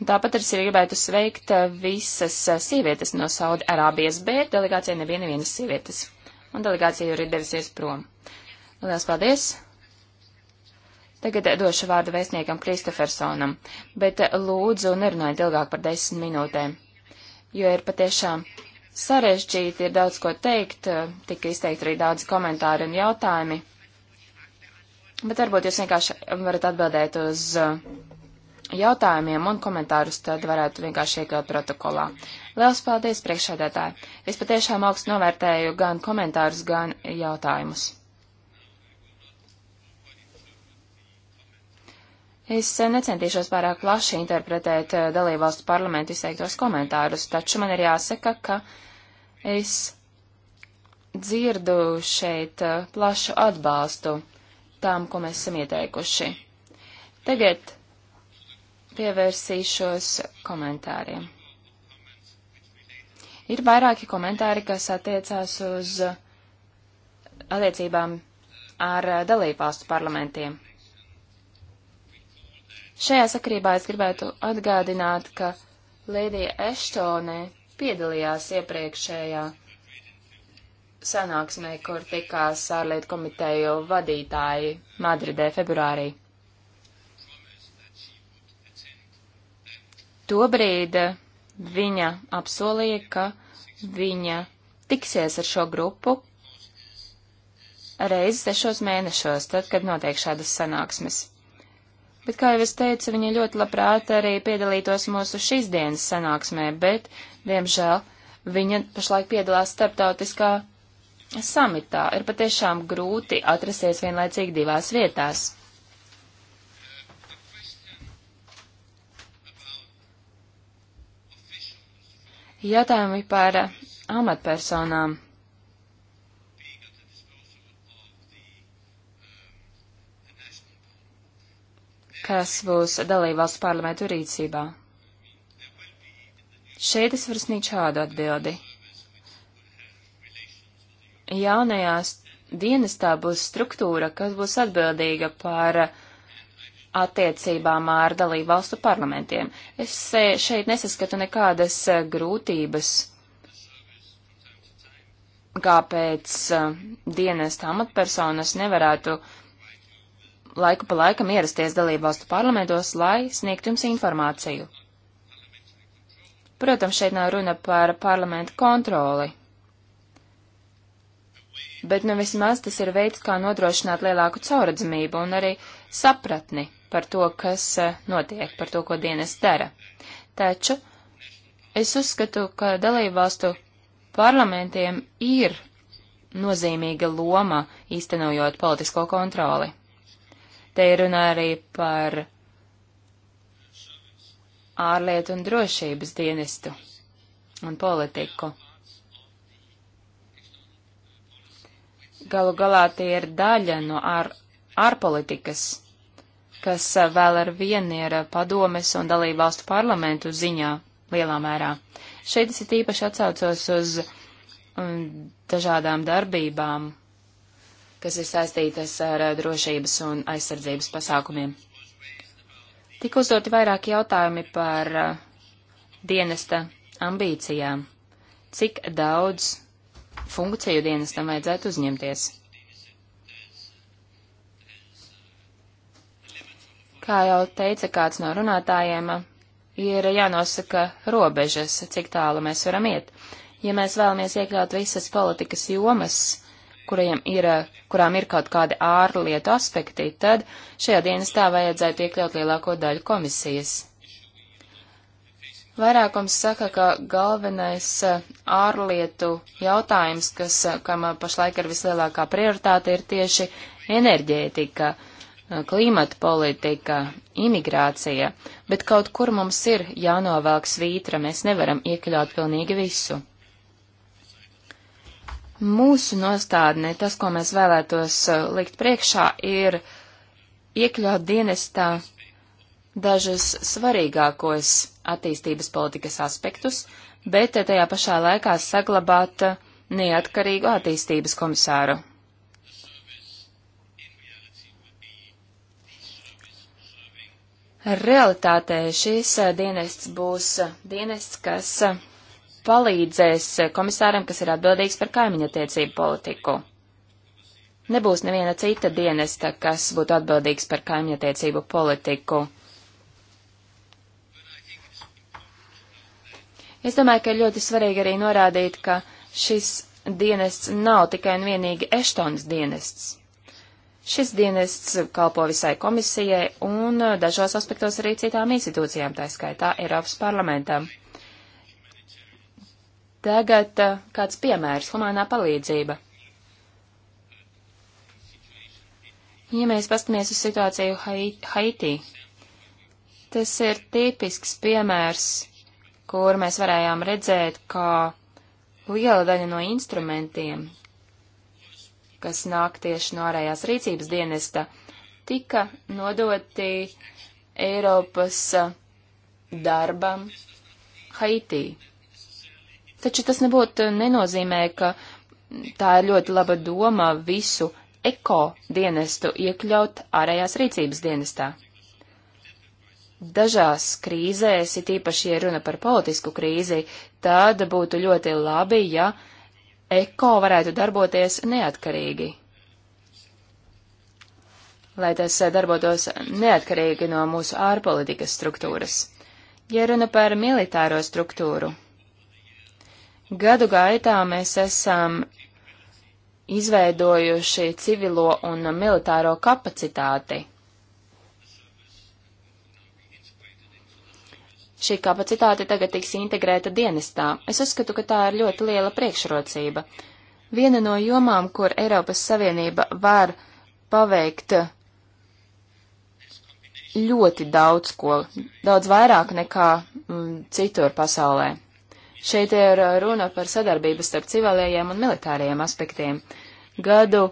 Un tāpat es arī gribētu sveikt eh, visas eh, sievietes no Saudi Arābijas, bet delegācija nebija nevienas sievietes. Un delegācija jau ir devusies prom. Lielas paldies! Tagad eh, došu vārdu vēstniekam Kristofersonam, bet lūdzu nerunājiet ilgāk par desmit minūtēm jo ir patiešām sarežģīti, ir daudz ko teikt, eh, tika izteikti arī daudz komentāri un jautājumi. Bet varbūt jūs vienkārši varat atbildēt uz eh, jautājumiem un komentārus, tad varētu vienkārši iekļaut protokolā. Liels paldies priekšādētāji! Es patiešām augstu novērtēju gan komentārus, gan jautājumus. Es eh, necentīšos pārāk plaši interpretēt eh, dalībvalstu parlamentu izteiktos komentārus, taču man ir jāsaka, ka es dzirdu šeit eh, plašu atbalstu tām, ko mēs esam ieteikuši. Tagad pievērsīšos komentāriem. Ir vairāki komentāri, kas attiecās uz attiecībām ar dalībvalstu parlamentiem. Šajā sakarībā es gribētu atgādināt, ka Lēdija Eštone piedalījās iepriekšējā sanāksmē, kur tikās ārlietu komiteju vadītāji Madridē februārī. Tobrīd viņa apsolīja, ka viņa tiksies ar šo grupu reizi sešos mēnešos, tad, kad notiek šādas sanāksmes. Bet, kā jau es teicu, viņa ļoti labprāt arī piedalītos mūsu šīs dienas sanāksmē, bet, diemžēl, viņa pašlaik piedalās starptautiskā samitā. Ir patiešām grūti atrasties vienlaicīgi divās vietās. Jautājumi par eh, amatpersonām kas būs dalībvalsts parlamentu rīcībā. Šeit es varu sniegt šādu atbildi. Jaunajās dienestā būs struktūra, kas būs atbildīga par attiecībām ar dalību valstu parlamentiem. Es šeit nesaskatu nekādas e, grūtības, kāpēc e, dienesta amatpersonas nevarētu uh, laiku pa laikam ierasties dalībvalstu parlamentos, lai sniegtu jums informāciju. Protams, šeit nav runa par parlamentu kontroli, bet nu vismaz tas ir veids, kā nodrošināt lielāku cauradzamību un arī sapratni par to, kas e, notiek, par to, ko dienas dara. Taču es uzskatu, ka dalībvalstu parlamentiem ir nozīmīga loma īstenojot politisko kontroli. Te ir runā arī par ārlietu un drošības dienestu un politiku. Galu galā tie ir daļa no ār, ārpolitikas, kas vēl ar vienu ir padomes un dalību valstu parlamentu ziņā lielā mērā. Šeit es it īpaši atsaucos uz mm, dažādām darbībām, kas ir saistītas ar eh, drošības un aizsardzības pasākumiem. Tik uzdoti vairāki jautājumi par eh, dienesta ambīcijām. Cik daudz funkciju dienestam vajadzētu uzņemties? Kā jau teica kāds no runātājiem, ir jānosaka robežas, cik tālu mēs varam iet. Ja mēs vēlamies iekļaut visas politikas jomas, kuriem ir, kurām ir kaut kādi ārlietu aspekti, tad šajā dienestā vajadzētu iekļaut lielāko daļu komisijas. Vairākums saka, ka galvenais eh, ārlietu jautājums, kas, eh, kam eh, pašlaik ir vislielākā prioritāte, ir tieši enerģētika, klimata politika, imigrācija, bet kaut kur mums ir jānovelk svītra, mēs nevaram iekļaut pilnīgi visu. Mūsu nostādnē tas, ko mēs vēlētos uh, likt priekšā, ir iekļaut dienestā dažus svarīgākos attīstības politikas aspektus, bet uh, tajā pašā laikā saglabāt uh, neatkarīgu attīstības komisāru. Realitātē šīs dienests būs dienests, kas palīdzēs komisāram, kas ir atbildīgs par kaimiņa tiecību politiku. Nebūs neviena cita dienesta, kas būtu atbildīgs par kaimiņa tiecību politiku. Es domāju, ka ir ļoti svarīgi arī norādīt, ka šis dienests nav tikai un vienīgi Eštons dienests. Šis dienests kalpo visai komisijai un dažos aspektos arī citām institūcijām, tā skaitā Eiropas parlamentam. Tagad eh, kāds piemērs - humanā palīdzība. Ja mēs paskatāmies uz situāciju Haitī, tas ir tipisks piemērs, kur mēs varējām redzēt, kā liela daļa no instrumentiem, kas nāk tieši no ārējās rīcības dienesta, tika nodoti Eiropas eh, darbam Haitī. Taču tas nebūtu eh, nenozīmē, ka tā ir ļoti laba doma visu eko dienestu iekļaut ārējās rīcības dienestā. Dažās krīzēs, it īpaši, ja runa par politisku krīzi, tad būtu ļoti labi, ja eko varētu darboties neatkarīgi. Lai tas eh, darbotos neatkarīgi no mūsu ārpolitikas struktūras. Ja runa par militāro struktūru, Gadu gaitā mēs esam izveidojuši civilo un militāro kapacitāti. Šī kapacitāte tagad tiks integrēta dienestā. Es uzskatu, ka tā ir ļoti liela priekšrocība. Viena no jomām, kur Eiropas Savienība var paveikt ļoti daudz ko, daudz vairāk nekā mm, citur pasaulē. Šeit ir uh, runa par sadarbību starp civilējiem un militārajiem aspektiem. Gadu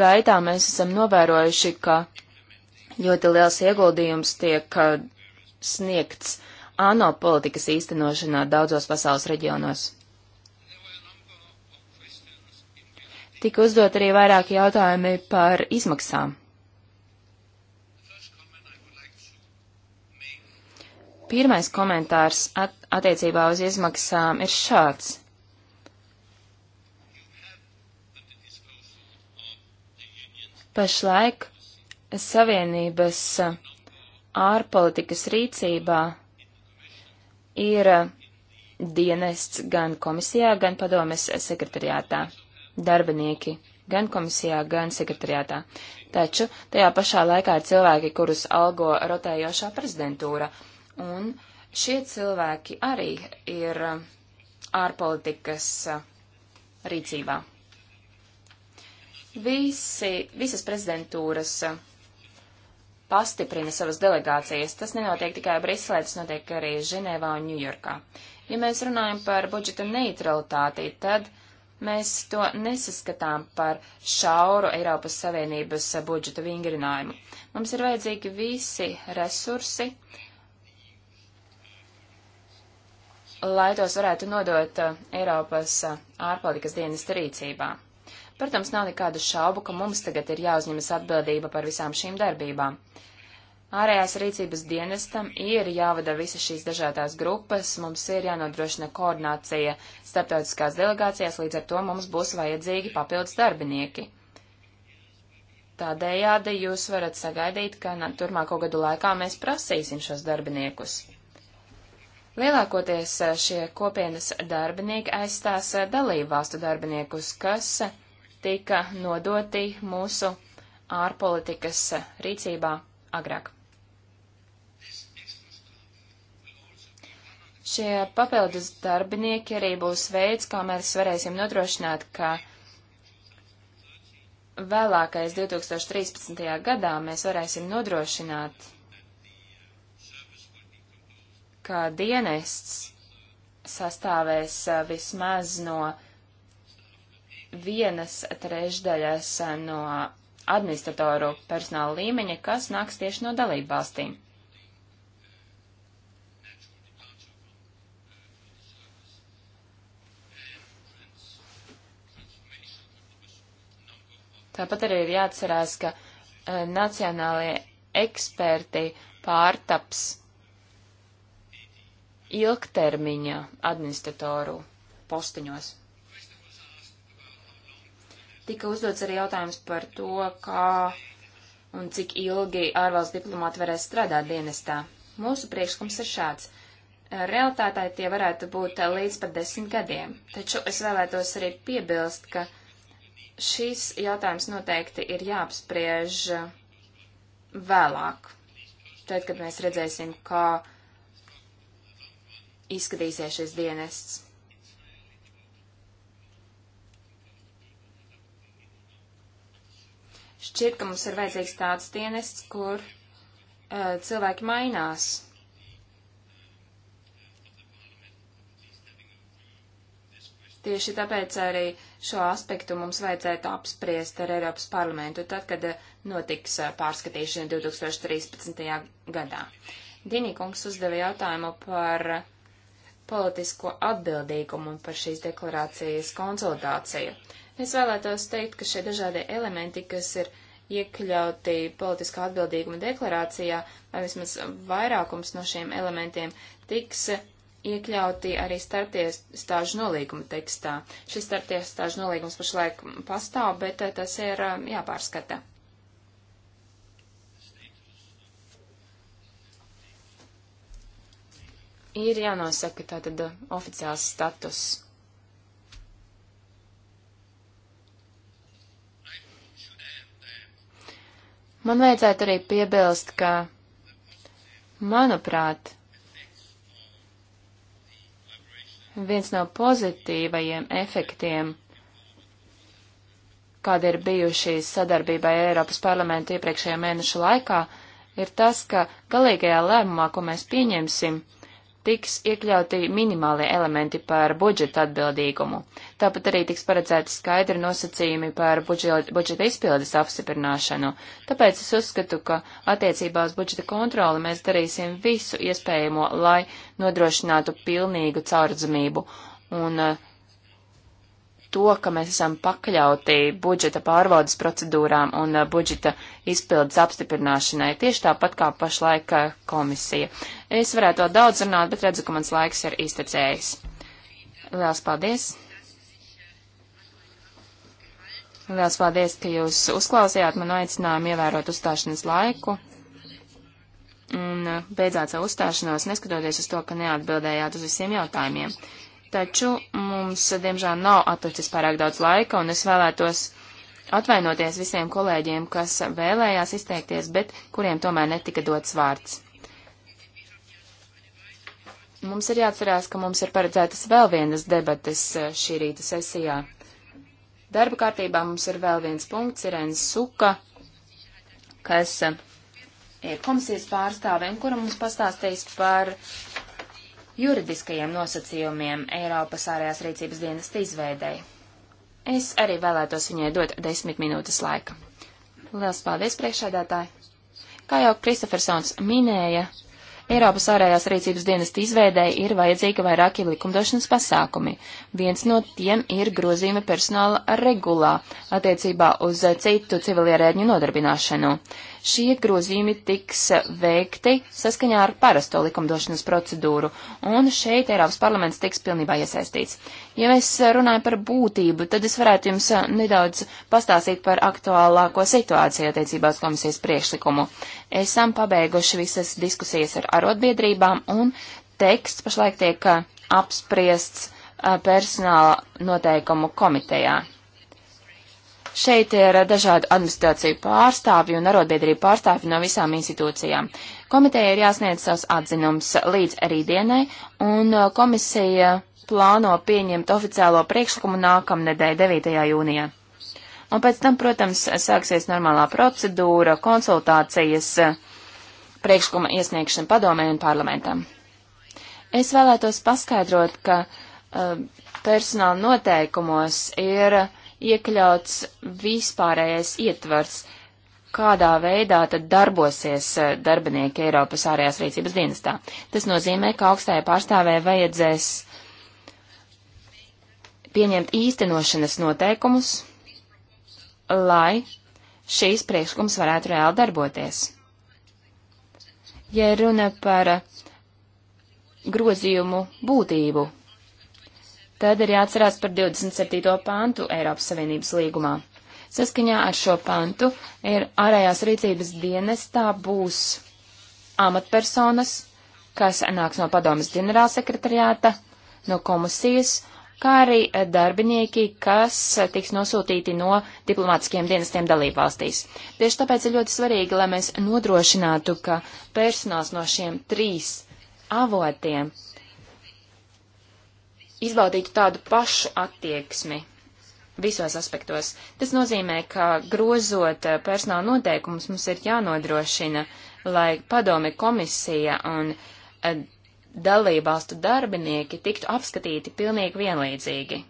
gaitā mēs esam novērojuši, ka ļoti liels ieguldījums tiek uh, sniegts ANO politikas īstenošanā daudzos pasaules reģionos. Tika uzdot arī vairāki jautājumi par izmaksām. Pirmais komentārs at attiecībā uz izmaksām ir šāds. Pašlaik Savienības ārpolitikas rīcībā ir dienests gan komisijā, gan padomes sekretariātā. Darbinieki gan komisijā, gan sekretariātā. Taču tajā pašā laikā ir cilvēki, kurus algo rotējošā prezidentūra. Un uh, Šie cilvēki arī ir ārpolitikas rīcībā. Visi, visas prezidentūras pastiprina savas delegācijas. Tas nenotiek tikai Briselē, tas notiek arī Ženēvā un Ņujorkā. Ja mēs runājam par budžeta neutralitāti, tad mēs to nesaskatām par šauru Eiropas Savienības budžeta vingrinājumu. Mums ir vajadzīgi visi resursi, lai tos varētu nodot uh, Eiropas uh, ārpolitikas dienesta rīcībā. Protams, nav nekādu šaubu, ka mums tagad ir jāuzņemas atbildība par visām šīm darbībām. Ārējās rīcības dienestam ir jāvada visas šīs dažādās grupas, mums ir jānodrošina koordinācija starptautiskās delegācijās, līdz ar to mums būs vajadzīgi papildus darbinieki. Tādējādi jūs varat sagaidīt, ka turmāko gadu laikā mēs prasīsim šos darbiniekus. Lielākoties eh, šie kopienas darbinieki aizstās eh, dalību valstu darbiniekus, kas eh, tika nodoti mūsu ārpolitikas rīcībā agrāk. Šie papildus darbinieki arī būs veids, kā mēs varēsim nodrošināt, ka vēlākais 2013. gadā mēs varēsim nodrošināt ka dienests sastāvēs eh, vismaz no vienas trešdaļas eh, no administratoru personāla līmeņa, kas nāks tieši no dalību valstīm. Tāpat arī ir jāatcerās, ka uh, nacionālie eksperti pārtaps ilgtermiņa administratoru postiņos. Tika uzdots arī jautājums par to, kā un cik ilgi ārvalsts diplomāti varēs strādāt dienestā. Mūsu priekšlikums ir šāds. Realtātā tie varētu būt līdz pat desmit gadiem, taču es vēlētos arī piebilst, ka šīs jautājums noteikti ir jāapspriež vēlāk, tad, kad mēs redzēsim, kā ka izskatīsies šis dienests. Šķiet, ka mums ir vajadzīgs tāds dienests, kur uh, cilvēki mainās. Tieši tāpēc arī šo aspektu mums vajadzētu apspriest ar Eiropas parlamentu, tad, kad eh, notiks eh, pārskatīšana 2013. gadā. Dinikungs uzdeva jautājumu par politisko atbildīgumu un par šīs deklarācijas konsultāciju. Es vēlētos teikt, ka šie dažādie elementi, kas ir iekļauti politiskā atbildīguma deklarācijā, vai vismaz vairākums no šiem elementiem, tiks iekļauti arī starties stāžu nolīguma tekstā. Šis starties stāžu nolīgums pašlaik pastāv, bet tas ir jāpārskata. ir jānosaka tātad uh, oficiāls status. Man vajadzētu arī piebilst, ka, manuprāt, viens no pozitīvajiem efektiem, kāda ir bijuši sadarbībai Eiropas parlamentu iepriekšējā mēneša laikā, ir tas, ka galīgajā lēmumā, ko mēs pieņemsim, tiks iekļauti minimālie elementi par budžeta atbildīgumu. Tāpat arī tiks paredzēti skaidri nosacījumi par budžeta, budžeta izpildes apstiprināšanu. Tāpēc es uzskatu, ka attiecībā uz budžeta kontroli mēs darīsim visu iespējamo, lai nodrošinātu pilnīgu caurdzamību un uh, to, ka mēs esam pakļauti budžeta pārvaldes procedūrām un uh, budžeta izpildes apstiprināšanai, tieši tāpat kā pašlaik uh, komisija. Es varētu vēl daudz runāt, bet redzu, ka mans laiks ir iztecējis. Lielas paldies! Lielas paldies, ka jūs uzklausījāt manu aicinājumu ievērot uzstāšanas laiku un uh, beidzāt savu uzstāšanos, neskatoties uz to, ka neatbildējāt uz visiem jautājumiem taču mums, diemžēl, nav atlicis pārāk daudz laika, un es vēlētos atvainoties visiem kolēģiem, kas vēlējās izteikties, bet kuriem tomēr netika dots vārds. Mums ir jāatcerās, ka mums ir paredzētas vēl vienas debates eh, šī rīta sesijā. Darba kārtībā mums ir vēl viens punkts, Irēna Suka, kas eh, ir komisijas pārstāve, un kura mums pastāstīs par uh, juridiskajiem nosacījumiem Eiropas ārējās rīcības dienas izveidēji. Es arī vēlētos viņai dot desmit minūtes laika. Lielas paldies, priekšādātāji! Kā jau Kristofersons minēja, Eiropas ārējās rīcības dienesta izveidēji ir vajadzīgi vairāki likumdošanas pasākumi. Viens no tiem ir grozījumi personāla regulā attiecībā uz citu civilierēģu nodarbināšanu. Šie grozījumi tiks veikti saskaņā ar parasto likumdošanas procedūru, un šeit Eiropas parlaments tiks pilnībā iesaistīts. Ja mēs runājam par būtību, tad es varētu jums eh, nedaudz pastāstīt par aktuālāko situāciju attiecībā uz komisijas priekšlikumu. Esam pabeiguši visas diskusijas ar arotbiedrībām, un teksts pašlaik tiek eh, apspriests eh, personāla noteikumu komitejā. Šeit ir dažādu administrāciju pārstāvju un arotbiedrību pārstāvju no visām institūcijām. Komiteja ir jāsniedz savs atzinums līdz rītdienai, un uh, komisija plāno pieņemt oficiālo priekšlikumu nākamnedēļ 9. jūnijā. Un pēc tam, protams, sāksies normālā procedūra, konsultācijas, uh, priekšlikuma iesniegšana padomē un parlamentam. Es vēlētos paskaidrot, ka uh, personāla noteikumos ir uh, iekļauts vispārējais ietvars, kādā veidā tad darbosies eh, darbinieki Eiropas ārējās rīcības dienestā. Tas nozīmē, ka augstajai pārstāvē vajadzēs pieņemt īstenošanas noteikumus, lai šīs priekšlikums varētu reāli darboties. Ja runa par grozījumu būtību, Tad ir jāatcerās par 27. pāntu Eiropas Savienības līgumā. Saskaņā ar šo pantu ir ārējās rīcības dienestā būs amatpersonas, kas nāks no padomas ģenerālsekretariāta, no komisijas, kā arī darbinieki, kas tiks nosūtīti no diplomātiskiem dienestiem dalībvalstīs. Tieši tāpēc ir ļoti svarīgi, lai mēs nodrošinātu, ka personāls no šiem trīs avotiem izbaudītu tādu pašu attieksmi visos aspektos. Tas nozīmē, ka grozot personāla noteikumus mums ir jānodrošina, lai padome komisija un e, dalībvalstu darbinieki tiktu apskatīti pilnīgi vienlīdzīgi.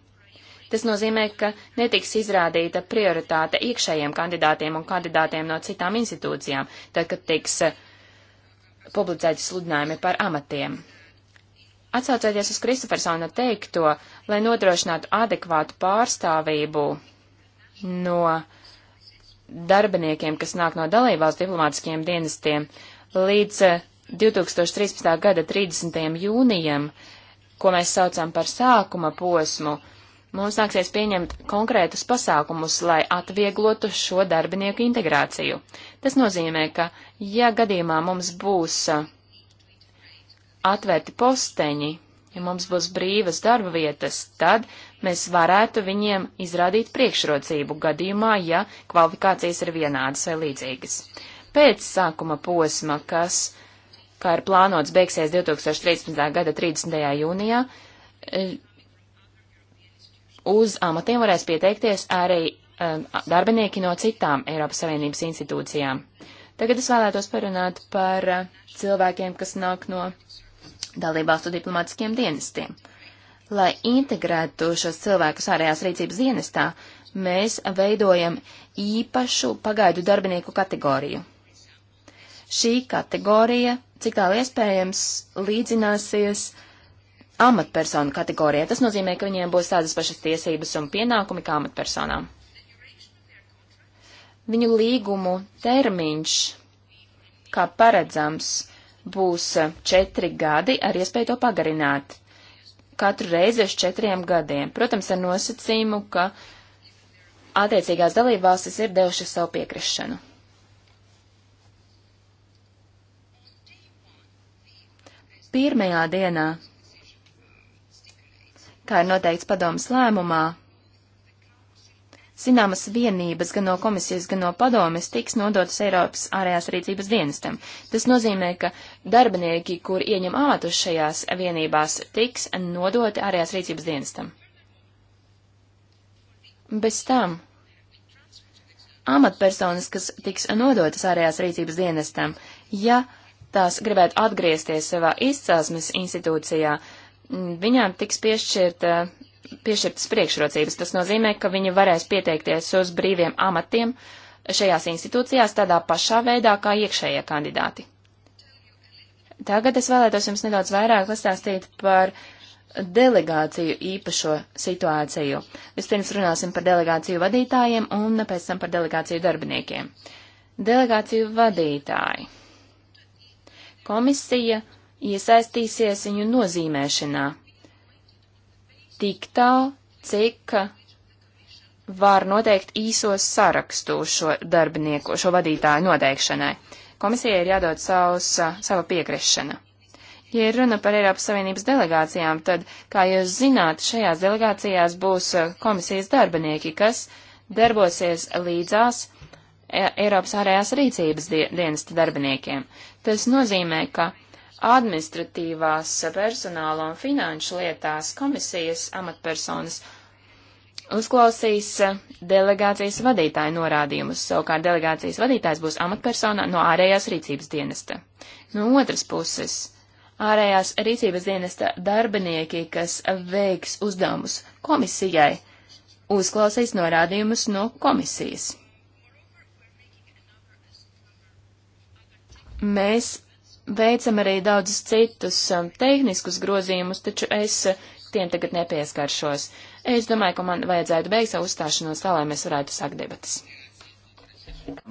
Tas nozīmē, ka netiks izrādīta prioritāte iekšējiem kandidātiem un kandidātiem no citām institūcijām, tad, kad tiks e, publicēti sludinājumi par amatiem. Atsaucoties uz Kristofersona teikto, lai nodrošinātu adekvātu pārstāvību no darbiniekiem, kas nāk no dalībvalsts diplomātiskiem dienestiem, līdz 2013. Eh, gada 30. jūnijam, ko mēs saucam par sākuma posmu, mums nāksies pieņemt konkrētus pasākumus, lai atvieglotu šo darbinieku integrāciju. Tas nozīmē, ka, ja gadījumā mums būs uh, atvērti posteņi, ja mums būs brīvas darba vietas, tad mēs varētu viņiem izrādīt priekšrocību gadījumā, ja kvalifikācijas ir vienādas vai līdzīgas. Pēc sākuma posma, kas, kā ir plānots, beigsies 2013. gada 30. jūnijā, e, uz amatiem varēs pieteikties arī e, darbinieki no citām Eiropas Savienības institūcijām. Tagad es vēlētos parunāt par e, cilvēkiem, kas nāk no dalībvalstu diplomātiskiem dienestiem. Lai integrētu šos cilvēkus ārējās rīcības dienestā, mēs veidojam īpašu pagaidu darbinieku kategoriju. Šī kategorija, cik tālu iespējams, līdzināsies amatpersonu kategorijai. Tas nozīmē, ka viņiem būs tādas pašas tiesības un pienākumi kā amatpersonām. Viņu līgumu termiņš, kā paredzams, būs eh, četri gadi ar iespēju to pagarināt. Katru reizi uz četriem gadiem. Protams, ar nosacījumu, ka attiecīgās dalībvalstis ir devušas savu piekrišanu. Pirmajā dienā, kā ir noteikts padomas lēmumā, zināmas vienības gan no komisijas, gan no padomes tiks nodotas Eiropas ārējās rīcības dienestam. Tas nozīmē, ka darbinieki, kur ieņem amatus šajās vienībās, tiks nodoti ārējās rīcības dienestam. Bez tam amatpersonas, kas tiks nodotas ārējās rīcības dienestam, ja tās gribētu atgriezties savā izcelsmes institūcijā, viņām tiks piešķirta uh, piešķirtas priekšrocības. Tas nozīmē, ka viņi varēs pieteikties uz brīviem amatiem šajās institūcijās tādā pašā veidā kā iekšējie kandidāti. Tagad es vēlētos jums nedaudz vairāk pastāstīt par delegāciju īpašo situāciju. Vispirms runāsim par delegāciju vadītājiem un pēc tam par delegāciju darbiniekiem. Delegāciju vadītāji. Komisija iesaistīsies viņu nozīmēšanā tik tālu, cik var noteikt īsos sarakstu šo darbinieku, šo vadītāju noteikšanai. Komisijai ir jādod savs, sava piekrišana. Ja ir runa par Eiropas Savienības delegācijām, tad, kā jūs zināt, šajās delegācijās būs komisijas darbinieki, kas darbosies līdzās e, Eiropas ārējās rīcības dienesta darbiniekiem. Tas nozīmē, ka administratīvās personāla un finanšu lietās komisijas amatpersonas uzklausīs delegācijas vadītāja norādījumus, savukārt delegācijas vadītājs būs amatpersona no ārējās rīcības dienesta. No otras puses, ārējās rīcības dienesta darbinieki, kas veiks uzdevumus komisijai, uzklausīs norādījumus no komisijas. Mēs veicam arī daudzus citus um, tehniskus grozījumus, taču es uh, tiem tagad nepieskaršos. Es domāju, ka man vajadzētu beigt savu uzstāšanos tā, lai mēs varētu sākt debatas.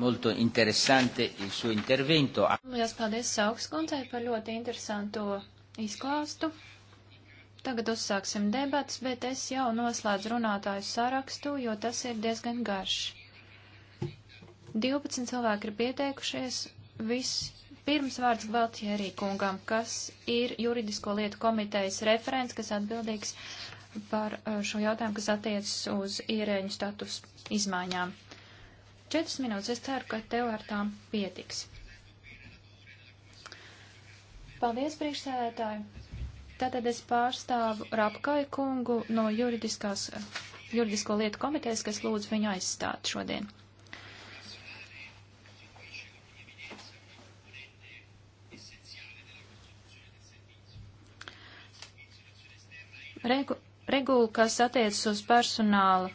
Molto interesante il suo intervento. Lielas paldies augstskundzei par ļoti interesanto izklāstu. Tagad uzsāksim debats, bet es jau noslēdzu runātāju sarakstu, jo tas ir diezgan garš. 12 cilvēki ir pieteikušies, viss Pirms vārds Gvaltjerī kungam, kas ir juridisko lietu komitejas referents, kas atbildīgs par uh, šo jautājumu, kas attiecas uz ierēņu status izmaiņām. Četras minūtes, es ceru, ka tev ar tām pietiks. Paldies, priekšsēdētāji. Tātad es pārstāvu Rapkai kungu no juridiskās, juridisko lietu komitejas, kas lūdzu viņu aizstāt šodien. Regu, regula, kas attiecas uz personāla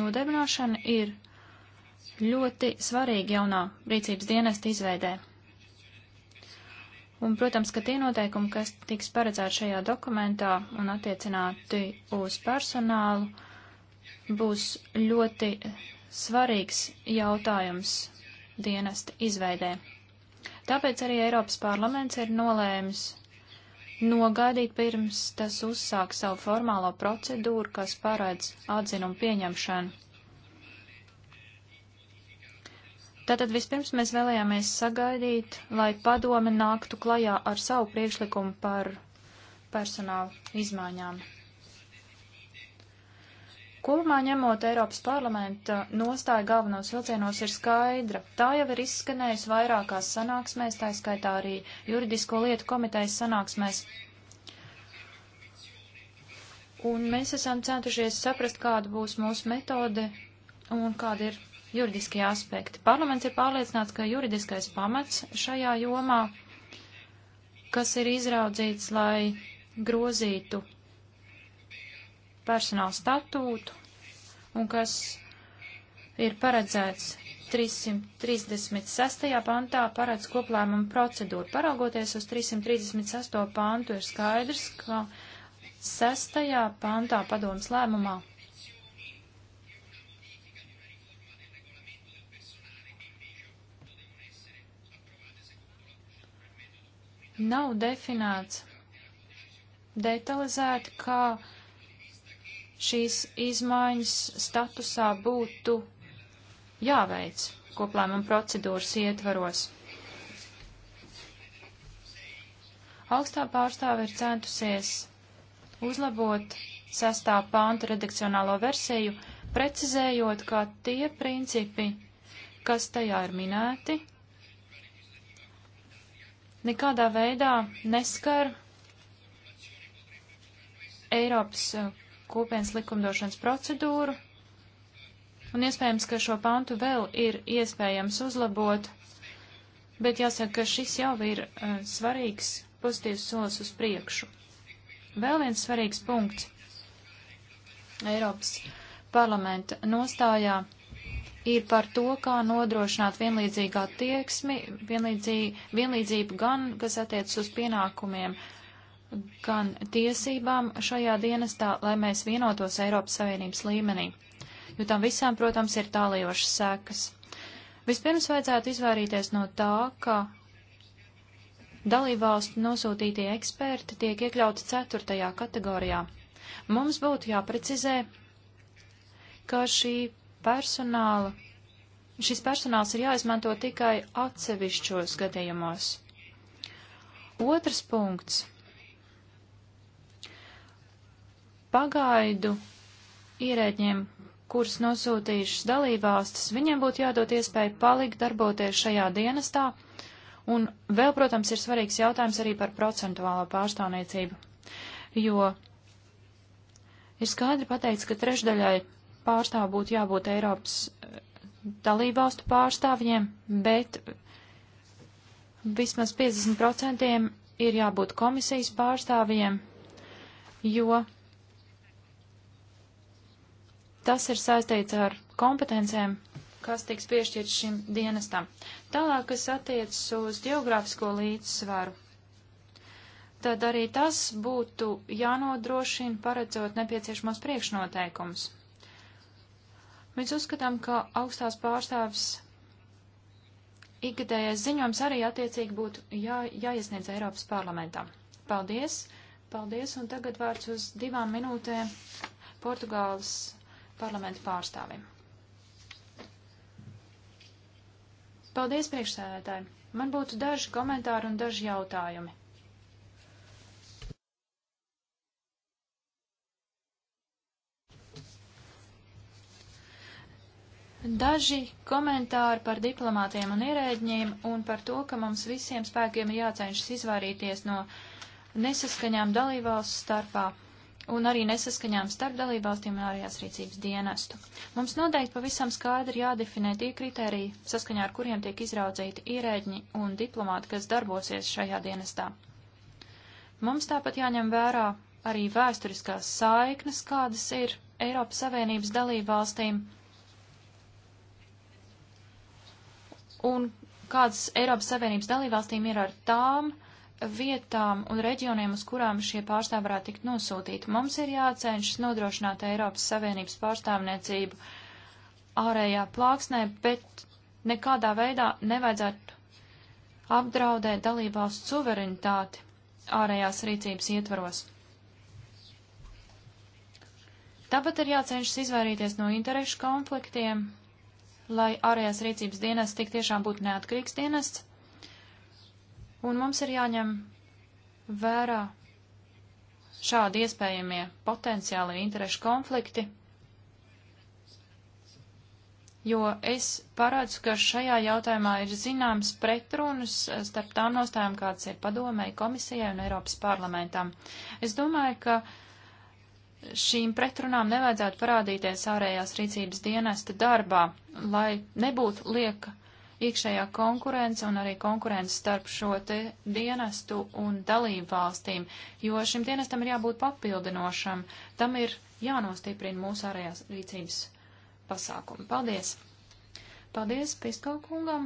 nodarbināšanu, ir ļoti svarīga jaunā rīcības dienesta izveidē. Un, protams, ka tie noteikumi, kas tiks paredzēti šajā dokumentā un attiecināti uz personālu, būs ļoti svarīgs jautājums dienesta izveidē. Tāpēc arī Eiropas parlaments ir nolēmis nogādīt pirms tas uzsāk savu formālo procedūru, kas paredz atzinumu pieņemšanu. Tātad vispirms mēs vēlējāmies sagaidīt, lai padome nāktu klajā ar savu priekšlikumu par personāla izmaiņām. Kopumā ņemot Eiropas parlamenta nostāja galvenos vilcienos ir skaidra. Tā jau ir izskanējusi vairākās sanāksmēs, tā skaitā arī juridisko lietu komitejas sanāksmēs. Un mēs esam centušies saprast, kāda būs mūsu metode un kāda ir juridiskie aspekti. Parlaments ir pārliecināts, ka juridiskais pamats šajā jomā, kas ir izraudzīts, lai grozītu personāla statūtu, un kas ir paredzēts 336. pantā paredz koplēmumu procedūru. Paraugoties uz 338. pantu, ir skaidrs, ka 6. pantā padomas lēmumā nav definēts detalizēti, kā šīs izmaiņas statusā būtu jāveic koplēmuma procedūras ietvaros. Augstā pārstāve ir centusies uzlabot sestā pānta redakcionālo versiju, precizējot, ka tie principi, kas tajā ir minēti, nekādā veidā neskar Eiropas eh, kopienas likumdošanas procedūru, un iespējams, ka šo pantu vēl ir iespējams uzlabot, bet jāsaka, ka šis jau ir uh, svarīgs pozitīvs solis uz priekšu. Vēl viens svarīgs punkts Eiropas parlamenta nostājā ir par to, kā nodrošināt vienlīdzīgā tieksmi, vienlīdzību gan, kas attiecas uz pienākumiem uh, gan tiesībām šajā dienestā, lai mēs vienotos Eiropas Savienības līmenī, jo tam visām, protams, ir tālījošas sekas. Vispirms vajadzētu izvairīties no tā, ka dalībvalstu nosūtītie eksperti tiek iekļauti ceturtajā kategorijā. Mums būtu jāprecizē, ka šī personāla, šis personāls ir jāizmanto tikai atsevišķos gadījumos. Otrs punkts pagaidu ierēģiem, kurus nosūtījušas dalībvalstis, viņiem būtu jādod iespēja palikt darboties šajā dienestā, un vēl, protams, ir svarīgs jautājums arī par procentuālo pārstāvniecību, jo ir skaidri pateikts, ka trešdaļai pārstāv būtu jābūt Eiropas eh, dalībvalstu pārstāvjiem, bet vismaz 50% ir jābūt komisijas pārstāvjiem, jo Tas ir saistīts ar kompetencēm, kas tiks piešķirts šim dienestam. Tālāk, kas attiecas uz geogrāfisko līdzsvaru, tad arī tas būtu jānodrošina paredzot nepieciešamos priekšnoteikumus. Mēs uzskatām, ka augstās pārstāvs ikgadējais ziņojums arī attiecīgi būtu jā, jāiesniedz Eiropas parlamentam. Paldies! Paldies! Un tagad vārds uz divām minūtēm Portugāles parlamentu pārstāvim. Paldies, priekšsēdētāji! Man būtu daži komentāri un daži jautājumi. Daži komentāri par diplomātiem un ierēģiem un par to, ka mums visiem spēkiem ir jācenšas izvairīties no nesaskaņām dalībvalsts starpā un arī nesaskaņām starp dalībvalstīm un ārējās rīcības dienestu. Mums noteikti pavisam skaidri jādefinē tie kriteriji, saskaņā ar kuriem tiek izraudzīti ierēģi un diplomāti, kas darbosies šajā dienestā. Mums tāpat jāņem vērā arī vēsturiskās saiknes, kādas ir Eiropas Savienības dalībvalstīm un kādas Eiropas Savienības dalībvalstīm ir ar tām, uh, vietām un reģioniem, uz kurām šie pārstāvi varētu tikt nosūtīti. Mums ir jācenšas nodrošināt Eiropas Savienības pārstāvniecību ārējā plāksnē, bet nekādā veidā nevajadzētu apdraudēt dalībvalsts suverenitāti ārējās rīcības ietvaros. Tāpat ir jācenšas izvairīties no interešu konfliktiem, lai ārējās rīcības dienests tik tiešām būtu neatkarīgs dienests, Un mums ir jāņem vērā šādi iespējamie potenciāli interešu konflikti, jo es parādzu, ka šajā jautājumā ir zināms pretrunas starp tām nostājām, kādas ir padomēji komisijai un Eiropas parlamentam. Es domāju, ka šīm pretrunām nevajadzētu parādīties ārējās rīcības dienesta darbā, lai nebūtu lieka iekšējā konkurence un arī konkurence starp šo te dienestu un dalību valstīm, jo šim dienestam ir jābūt papildinošam, tam ir jānostiprina mūsu ārējās rīcības pasākumi. Paldies! Paldies Pisko kungam!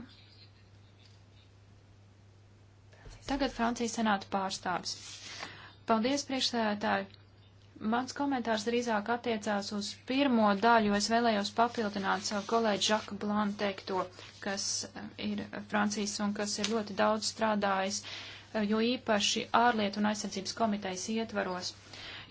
Tagad Francijas senāta pārstāvis. Paldies, priekšsēdētāji! Mans komentārs drīzāk attiecās uz pirmo daļu, jo es vēlējos papildināt savu kolēģi Žaku Blānu teikto, kas eh, ir Francijas un kas ir ļoti daudz strādājis, eh, jo īpaši ārlietu un aizsardzības komitejas ietvaros.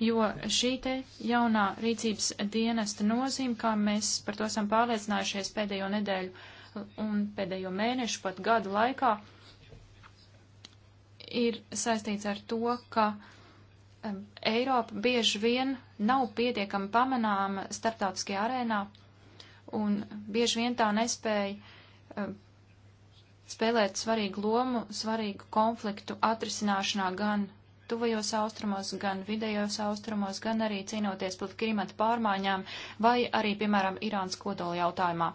Jo šī te jaunā rīcības dienesta nozīme, kā mēs par to esam pārliecinājušies pēdējo nedēļu un pēdējo mēnešu, pat gadu laikā, ir saistīts ar to, ka uh, Eiropa bieži vien nav pietiekami pamanāma starptautiskajā arēnā, un bieži vien tā nespēja spēlēt svarīgu lomu, svarīgu konfliktu atrisināšanā gan tuvajos austrumos, gan vidējos austrumos, gan arī cīnoties pret klimata pārmaiņām vai arī, piemēram, Irānas kodola jautājumā.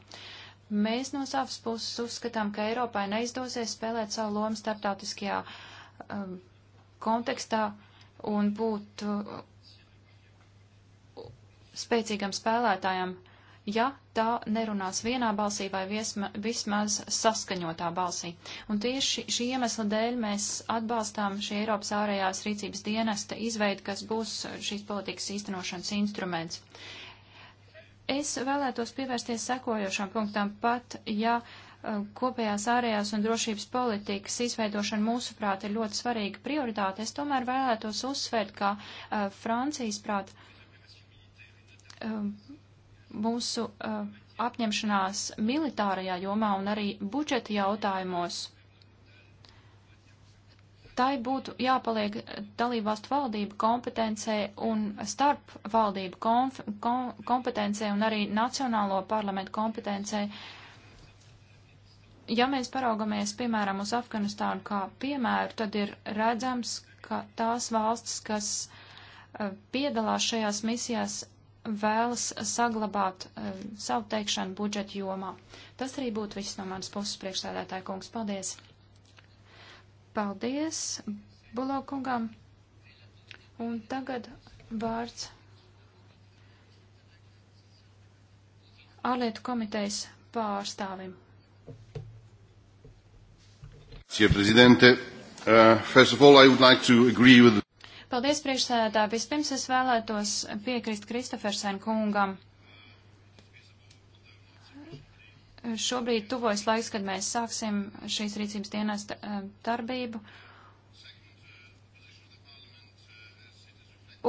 Mēs no savas puses uzskatām, ka Eiropai neizdosies spēlēt savu lomu starptautiskajā um, kontekstā, uh, un būt uh, spēcīgam spēlētājam, ja tā nerunās vienā balsī vai viesma, vismaz saskaņotā balsī. Un tieši šī iemesla dēļ mēs atbalstām šī Eiropas ārējās rīcības dienesta izveidu, kas būs šīs politikas īstenošanas instruments. Es vēlētos pievērsties sekojošam punktam, pat ja uh, Uh, kopējās ārējās un drošības politikas izveidošana mūsuprāt ir ļoti svarīga prioritāte. Es tomēr vēlētos uzsvērt, ka uh, Francijas prāt uh, mūsu uh, apņemšanās militārajā jomā un arī budžeta jautājumos. Tai būtu jāpaliek dalībvalstu valdību kompetencē un starp valdību kom, kompetencē un arī nacionālo parlamentu kompetencē uh, ja mēs paraugamies, piemēram, uz Afganistānu kā piemēru, tad ir redzams, ka tās valstis, kas e, piedalās šajās misijās, vēlas saglabāt um, savu teikšanu budžeta jomā. Tas arī būtu viss no manas puses priekšsēdētāja kungs. Paldies! Paldies Bulo kungam! Un tagad vārds ārlietu komitejas pārstāvim. Uh, Paldies, priekšsēdā. Vispirms es vēlētos piekrist Kristofersen kungam. Šobrīd tuvojas laiks, kad mēs sāksim šīs rīcības dienas eh, darbību.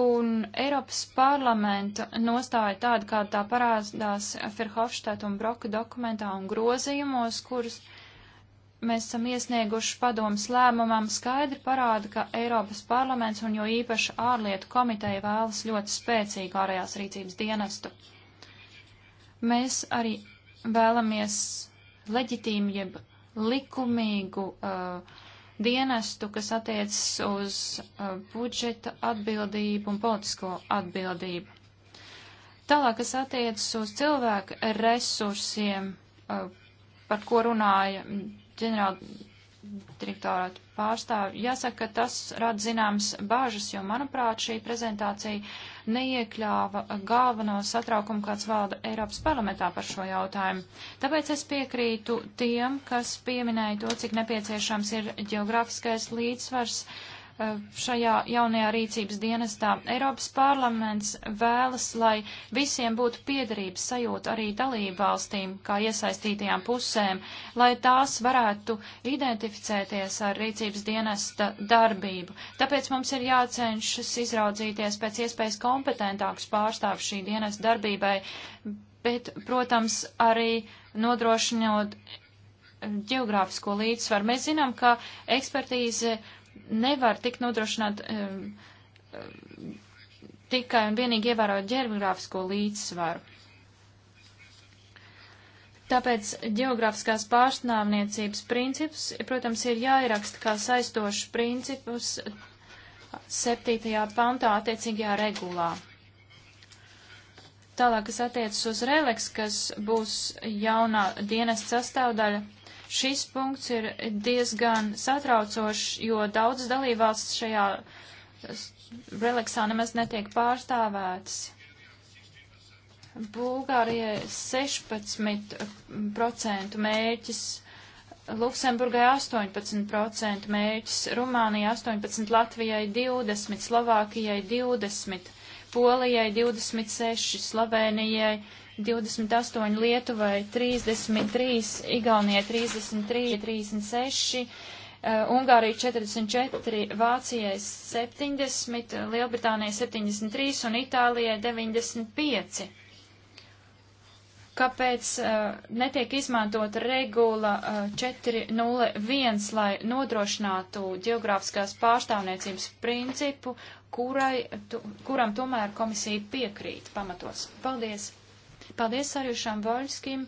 Un Eiropas parlamenta nostāja tāda, kā tā parādās Ferhofštēt un Broka dokumentā un grozījumos, kurus uh, mēs esam iesnieguši padomas lēmumam, skaidri parāda, ka Eiropas parlaments un jo īpaši ārlietu komiteja vēlas ļoti spēcīgu ārējās rīcības dienestu. Mēs arī vēlamies leģitīmu jeb likumīgu uh, dienestu, kas attiecas uz uh, budžeta atbildību un politisko atbildību. Tālāk, kas attiecas uz cilvēku resursiem, uh, par ko runāja ģenerāla direktorāta pārstāvi. Jāsaka, ka tas rada zināmas bāžas, jo, manuprāt, šī prezentācija neiekļāva galveno satraukumu, kāds valda Eiropas parlamentā par šo jautājumu. Tāpēc es piekrītu tiem, kas pieminēja to, cik nepieciešams ir geogrāfiskais līdzsvars Eh, šajā jaunajā rīcības dienestā. Eiropas parlaments vēlas, lai visiem būtu piedarības sajūta arī dalībvalstīm, kā iesaistītajām pusēm, lai tās varētu identificēties ar rīcības dienesta darbību. Tāpēc mums ir jācenšas izraudzīties pēc iespējas kompetentāks pārstāvs šī dienesta darbībai, bet, protams, arī nodrošinot ģeogrāfisko līdzsvaru. Mēs zinām, ka ekspertīze uh, nevar tikt nodrošināt um, tikai un vienīgi ievērot ģeogrāfisko līdzsvaru. Tāpēc geogrāfiskās pārstāvniecības princips, protams, ir jāieraksta kā saistošs principus 7. pantā attiecīgajā regulā. Tālāk, kas attiecas uz releks, kas būs jaunā dienas sastāvdaļa, Šis punkts ir diezgan satraucošs, jo daudzas dalībvalstis šajā reliksā nemaz netiek pārstāvētas. Bulgārijai 16% mērķis, Luksemburgai 18% mērķis, Rumānijai 18%, Latvijai 20%, Slovākijai 20%, Polijai 26%, Slovenijai 20%. 28 Lietuvai, 33 Igaunijai, 33, 36. Uh, Ungārija 44, Vācijai 70, Lielbritānijai 73 un Itālijai 95. Kāpēc uh, netiek izmantot regula uh, eh, 401, lai nodrošinātu geogrāfiskās pārstāvniecības principu, kurai, tu, kuram tomēr komisija piekrīt pamatos? Paldies! Paldies Arjušam Voļskim.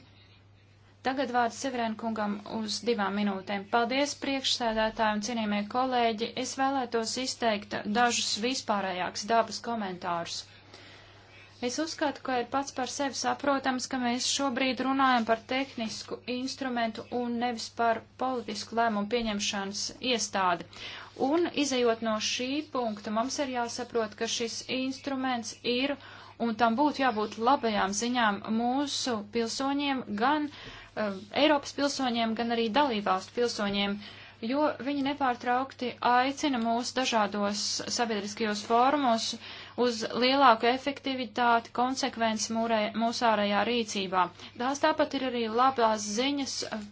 Tagad vārds Severēn kungam uz divām minūtēm. Paldies priekšsēdētāji un cienījamie kolēģi. Es vēlētos izteikt dažus vispārējāks dabas komentārus. Es uzskatu, ka ir pats par sevi saprotams, ka mēs šobrīd runājam par tehnisku instrumentu un nevis par politisku lēmumu pieņemšanas iestādi. Un, izējot no šī punkta, mums ir jāsaprot, ka šis instruments ir un tam būtu jābūt labajām ziņām mūsu pilsoņiem, gan uh, Eiropas pilsoņiem, gan arī dalībvalstu pilsoņiem, jo viņi nepārtraukti aicina mūs dažādos sabiedriskajos fórumos uz lielāku efektivitāti, konsekvenci mūrē, mūsu ārējā rīcībā. Tās tāpat ir arī labās ziņas eh,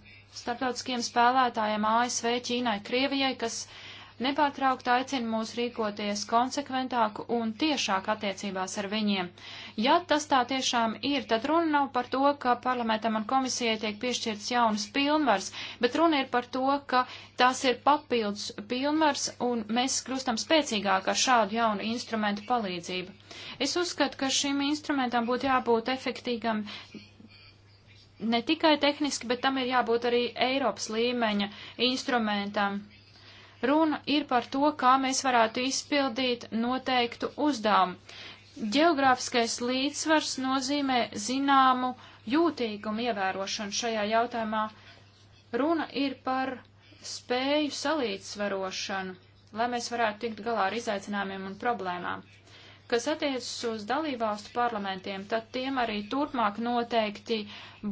starptautiskiem spēlētājiem ASV, Ķīnai, Krievijai, kas uh, nepārtraukt aicina mūs rīkoties konsekventāk un tiešāk attiecībās ar viņiem. Ja tas tā tiešām ir, tad runa nav par to, ka parlamentam un komisijai tiek piešķirts jaunas pilnvars, bet runa ir par to, ka tās ir papildus pilnvars un mēs kļūstam spēcīgāk ar šādu jaunu instrumentu palīdzību. Es uzskatu, ka šim instrumentam būtu jābūt efektīgam ne tikai tehniski, bet tam ir jābūt arī Eiropas līmeņa instrumentam. Runa ir par to, kā mēs varētu izpildīt noteiktu uzdevumu. Geogrāfiskais līdzsvars nozīmē zināmu jūtīgumu ievērošanu šajā jautājumā. Runa ir par spēju salīdzvarošanu, lai mēs varētu tikt galā ar izaicinājumiem un problēmām. Kas attiecas uz dalībvalstu parlamentiem, tad tiem arī turpmāk noteikti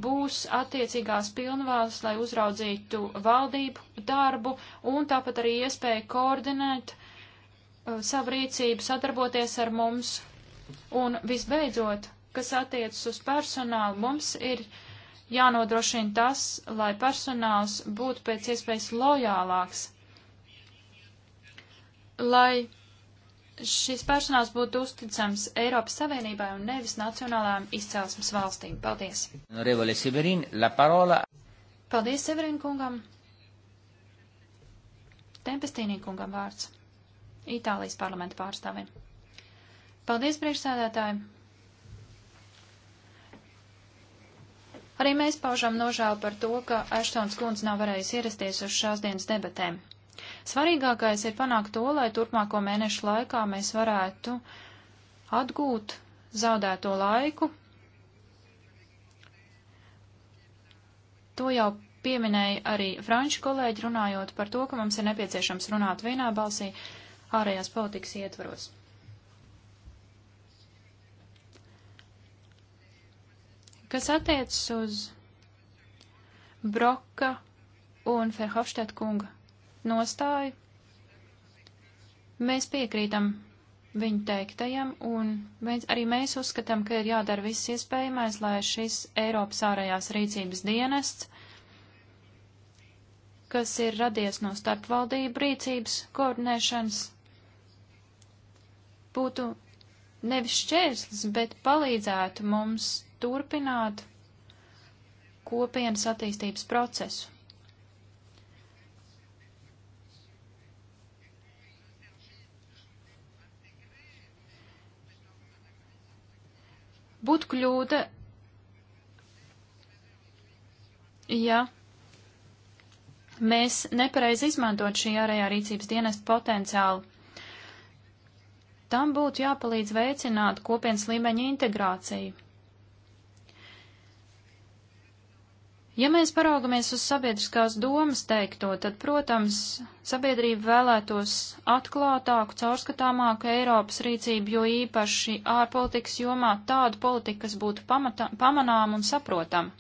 būs attiecīgās pilnvāls, lai uzraudzītu valdību darbu un tāpat arī iespēja koordinēt uh, savu rīcību, sadarboties ar mums. Un visbeidzot, kas attiecas uz personālu, mums ir jānodrošina tas, lai personāls būtu pēc iespējas lojālāks, lai šis personāls būtu uzticams Eiropas Savienībai un nevis nacionālām izcelsmes valstīm. Paldies! Severin, Paldies, Severin kungam! Tempestīnī kungam vārds. Itālijas parlamenta pārstāvim. Paldies, priekšsēdētāji! Arī mēs paužam nožēlu par to, ka Aštons kundze nav varējusi ierasties uz šās dienas debatēm. Svarīgākais ir panākt to, lai turpmāko mēnešu laikā mēs varētu atgūt zaudēto laiku. To jau pieminēja arī franču kolēģi runājot par to, ka mums ir nepieciešams runāt vienā balsī ārējās politikas ietvaros. Kas attiecas uz Broka un Ferhofštēt kunga nostāju. Mēs piekrītam viņu teiktajam, un mēs, arī mēs uzskatām, ka ir jādara viss iespējamais, lai šis Eiropas ārējās rīcības dienests, kas ir radies no starpvaldību rīcības koordinēšanas, būtu nevis šķērslis, bet palīdzētu mums turpināt kopienas attīstības procesu. kļūda, ja mēs nepareizi izmantot šī ārējā rīcības dienesta potenciālu. Tam būtu jāpalīdz veicināt kopienas līmeņa integrāciju. Ja mēs paraugamies uz sabiedriskās domas teikto, tad, protams, sabiedrība vēlētos atklātāku, caurskatāmāku Eiropas rīcību, jo īpaši ārpolitikas jomā tādu politiku, kas būtu pamata, pamanām un saprotam.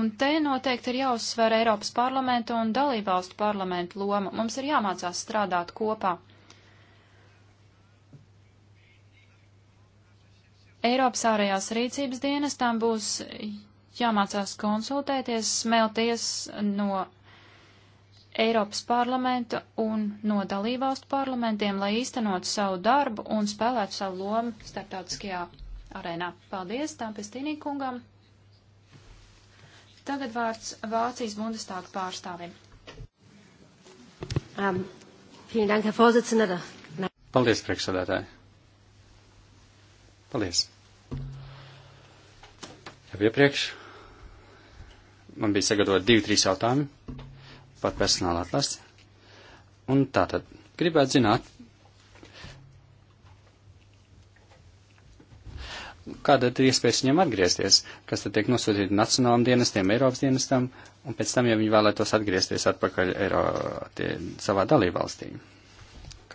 Un te noteikti ir jāuzsver Eiropas parlamenta un dalībvalstu parlamentu loma. Mums ir jāmācās strādāt kopā. Eiropas ārējās rīcības dienestām būs jāmācās konsultēties, smelties no Eiropas parlamenta un no dalībvalstu parlamentiem, lai īstenotu savu darbu un spēlētu savu lomu starptautiskajā arēnā. Paldies Tāmpestīnī kungam. Tagad vārds Vācijas bundestāga pārstāvim. Um, Paldies, priekšsēdētāji. Paldies! Jau iepriekš man bija sagatavot divi, trīs jautājumi par personāla atlasi. Un tātad gribētu zināt, kāda ir iespējas viņiem atgriezties, kas tad tiek nosūtīti nacionālam dienestiem, Eiropas dienestam, un pēc tam, ja viņi vēlētos atgriezties atpakaļ Eiro, tie, savā dalībvalstī.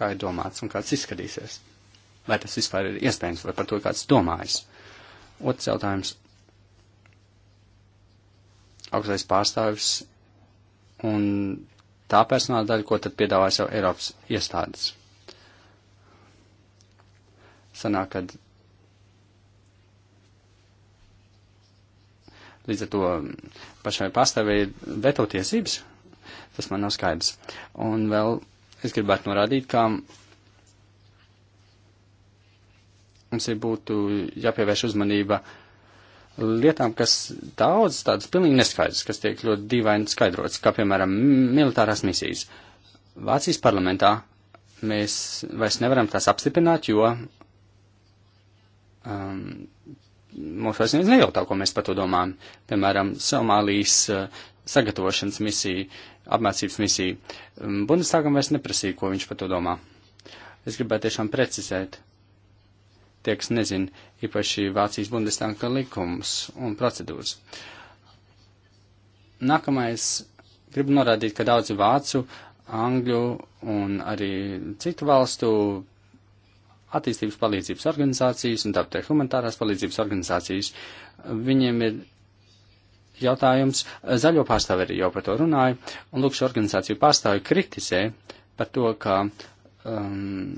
Kā ir domāts un kāds izskatīsies? Vai tas vispār ir iespējams, vai par to kāds domājis? Otrs jautājums. Augstais pārstāvis un tā personāla daļa, ko tad piedāvājas jau Eiropas iestādes. Sanāk, kad līdz ar to pašai pastāvēja veto tiesības, tas man nav skaidrs. Un vēl es gribētu norādīt, ka Mums ir būtu jāpievērš uzmanība lietām, kas daudz tādas pilnīgi neskaidrs, kas tiek ļoti dīvaini skaidrots, kā piemēram militārās misijas. Vācijas parlamentā mēs vairs nevaram tās apstiprināt, jo um, mums vairs neviens nejautā, ko mēs par to domājam. Piemēram, Somālijas uh, sagatavošanas misija, apmācības misija. Um, Bundestagam vairs neprasīja, ko viņš par to domā. Es gribētu tiešām precizēt. Uh, tie, kas nezin īpaši Vācijas bundestāka likumus un procedūras. Nākamais, gribu norādīt, ka daudzi vācu, angļu un arī citu valstu attīstības palīdzības organizācijas un tāpēc humanitārās palīdzības organizācijas, viņiem ir jautājums, zaļo pārstāvi arī jau par to runāja, un lūk, šo organizāciju pārstāvi kritizē par to, ka um,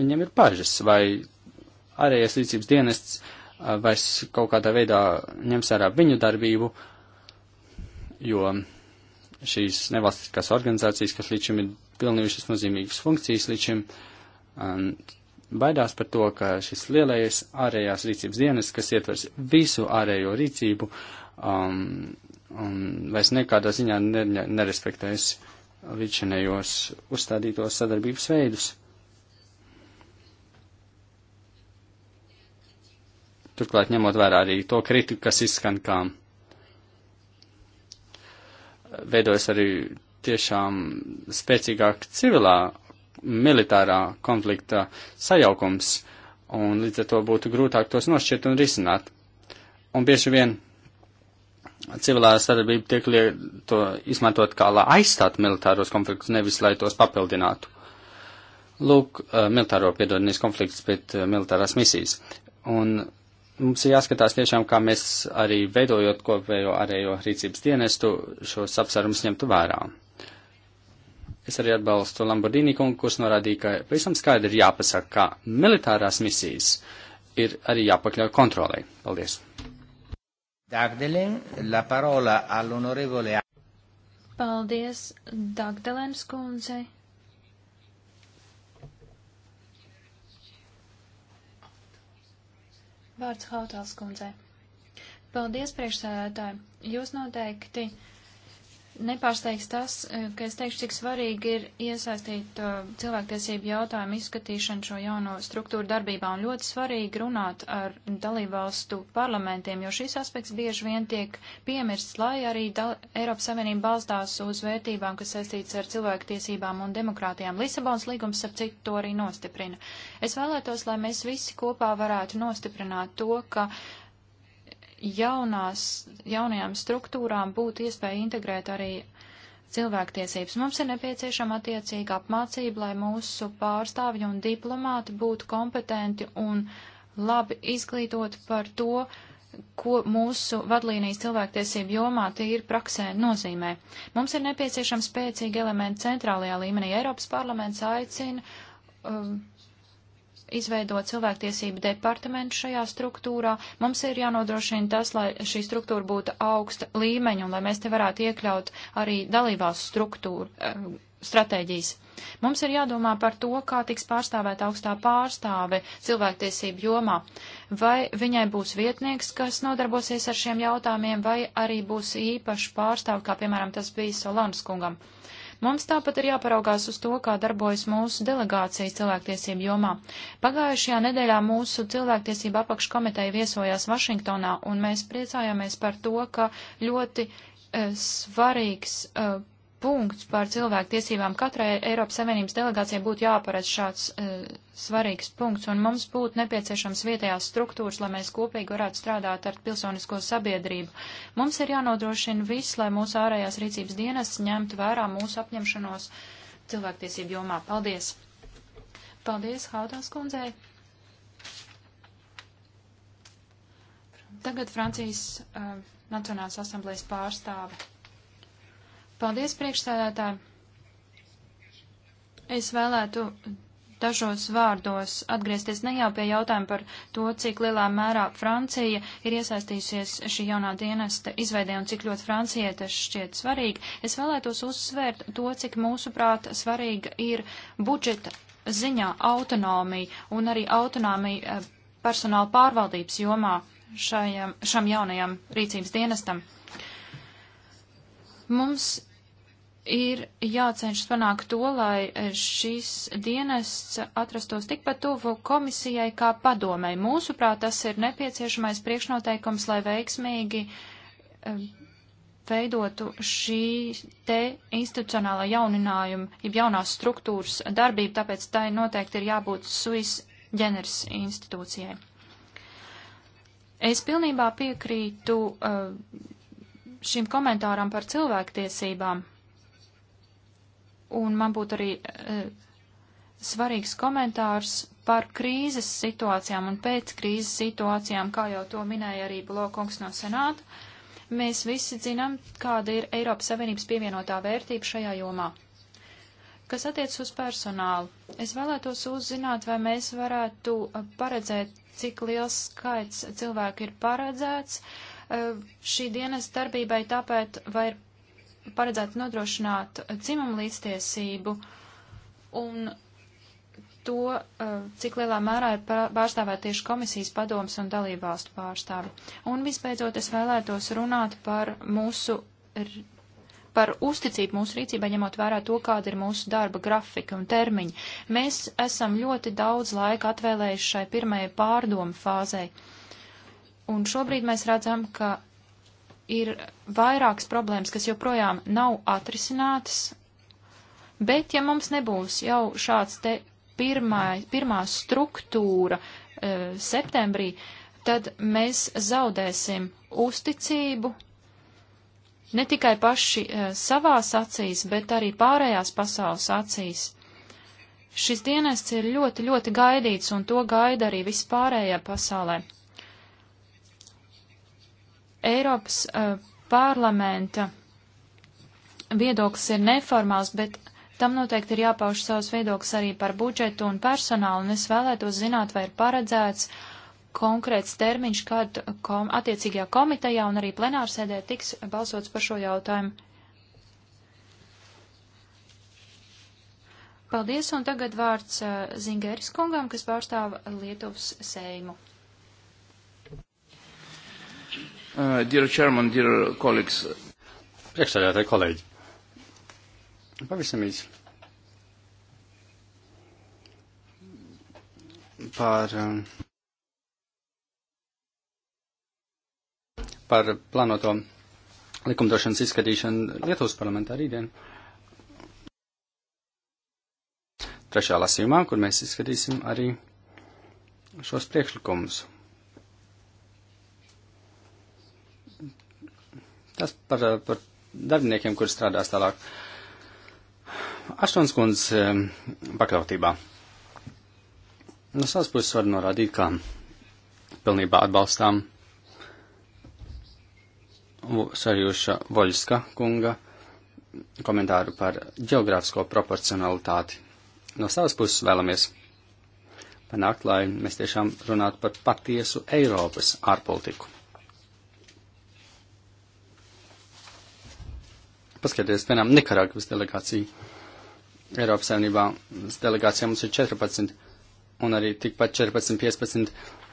viņiem ir pažas, vai ārējais rīcības dienests vairs kaut kādā veidā ņems ārā viņu darbību, jo šīs nevalstiskās organizācijas, kas līdz šim ir pilnījušas nozīmīgas funkcijas, līdz šim um, baidās par to, ka šis lielais ārējās rīcības dienas, kas ietvers visu ārējo rīcību, um, um, vairs nekādā ziņā nerespektēs līdzinējos uzstādītos sadarbības veidus. Turklāt ņemot vērā arī to kritiku, kas izskan, kā veidojas arī tiešām spēcīgāk civilā, militārā konflikta sajaukums, un līdz ar to būtu grūtāk tos nošķirt un risināt. Un bieži vien civilā sadarbība tiek lieto, izmantot kā, lai aizstātu militāros konfliktus, nevis lai tos papildinātu. Lūk, eh, militāro piedodinies konflikts, bet eh, militārās misijas. Un mums ir jāskatās tiešām, kā mēs arī veidojot kopējo arējo rīcības dienestu šos apsvērumus ņemtu vērā. Es arī atbalstu Lamborghini kungu, kurš norādīja, ka pavisam skaidri jāpasaka, ka militārās misijas ir arī jāpakļauj kontrolē. Paldies! Dagdelin, la parola all'onorevole. Paldies, Dagdelens kundzei. Vārds Hautals kundzei. Paldies, priekšsēdētāji! Jūs noteikti nepārsteigts tas, e, ka es teikšu, cik svarīgi ir iesaistīt uh, cilvēktiesību jautājumu izskatīšanu šo jauno struktūru darbībā un ļoti svarīgi runāt ar dalībvalstu parlamentiem, jo šis aspekts bieži vien tiek piemirsts, lai arī Eiropas Savienība balstās uz vērtībām, kas saistīts ar cilvēktiesībām un demokrātijām. Lisabons līgums, ap cik to arī nostiprina. Es vēlētos, lai mēs visi kopā varētu nostiprināt to, ka uh, jaunās, jaunajām struktūrām būtu iespēja integrēt arī cilvēktiesības. Mums ir nepieciešama attiecīga apmācība, lai mūsu pārstāvji un diplomāti būtu kompetenti un labi izglītot par to, ko mūsu vadlīnijas cilvēktiesību jomā tīri praksē nozīmē. Mums ir nepieciešama spēcīga elementa centrālajā līmenī. Eiropas parlaments aicina um, izveidot cilvēktiesību departamentu šajā struktūrā. Mums ir jānodrošina tas, lai šī struktūra būtu augsta līmeņa un lai mēs te varētu iekļaut arī dalībās struktūru eh, stratēģijas. Mums ir jādomā par to, kā tiks pārstāvēt augstā pārstāve cilvēktiesību jomā. Vai viņai būs vietnieks, kas nodarbosies ar šiem jautājumiem, vai arī būs īpaši pārstāve, kā piemēram tas bija Solanas kungam. Uh, Mums tāpat ir jāparaugās uz to, kā darbojas mūsu delegācijas cilvēktiesību jomā. Pagājušajā nedēļā mūsu cilvēktiesību apakškomiteja viesojās Vašingtonā, un mēs priecājāmies par to, ka ļoti eh, svarīgs eh, punkts par cilvēku tiesībām. Katrai Eiropas Savienības delegācijai būtu jāparedz šāds e, svarīgs punkts, un mums būtu nepieciešams vietējās struktūras, lai mēs kopīgi varētu strādāt ar pilsonisko sabiedrību. Mums ir jānodrošina viss, lai mūsu ārējās rīcības dienas ņemtu vērā mūsu apņemšanos cilvēktiesību jomā. Paldies! Paldies, Haudās kundzei! Tagad Francijas uh, Nacionālās asamblējas pārstāve. Paldies, priekšstādātāji. Es vēlētu dažos vārdos atgriezties ne jau pie jautājuma par to, cik lielā mērā Francija ir iesaistījusies šī jaunā dienesta izveidē un cik ļoti Francija tas šķiet svarīgi. Es vēlētos uzsvērt to, cik mūsuprāt svarīga ir budžeta ziņā autonomija un arī autonomija eh, personāla pārvaldības jomā šajam, šam jaunajam rīcības dienestam. Mums ir jācenšas panākt to, lai šis dienests atrastos tikpat tuvu komisijai kā padomei. Mūsuprāt, tas ir nepieciešamais priekšnoteikums, lai veiksmīgi eh, veidotu šī te institucionālā jauninājuma, jeb jaunās struktūras darbību, tāpēc tai noteikti ir jābūt suis ģeneris institūcijai. Es pilnībā piekrītu eh, šim komentāram par cilvēktiesībām Un man būtu arī uh, svarīgs komentārs par krīzes situācijām un pēc krīzes situācijām, kā jau to minēja arī Blokungs no Senāta. Mēs visi zinām, kāda ir Eiropas Savienības pievienotā vērtība šajā jomā. Kas attiec uz personālu, es vēlētos uzzināt, vai mēs varētu e, paredzēt, cik liels skaits cilvēku ir paredzēts e, šī dienas darbībai, tāpēc vai ir paredzētu nodrošināt dzimumu līdztiesību un to, eh, cik lielā mērā ir pārstāvēt tieši komisijas padomas un dalībvalstu pārstāvi. Un visbeidzot, es vēlētos runāt par mūsu par uzticību mūsu rīcībai, ņemot vērā to, kāda ir mūsu darba grafika un termiņi. Mēs esam ļoti daudz laika atvēlējuši šai pirmajai pārdomu fāzei. Un šobrīd mēs redzam, ka ir vairākas problēmas, kas joprojām nav atrisinātas, bet ja mums nebūs jau šāds te pirmā, pirmā struktūra e, septembrī, tad mēs zaudēsim uzticību ne tikai paši e, savās acīs, bet arī pārējās pasaules acīs. Šis dienests ir ļoti, ļoti gaidīts, un to gaida arī vispārējā pasaulē. Eiropas uh, parlamenta viedoklis ir neformāls, bet tam noteikti ir jāpauž savs viedoklis arī par budžetu un personālu, un es vēlētos zināt, vai ir paredzēts konkrēts termiņš, kad kom attiecīgajā komitejā un arī plenārsēdē tiks balsots par šo jautājumu. Paldies, un tagad vārds uh, Zingeris kungam, kas pārstāv Lietuvas Seimu. Uh, dear Chairman, dear colleagues. Priekšsēdētāji kolēģi. Pavisam īsi. Par, um, par plānoto likumdošanas izskatīšanu Lietuvas parlamentā rītdien. Trešā lasījumā, kur mēs izskatīsim arī šos priekšlikumus. Kas par, par darbiniekiem, kur strādās tālāk? Aštons kundz pakļautībā. No savas puses var norādīt, kā pilnībā atbalstām Sarjuša Voļska kunga komentāru par geogrāfisko proporcionalitāti. No savas puses vēlamies panākt, lai mēs tiešām runātu par patiesu Eiropas ārpolitiku. Paskatieties, piemēram, Nikaragvas delegācija. Eiropas Savienībā delegācijā mums ir 14 un arī tikpat 14-15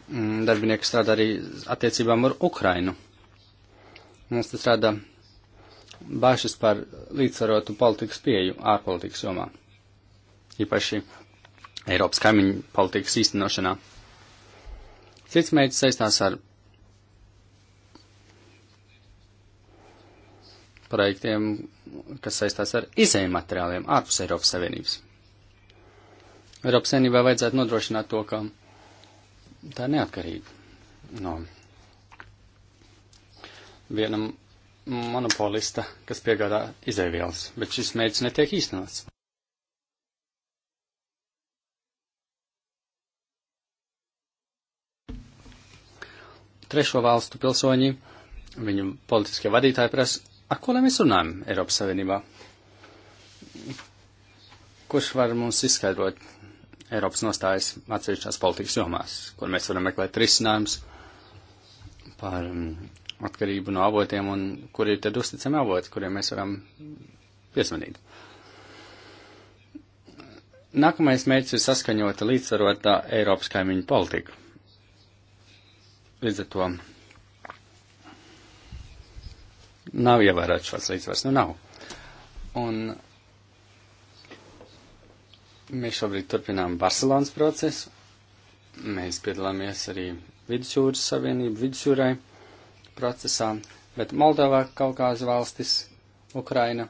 mm, darbinieki strādā arī attiecībām ar Ukrainu. Mums tas rada bažas par līdzsvarotu politikas pieju ārpolitikas jomā, īpaši Eiropas kaimiņu politikas īstenošanā. Cits mērķis saistās ar projektiem, kas saistās ar izējuma materiāliem ārpus Eiropas Savienības. Eiropas Savienībā vajadzētu nodrošināt to, ka tā ir neatkarība no vienam monopolista, kas piegādā izēvielas, bet šis mērķis netiek īstenots. Trešo valstu pilsoņi, viņu politiskie vadītāji prasa Ar ko lai mēs runājam Eiropas Savienībā? Kurš var mums izskaidrot Eiropas nostājas atsevišķās politikas jomās, kur mēs varam meklēt risinājumus par atkarību no avotiem un kur ir tad uzticami avoti, kuriem mēs varam piesmanīt. Nākamais mērķis ir saskaņota līdzsvarotā Eiropas kaimiņu politika. Līdz ar to nav ievērots šāds līdzsvars. Nu, nav. Un mēs šobrīd turpinām Barcelonas procesu. Mēs piedalāmies arī Vidusjūras Savienību vidusjūrai procesā, bet Moldovā, Kaukāza valstis, Ukraina.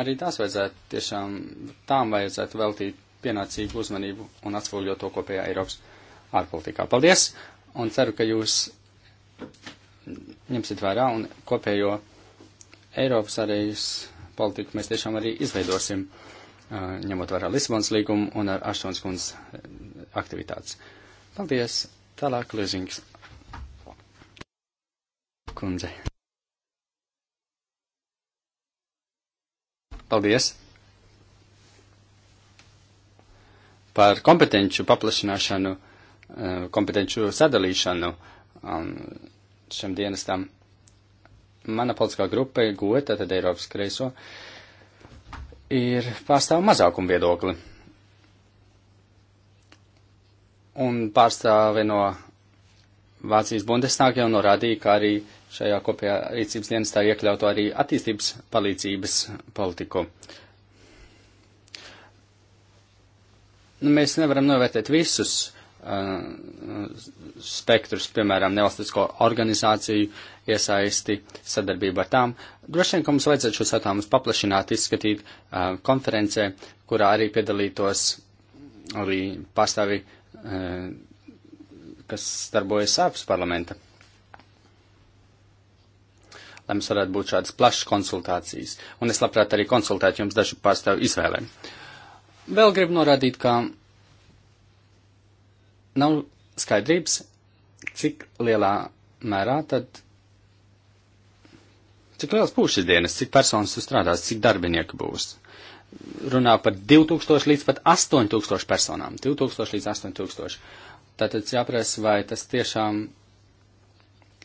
Arī tās vajadzētu tiešām, tām vajadzētu veltīt pienācīgu uzmanību un atspoguļot to kopējā Eiropas ārpolitikā. Paldies! Un ceru, ka jūs ņemsit vērā un kopējo Eiropas arējas politiku mēs tiešām arī izveidosim, ņemot vērā Lisbonas līgumu un ar Aštons kundzes aktivitātes. Paldies! Tālāk Lizings kundze. Paldies! Par kompetenču paplašināšanu, kompetenču sadalīšanu. Um, šim dienestam. Mana politiskā grupa, GOE, tātad Eiropas kreiso, ir pārstāv mazākumu viedokli. Un pārstāve no Vācijas Bundestāga jau norādīja, ka arī šajā kopējā rīcības dienestā iekļautu arī attīstības palīdzības politiku. Nu, mēs nevaram novērtēt visus Uh, spektrus, piemēram, nevalstisko organizāciju iesaisti, sadarbību ar tām. Droši vien, ka mums vajadzētu šos jautājumus paplašināt, izskatīt uh, konferencē, kurā arī piedalītos arī pārstāvi, uh, kas darbojas ārpus parlamenta. Lai mums varētu būt šādas plašas konsultācijas. Un es labprāt arī konsultētu jums dažu pārstāvu izvēlēm. Vēl gribu norādīt, ka nav skaidrības, cik lielā mērā tad, cik liels būs šis dienas, cik personas tur strādās, cik darbinieki būs. Runā par 2000 līdz pat 8000 personām. 2000 līdz 8000. Tātad jāprasa, vai tas tiešām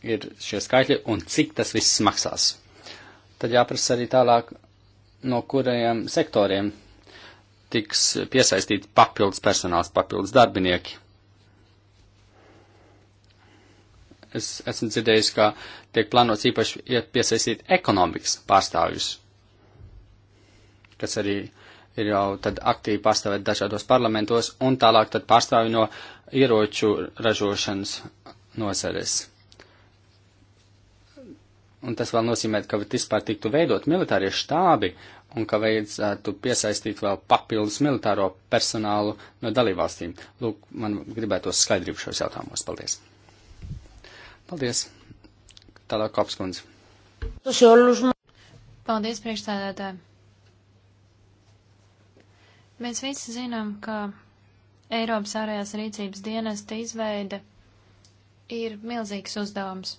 ir šie skaitļi un cik tas viss maksās. Tad jāprasa arī tālāk, no kuriem sektoriem tiks piesaistīti papildus personāls, papildus darbinieki. es esmu dzirdējis, ka tiek plānots īpaši piesaistīt ekonomikas pārstāvjus, kas arī ir jau tad aktīvi pārstāvēt dažādos parlamentos, un tālāk tad pārstāvju no ieroču ražošanas nozares. Un tas vēl nozīmē, ka vispār tiktu veidot militārie štābi un ka vajadzētu piesaistīt vēl papildus militāro personālu no dalībvalstīm. Lūk, man gribētos skaidrību šos jautājumos. Paldies! Paldies! Tālāk apskundz. Paldies, priekšstādātāji! Mēs visi zinām, ka Eiropas ārējās rīcības dienesta izveide ir milzīgs uzdevums.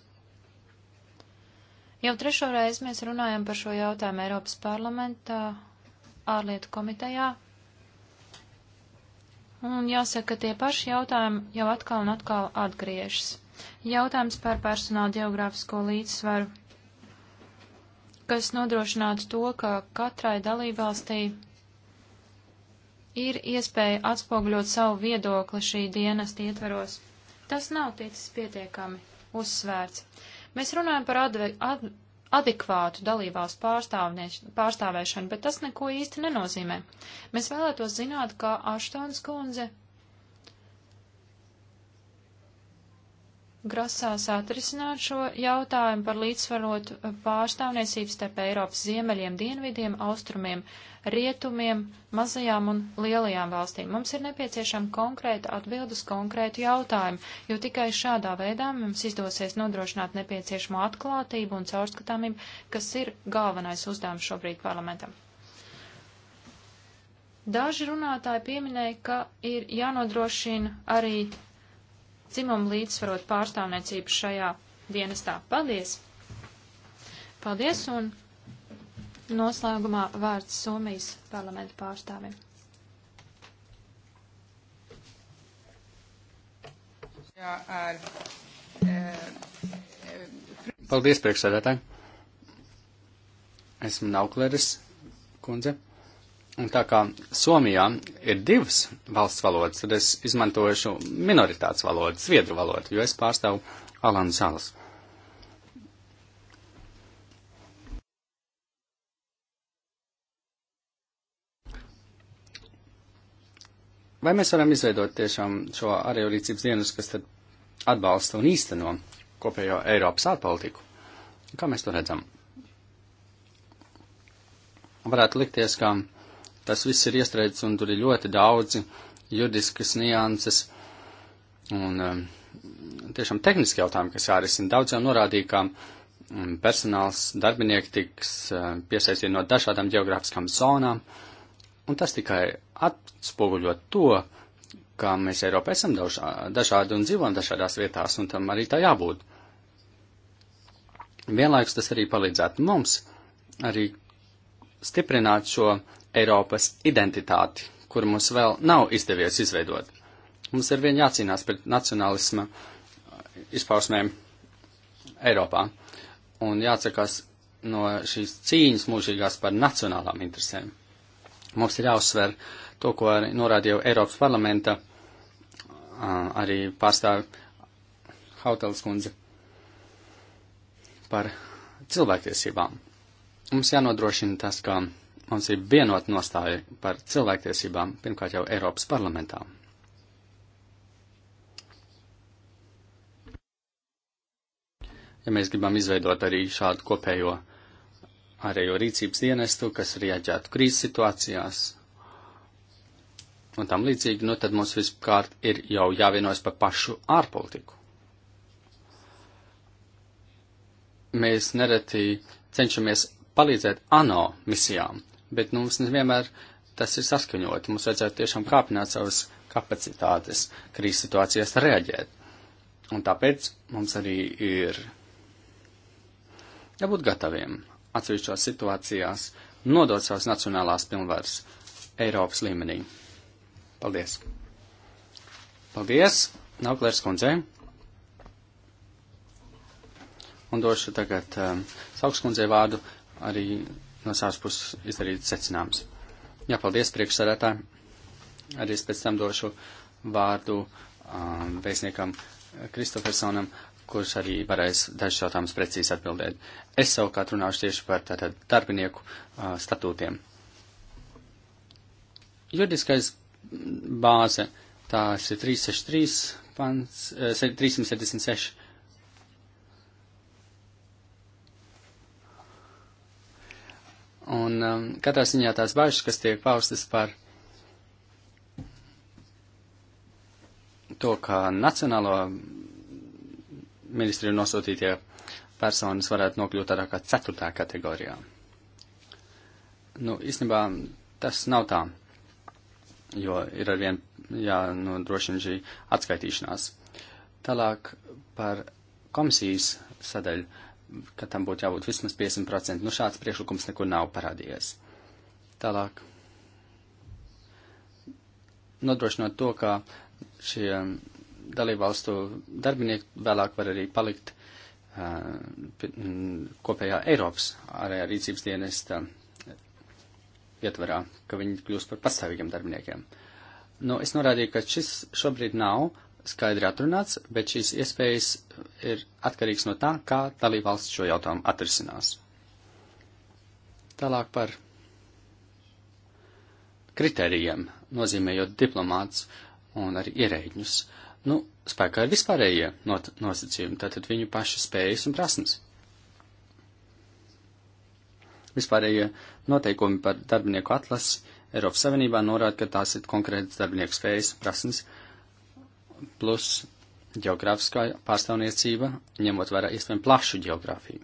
Jau trešo reizi mēs runājam par šo jautājumu Eiropas parlamentā, ārlietu komitejā. Un jāsaka, ka tie paši jautājumi jau atkal un atkal atgriežas. Jautājums par personāla geogrāfisko līdzsvaru, kas nodrošinātu to, ka katrai dalībvalstī ir iespēja atspoguļot savu viedokli šī dienesta ietvaros. Tas nav ticis pietiekami uzsvērts. Mēs runājam par adve, ad, adekvātu dalībvalstu pārstāvēšanu, bet tas neko īsti nenozīmē. Mēs vēlētos zināt, kā Aštons kundze grasās atrisināt šo jautājumu par līdzsvarotu pārstāvniecību starp Eiropas ziemeļiem, dienvidiem, austrumiem, rietumiem, mazajām un lielajām valstīm. Mums ir nepieciešama konkrēta atbildes konkrētu jautājumu, jo tikai šādā veidā mums izdosies nodrošināt nepieciešamo atklātību un caurskatāmību, kas ir galvenais uzdevums šobrīd parlamentam. Daži runātāji pieminēja, ka ir jānodrošina arī dzimumu līdzsvarot pārstāvniecību šajā dienestā. Paldies! Paldies un noslēgumā vārds Somijas parlamenta pārstāvim. Eh, eh, Paldies, priekšsēdētāji. Esmu Naukleris kundze. Un tā kā Somijā ir divas valsts valodas, tad es izmantošu minoritātes valodu, zviedru valodu, jo es pārstāvu Alanu salas. Vai mēs varam izveidot tiešām šo ārējorīcības dienas, kas tad atbalsta un īsteno kopējo Eiropas ārpolitiku? Kā mēs to redzam? Varētu likties, ka Tas viss ir iestrēdzis un tur ir ļoti daudzi juridiskas nianses un um, tiešām tehniski jautājumi, kas jārisina. Daudz jau norādīja, ka um, personāls darbinieki tiks uh, piesaistīti no dažādām geogrāfiskām zonām, un tas tikai atspoguļo to, ka mēs Eiropā esam dažādi un dzīvojam dažādās vietās, un tam arī tā jābūt. Vienlaikus tas arī palīdzētu mums arī stiprināt šo Eiropas identitāti, kur mums vēl nav izdevies izveidot. Mums ir vien jācīnās pret nacionalisma uh, izpausmēm Eiropā un jāatsakās no šīs cīņas mūžīgās par nacionālām interesēm. Mums ir jāuzsver to, ko arī norādīja Eiropas parlamenta uh, arī pārstāvi Hautels kundze par cilvēktiesībām. Mums jānodrošina tas, ka mums ir vienot nostāja par cilvēktiesībām, pirmkārt jau Eiropas parlamentā. Ja mēs gribam izveidot arī šādu kopējo ārējo rīcības dienestu, kas rieģētu krīzes situācijās un tam līdzīgi, nu tad mums vispkārt ir jau jāvienojas par pašu ārpolitiku. Mēs nereti cenšamies palīdzēt ANO misijām, bet nu, mums nevienmēr tas ir saskaņot. Mums vajadzētu tiešām kāpināt savas kapacitātes krīzes situācijas reaģēt. Un tāpēc mums arī ir jābūt gataviem atsevišķās situācijās nodot savas nacionālās pilnvaras Eiropas līmenī. Paldies! Paldies! Nav klērs kundzei! Un došu tagad um, saukskundzei vārdu arī no savas puses izdarīt secinājumus. Jā, paldies priekšsēdētāji. Arī es pēc tam došu vārdu um, vēstniekam Kristofersonam, kurš arī varēs dažus jautājumus precīzi atbildēt. Es savukārt runāšu tieši par tātad darbinieku uh, statūtiem. Juridiskais bāze, tās ir 363, pants, 376 eh, Un um, katrā ziņā tās bažas, kas tiek paustas par to, kā nacionālo ministriju nosūtītie personas varētu nokļūt tādā kā ceturtā kategorijā. Nu, īstenībā tas nav tā, jo ir arvien jānodrošina nu, šī atskaitīšanās. Tālāk par komisijas sadaļu ka tam būtu jābūt vismaz 50%. Nu, šāds priekšlikums nekur nav parādījies. Tālāk. Nodrošinot to, ka šie dalībvalstu darbinieki vēlāk var arī palikt uh, kopējā Eiropas ārējā rīcības dienesta ietvarā, ka viņi kļūst par pastāvīgiem darbiniekiem. Nu, es norādīju, ka šis šobrīd nav skaidri atrunāts, bet šīs iespējas ir atkarīgs no tā, kā dalībvalsts šo jautājumu atrisinās. Tālāk par kritērijiem, nozīmējot diplomāts un arī ierēģņus. Nu, spēkā ir vispārējie not nosacījumi, tātad viņu pašu spējas un prasmes. Vispārējie noteikumi par darbinieku atlases Eiropas Savienībā norāda, ka tās ir konkrētas darbinieku spējas un prasmes, uh, plus geogrāfiskā pārstāvniecība, ņemot vērā iespējami plašu geogrāfiju.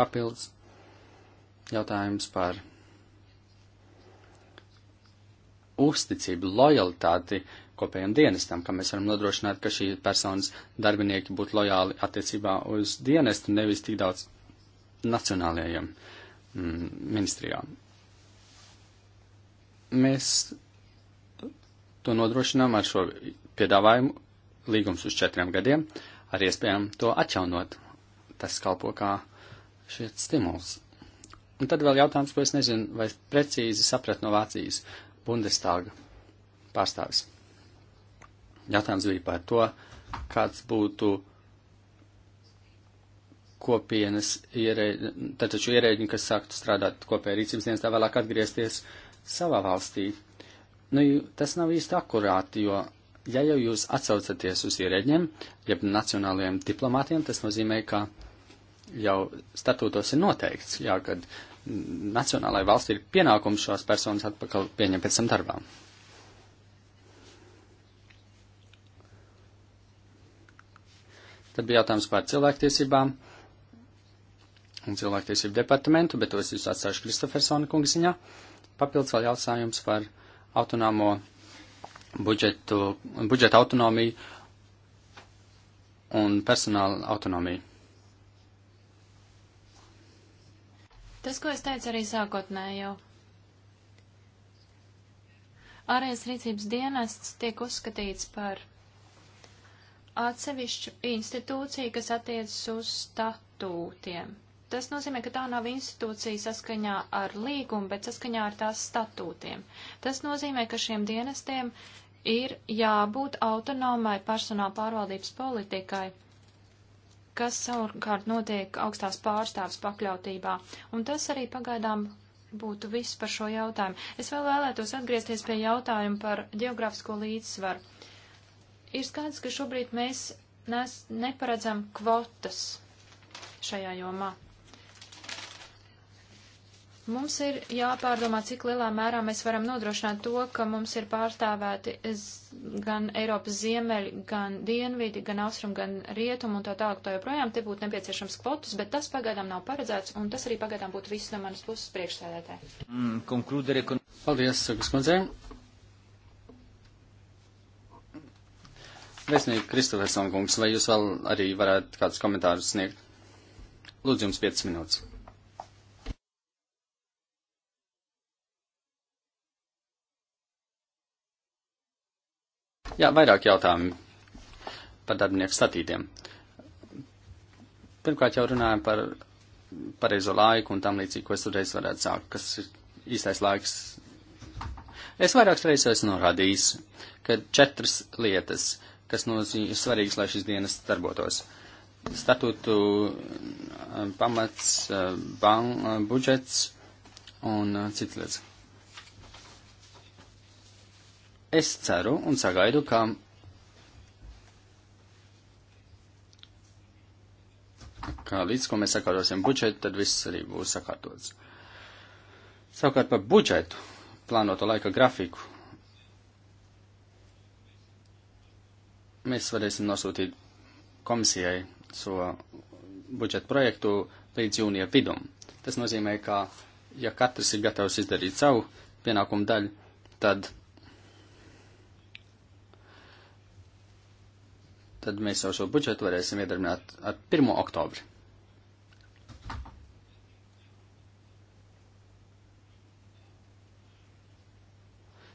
Papildus jautājums par uzticību, lojalitāti kopējiem dienestam, ka mēs varam nodrošināt, ka šī personas darbinieki būtu lojāli attiecībā uz dienestu, nevis tik daudz nacionālajiem mm, ministrijām. Mēs To nodrošinām ar šo piedāvājumu līgums uz četriem gadiem, ar iespējām to atjaunot. Tas kalpo kā šiet stimuls. Un tad vēl jautājums, ko es nezinu, vai precīzi saprat no Vācijas Bundestāga pārstāvis. Jautājums bija par to, kāds būtu kopienas ierēģi, tad taču ierēģi, kas sāktu strādāt kopējā rīcības dienestā, vēlāk atgriezties savā valstī nu, tas nav īsti akurāti, jo, ja jau jūs atsaucaties uz ierēģiem, jeb nacionālajiem diplomātiem, tas nozīmē, ka jau statūtos ir noteikts, jā, kad nacionālajai valsts ir pienākums šās personas atpakaļ pieņemt pēc tam darbām. Tad bija jautājums par cilvēktiesībām un cilvēktiesību departamentu, bet to es jūs atstāšu Kristofersona kungas ziņā. Papildus vēl jautājums par autonomo budžetu, budžeta autonomiju un personāla autonomiju. Tas, ko es teicu arī sākotnēji jau. Ārējais rīcības dienests tiek uzskatīts par atsevišķu institūciju, kas attiecas uz statūtiem. Tas nozīmē, ka tā nav institūcija saskaņā ar līgumu, bet saskaņā ar tās statūtiem. Tas nozīmē, ka šiem dienestiem ir jābūt autonomai personāla pārvaldības politikai, kas savukārt notiek augstās pārstāvs pakļautībā. Un tas arī pagaidām būtu viss par šo jautājumu. Es vēl vēlētos atgriezties pie jautājuma par geogrāfisko līdzsvaru. Ir skaidrs, ka šobrīd mēs nes, neparedzam kvotas šajā jomā. Mums ir jāpārdomā, cik lielā mērā mēs varam nodrošināt to, ka mums ir pārstāvēti gan Eiropas ziemeļi, gan dienvidi, gan austrum, gan rietum un tā tālāk. Tā joprojām te būtu nepieciešams kvotus, bet tas pagaidām nav paredzēts, un tas arī pagaidām būtu viss no manas puses priekšsēdētē. Mm, kon... Paldies, Sagas Madzē. Vēstnieki Kristofers Lankungs, vai jūs vēl arī varētu kādus komentārus sniegt? Lūdzu, jums 5 minūtes. Jā, vairāk jautājumu par darbinieku statītiem. Pirmkārt jau runājam par pareizo laiku un tam līdzīgi, ko es toreiz varētu sākt, kas ir īstais laiks. Es vairākas reizes esmu norādījis, ka četras lietas, kas nozīmē svarīgas, lai šis dienas darbotos. Statūtu eh, pamats, eh, ban, budžets un eh, citas lietas. Es ceru un sagaidu, ka ka līdz ko mēs sakārtosim budžetu, tad viss arī būs sakārtots. Savukārt par budžetu, plānoto laika grafiku, mēs varēsim nosūtīt komisijai šo budžetu projektu līdz jūnija vidum. Tas nozīmē, ka ja katrs ir gatavs izdarīt savu pienākumu daļu, tad tad mēs jau šo budžetu varēsim iedarbināt ar 1. oktobri.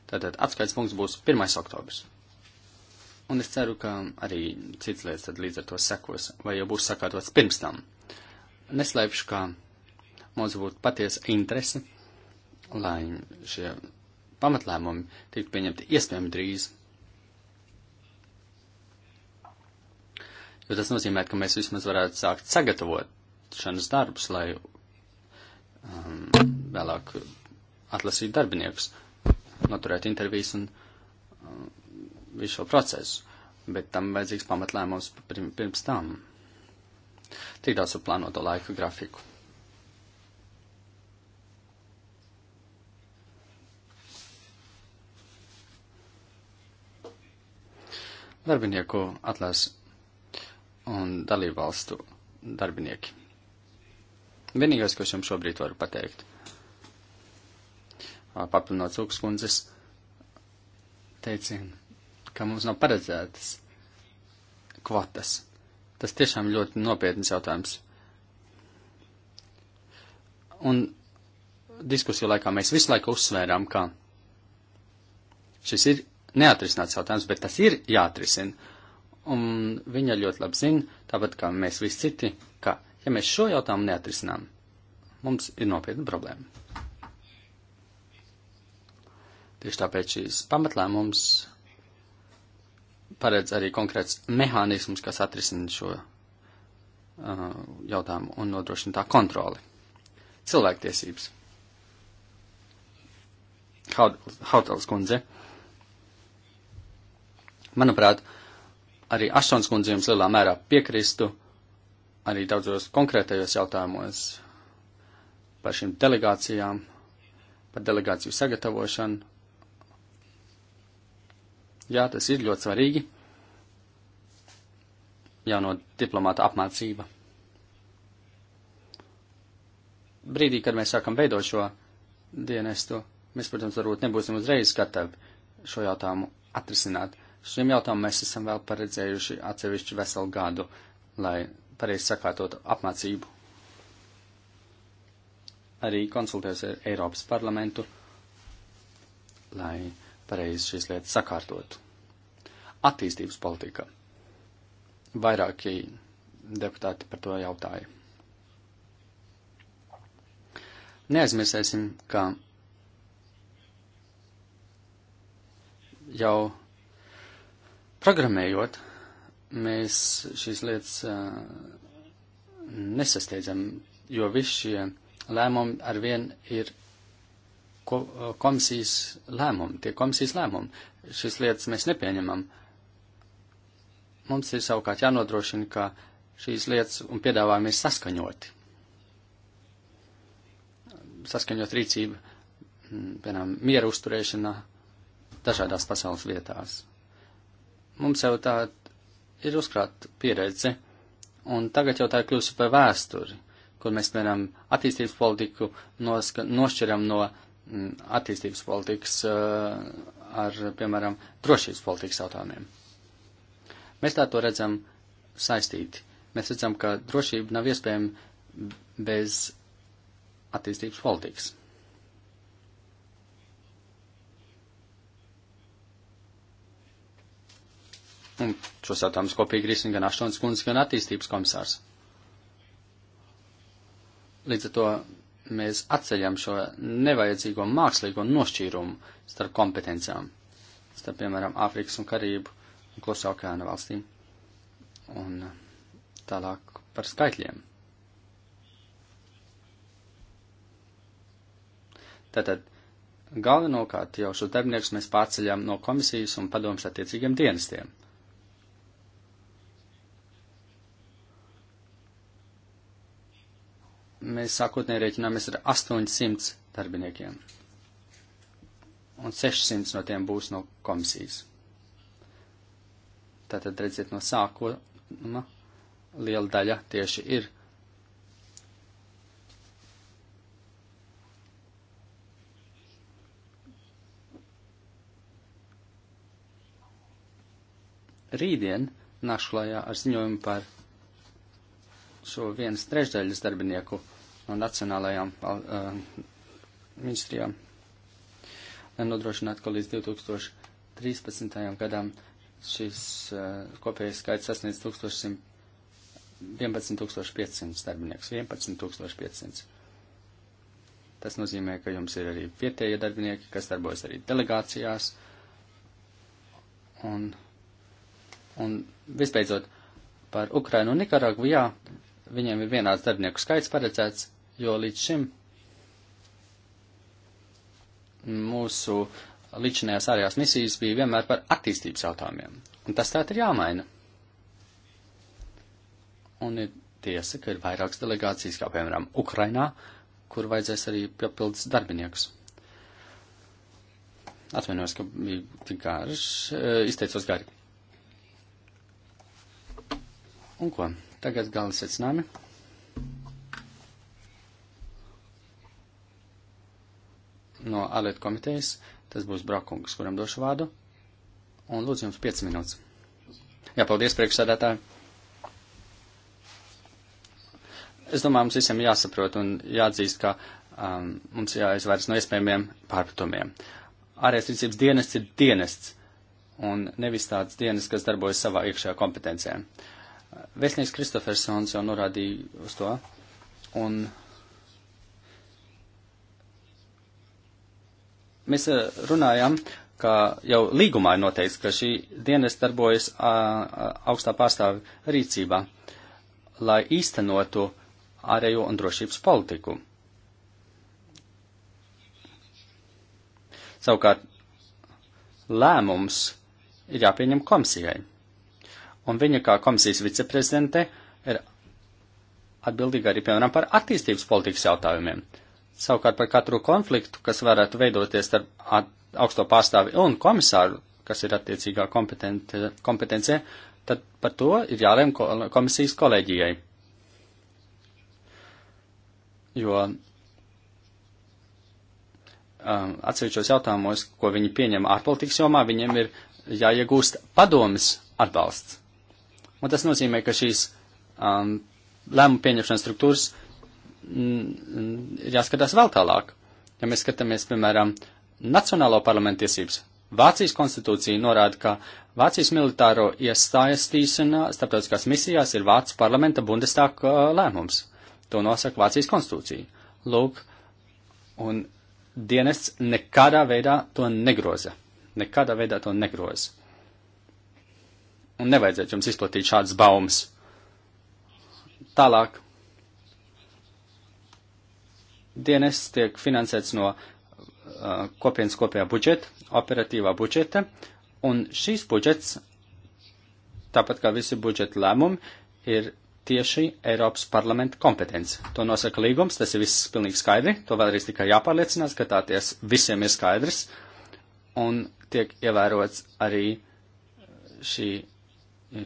Tātad atskaits punkts būs 1. oktobris. Un es ceru, ka arī citas lietas tad līdz ar to sekos, vai jau būs sakārtots pirms tam. Neslēpšu, ka mums būtu patiesa interese, lai šie pamatlēmumi tiktu pieņemti iespējami drīz, jo tas nozīmē, ka mēs vismaz varētu sākt sagatavošanas darbus, lai um, vēlāk atlasītu darbiniekus, noturētu intervijas un um, visu šo procesu, bet tam vajadzīgs pamatlēmums pirms tam. Tik daudz par plānoto laiku grafiku. Darbinieku atlases un dalībvalstu darbinieki. Vienīgais, ko es jums šobrīd varu pateikt, papildinot Cūkskundzes teicienu, ka mums nav paredzētas kvotas. Tas tiešām ļoti nopietns jautājums. Un diskusiju laikā mēs visu laiku uzsvērām, ka šis ir neatrisināts jautājums, bet tas ir jāatrisina un viņa ļoti labi zina, tāpat kā mēs visi citi, ka, ja mēs šo jautājumu neatrisinām, mums ir nopietna problēma. Tieši tāpēc šīs pamatlēmums paredz arī konkrēts mehānisms, kas atrisina šo uh, jautājumu un nodrošina tā kontroli. Cilvēktiesības. Hautels kundze. Manuprāt, uh, arī Ašons kundze jums lielā mērā piekristu, arī daudzos konkrētajos jautājumos par šīm delegācijām, par delegāciju sagatavošanu. Jā, tas ir ļoti svarīgi. Jauno diplomāta apmācība. Brīdī, kad mēs sākam veidot šo dienestu, mēs, protams, varbūt nebūsim uzreiz gatavi šo jautājumu atrisināt Šim jautājumam mēs esam vēl paredzējuši atsevišķu veselu gadu, lai pareizi sakārtotu apmācību. Arī konsultēs ar Eiropas parlamentu, lai pareizi šīs lietas sakārtotu. Attīstības politika. Vairāki deputāti par to jautāja. Neaizmirsēsim, ka jau Programējot, mēs šīs lietas nesasteidzam, jo visi šie lēmumi ar vien ir komisijas lēmumi, tie komisijas lēmumi. Šīs lietas mēs nepieņemam. Mums ir savukārt jānodrošina, ka šīs lietas un piedāvājumi ir saskaņoti. Saskaņot rīcību, piemēram, miera uzturēšana dažādās pasaules vietās mums jau tā ir uzkrāta pieredze, un tagad jau tā ir kļūst par vēsturi, kur mēs, piemēram, attīstības politiku noska, nošķiram no m, mm, attīstības politikas uh, ar, piemēram, drošības politikas jautājumiem. Mēs tā to redzam saistīti. Mēs redzam, ka drošība nav iespējama bez attīstības politikas. Un šos jautājumus kopīgi risina gan Aštons kundze, gan attīstības komisārs. Līdz ar to mēs atceļam šo nevajadzīgo mākslīgo nošķīrumu starp kompetencijām, starp, piemēram, Āfrikas un Karību un Klusā okeāna valstīm. Un uh, tālāk par skaitļiem. Tātad galvenokārt jau šos darbiniekus mēs pārceļam no komisijas un padomus attiecīgiem dienestiem. mēs sākotnēji rēķināmies ar 800 darbiniekiem. Un 600 no tiem būs no komisijas. Tātad, redziet, no sākuma liela daļa tieši ir. Rītdien nāšu klajā ar ziņojumu par šo vienas trešdaļas darbinieku no nacionālajām uh, ministrijām, lai nodrošinātu, ka līdz 2013. gadam šis uh, kopējais skaits sasniedz 1100, 11500 darbinieks. 11500. Tas nozīmē, ka jums ir arī vietējie darbinieki, kas darbojas arī delegācijās. Un, un visbeidzot, par Ukrainu un Nikaragvu, jā, viņiem ir vienāds darbinieku skaits paredzēts, jo līdz šim mūsu līdzinājās ārējās misijas bija vienmēr par attīstības jautājumiem. Un tas tā ir jāmaina. Un ir tiesa, ka ir vairākas delegācijas, kā piemēram Ukrainā, kur vajadzēs arī papildus darbiniekus. Atvainojos, ka bija tik garš, e, izteicos gari. Un ko? Tagad gala secinājumi. no ārlietu komitejas, tas būs Brakungs, kuram došu vārdu. Un lūdzu jums 5 minūtes. Jā, paldies priekšsēdētāji. Es domāju, mums visiem jāsaprot un jāatzīst, ka um, mums jāizvairās no iespējamiem pārpratumiem. Ārējais rīcības dienests ir dienests un nevis tāds dienests, kas darbojas savā iekšējā kompetencijā. Vēstnieks Kristofersons jau norādīja uz to, un Mēs eh, runājam, ka jau līgumā ir noteikts, ka šī dienas darbojas augstā pārstāvja rīcībā, lai īstenotu ārējo un drošības politiku. Savukārt, lēmums ir jāpieņem komisijai, un viņa kā komisijas viceprezidente ir atbildīga arī, piemēram, par attīstības politikas jautājumiem. Savukārt par katru konfliktu, kas varētu veidoties ar augsto pārstāvi un komisāru, kas ir attiecīgā kompetencija, tad par to ir jālem komisijas kolēģijai. Jo um, atsevišķos jautājumos, ko viņi pieņem ārpolitikas jomā, viņiem ir jāiegūst padomis atbalsts. Un tas nozīmē, ka šīs um, lēmu pieņemšanas struktūras uh, ir mm, jāskatās vēl tālāk. Ja mēs skatāmies, piemēram, Nacionālo parlamentu tiesības, Vācijas konstitūcija norāda, ka Vācijas militāro iestāstīšanā starptautiskās misijās ir Vācijas parlamenta bundestāka uh, lēmums. To nosaka Vācijas konstitūcija. Lūk, un dienests nekādā veidā to negroza. Nekādā veidā to negroza. Un nevajadzētu jums izplatīt šādas baumas. Tālāk dienas tiek finansēts no uh, kopienas kopējā budžeta, operatīvā budžeta, un šīs budžets, tāpat kā visi budžeta lēmumi, ir tieši Eiropas parlamenta kompetence. To nosaka līgums, tas ir viss pilnīgi skaidri, to vēlreiz tikai jāpārliecinās, ka tā ties visiem ir skaidrs, un tiek ievērots arī šī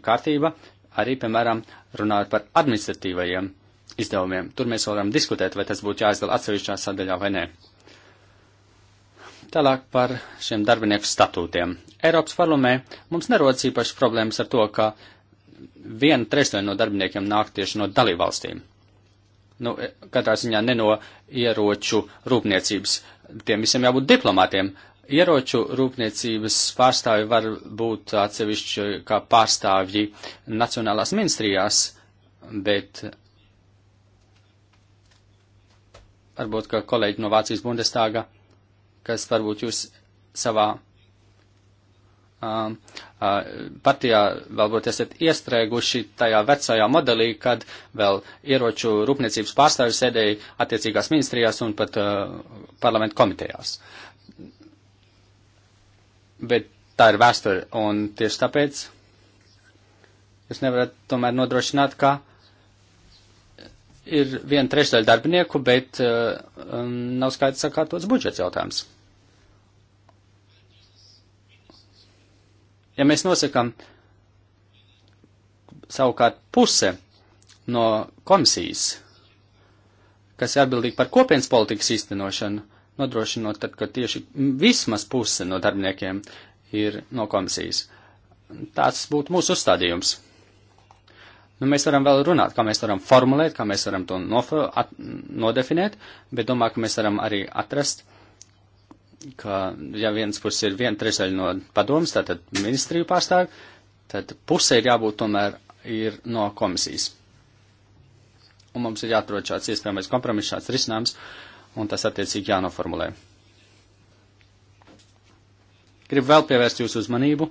kārtība, arī, piemēram, runājot par administratīvajiem izdevumiem. Tur mēs varam diskutēt, vai tas būtu jāizdala atsevišķā sadaļā vai nē. Tālāk par šiem darbinieku statūtiem. Eiropas parlamē mums nerodas īpašas problēmas ar to, ka viena trešdaļa no darbiniekiem nāk tieši no dalībvalstīm. Nu, e, katrā ziņā ne no ieroču rūpniecības. Tiem visiem jābūt diplomātiem. Ieroču rūpniecības pārstāvi var būt atsevišķi kā pārstāvji nacionālās ministrijās, bet varbūt, ka kolēģi no Vācijas Bundestāga, kas varbūt jūs savā uh, uh, partijā varbūt esat iestrēguši tajā vecajā modelī, kad vēl ieroču rūpniecības pārstāvi sēdēja attiecīgās ministrijās un pat uh, parlamentu komitejās. Bet tā ir vēsture, un tieši tāpēc jūs nevarat tomēr nodrošināt, ka ir viena trešdaļa darbinieku, bet eh, um, nav skaidrs sakārtots budžets jautājums. Ja mēs nosakam savukārt puse no komisijas, kas ir atbildīga par kopienas politikas īstenošanu, nodrošinot tad, ka tieši vismaz puse no darbiniekiem ir no komisijas. Tāds būtu mūsu uzstādījums. Nu, mēs varam vēl runāt, kā mēs varam formulēt, kā mēs varam to nofa, at, nodefinēt, bet domāju, ka mēs varam arī atrast, ka, ja viens puses ir viena trešdaļa no padomas, tātad ministriju pārstāvi, tad pusē ir jābūt tomēr ir no komisijas un mums ir jāatrod šāds iespējamais kompromiss, šāds risinājums, un tas attiecīgi jānoformulē. Gribu vēl pievērst jūsu uzmanību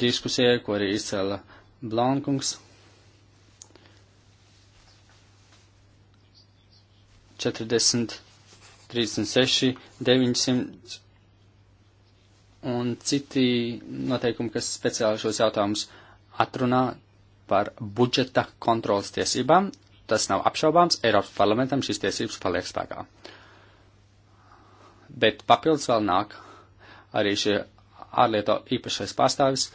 diskusijai, ko arī izcēla Blankungs. 40, 36, 900 un citi noteikumi, kas speciāli šos jautājumus atrunā par budžeta kontrolas tiesībām. Tas nav apšaubāms, Eiropas parlamentam šīs tiesības paliek spēkā. Bet papildus vēl nāk arī šie ārlieto īpašais pārstāvis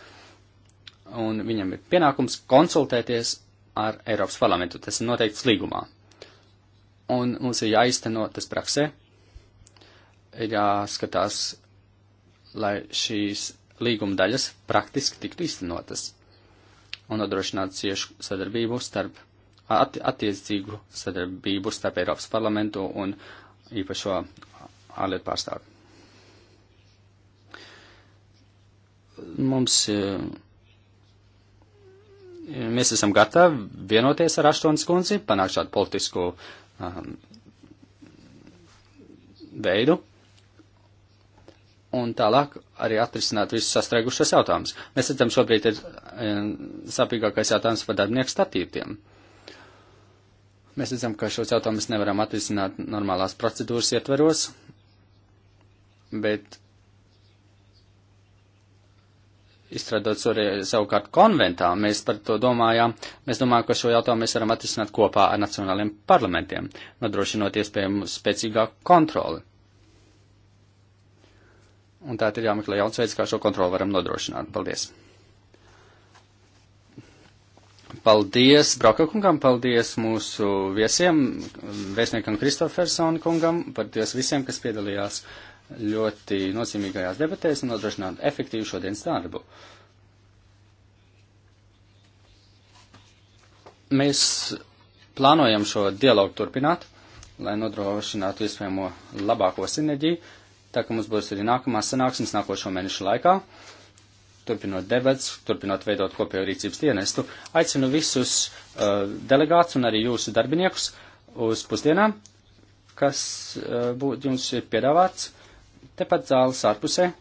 un viņam ir pienākums konsultēties ar Eiropas parlamentu. Tas ir noteikts līgumā. Un mums ir jāizteno tas praksē, ir jāskatās, lai šīs līguma daļas praktiski tiktu iztenotas un nodrošināt ciešu sadarbību starp at, attiecīgu sadarbību starp Eiropas parlamentu un īpašo ārlietu pārstāvi. Mums uh, mēs esam gatavi vienoties ar Aštonas kundzi, panākt šādu politisku um, veidu. Un tālāk arī atrisināt visus sastrēgušos jautājumus. Mēs redzam, šobrīd ir um, sāpīgākais jautājums par darbinieku statītiem. Mēs redzam, ka šos jautājumus nevaram atrisināt normālās procedūras ietveros, bet izstrādot savukārt konventā, mēs par to domājām, mēs domājam, ka šo jautājumu mēs varam atrisināt kopā ar nacionāliem parlamentiem, nodrošinot iespējamu spēcīgāku kontroli. Un tā ir jāmeklē jauns veids, kā šo kontroli varam nodrošināt. Paldies! Paldies Brauka kungam, paldies mūsu viesiem, vēstniekam Kristofersonu kungam, paldies visiem, kas piedalījās ļoti nozīmīgajās debatēs un nodrošināt efektīvu šodienas darbu. Mēs plānojam šo dialogu turpināt, lai nodrošinātu iespējamo labāko sinerģiju, tā ka mums būs arī nākamās sanāksmes nākošo mēnešu laikā, turpinot debats, turpinot veidot kopējo rīcības dienestu. Aicinu visus uh, delegātus un arī jūsu darbiniekus uz pusdienām, kas uh, būtu jums ir piedāvāts. Uh, Tepat zāles ārpusē